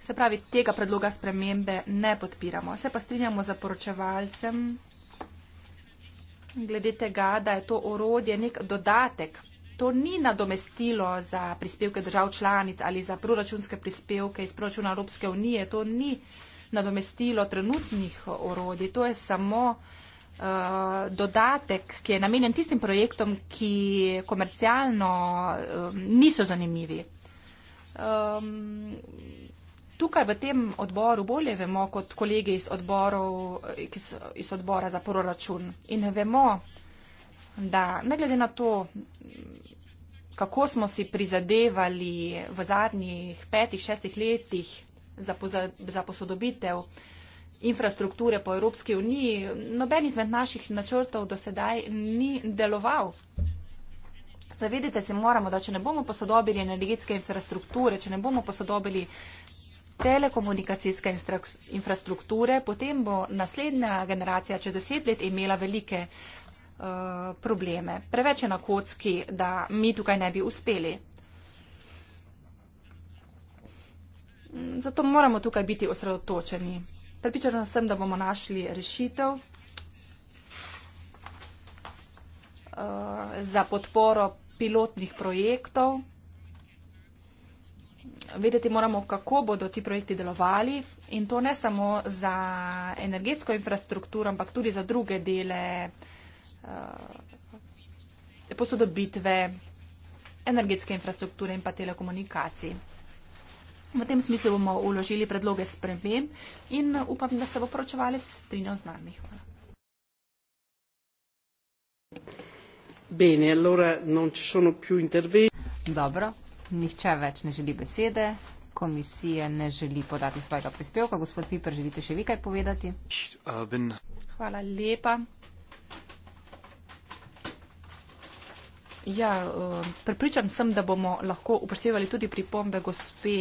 Se pravi, tega predloga spremembe ne podpiramo. Se pa strinjamo za poročevalcem glede tega, da je to orodje nek dodatek. To ni nadomestilo za prispevke držav članic ali za proračunske prispevke iz proračuna Evropske unije. To ni nadomestilo trenutnih orodij. To je samo uh, dodatek, ki je namenjen tistim projektom, ki komercialno uh, niso zanimivi. Um, tukaj v tem odboru bolje vemo kot kolege iz, odborov, iz odbora za proračun. In vemo, da ne glede na to, kako smo si prizadevali v zadnjih petih, šestih letih za, za posodobitev infrastrukture po Evropski uniji, noben izmed naših načrtov do sedaj ni deloval. Zavedete se moramo, da če ne bomo posodobili energetske infrastrukture, če ne bomo posodobili telekomunikacijske infrastrukture, potem bo naslednja generacija čez deset let imela velike eh, probleme. Preveč je na kocki, da mi tukaj ne bi uspeli. Mm, zato moramo tukaj biti osredotočeni. Pripričana sem, da bomo našli rešitev eh, za podporo pilotnih projektov vedeti moramo, kako bodo ti projekti delovali in to ne samo za energetsko infrastrukturo, ampak tudi za druge dele uh, posodobitve energetske infrastrukture in pa telekomunikacij. V tem smislu bomo uložili predloge sprememb in upam, da se bo poročevalec strinjal z nami. Hvala. Bene, allora non ci sono più interventi. Dobro, Nihče več ne želi besede. Komisija ne želi podati svojega prispevka. Gospod Piper, želite še vi kaj povedati? Hvala lepa. Ja, eh, pripričan sem, da bomo lahko upoštevali tudi pripombe gospe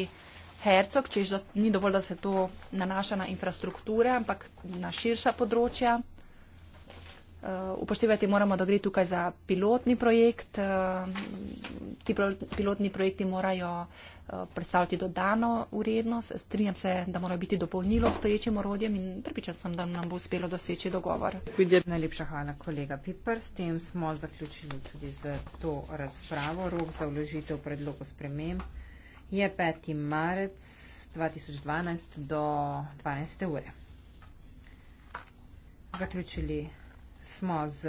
Hercog, čež ni dovolj, da se to nanaša na infrastrukture, ampak na širša področja. Eh, upoštevati moramo, da gre tukaj za pilotni projekt. Eh, ti pilotni projekti morajo eh, predstavljati dodano urednost. Strinjam se, da morajo biti dopolnilo obstoječim orodjem in pripričan sem, da nam bo uspelo doseči dogovor. Najlepša hvala, kolega Piper. S tem smo zaključili tudi z to razpravo. Rok za vložitev predlogov spremem je 5. marec 2012 do 12. ure. Zaključili smo z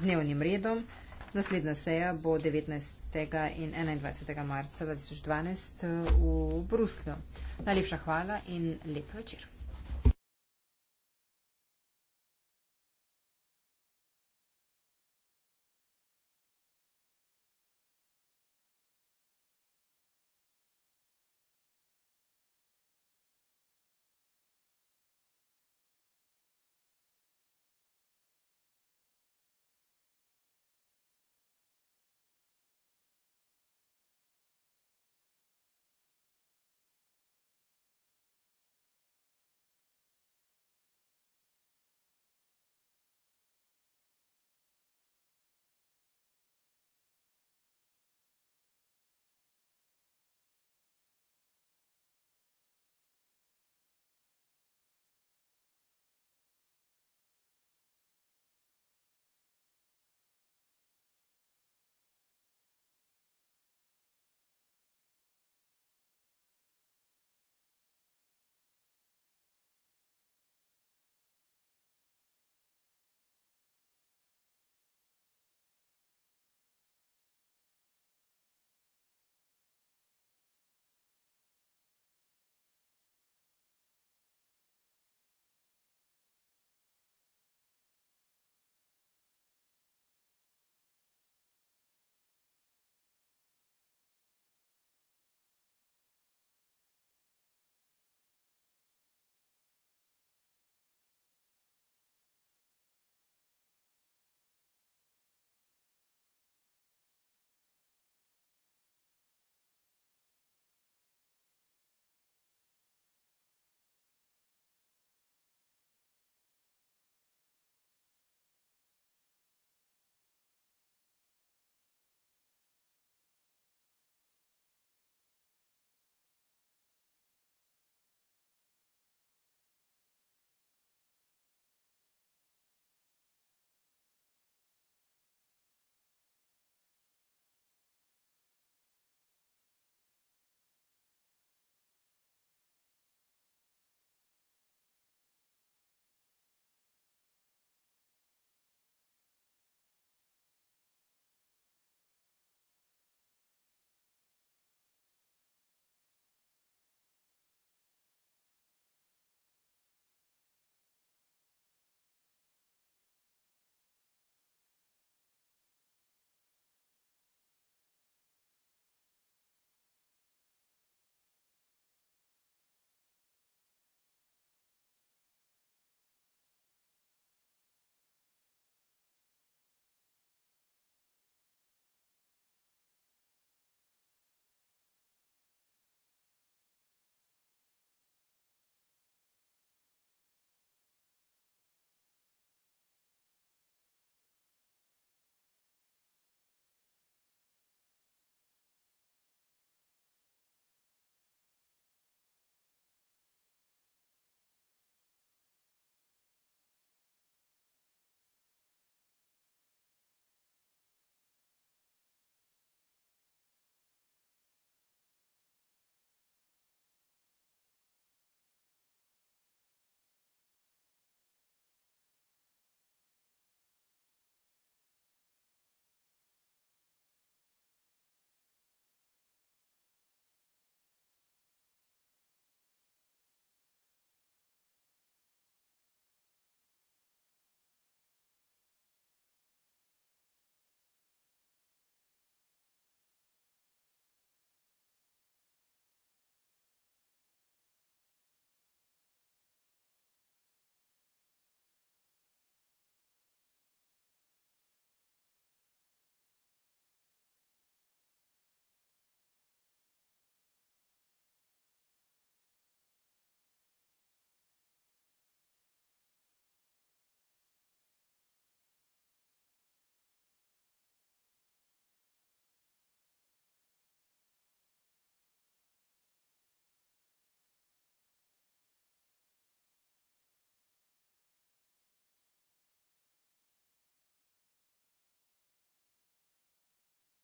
dnevnim redom. Naslednja seja bo 19. in 21. marca 2012 v Bruslju. Najlepša hvala in lep večer.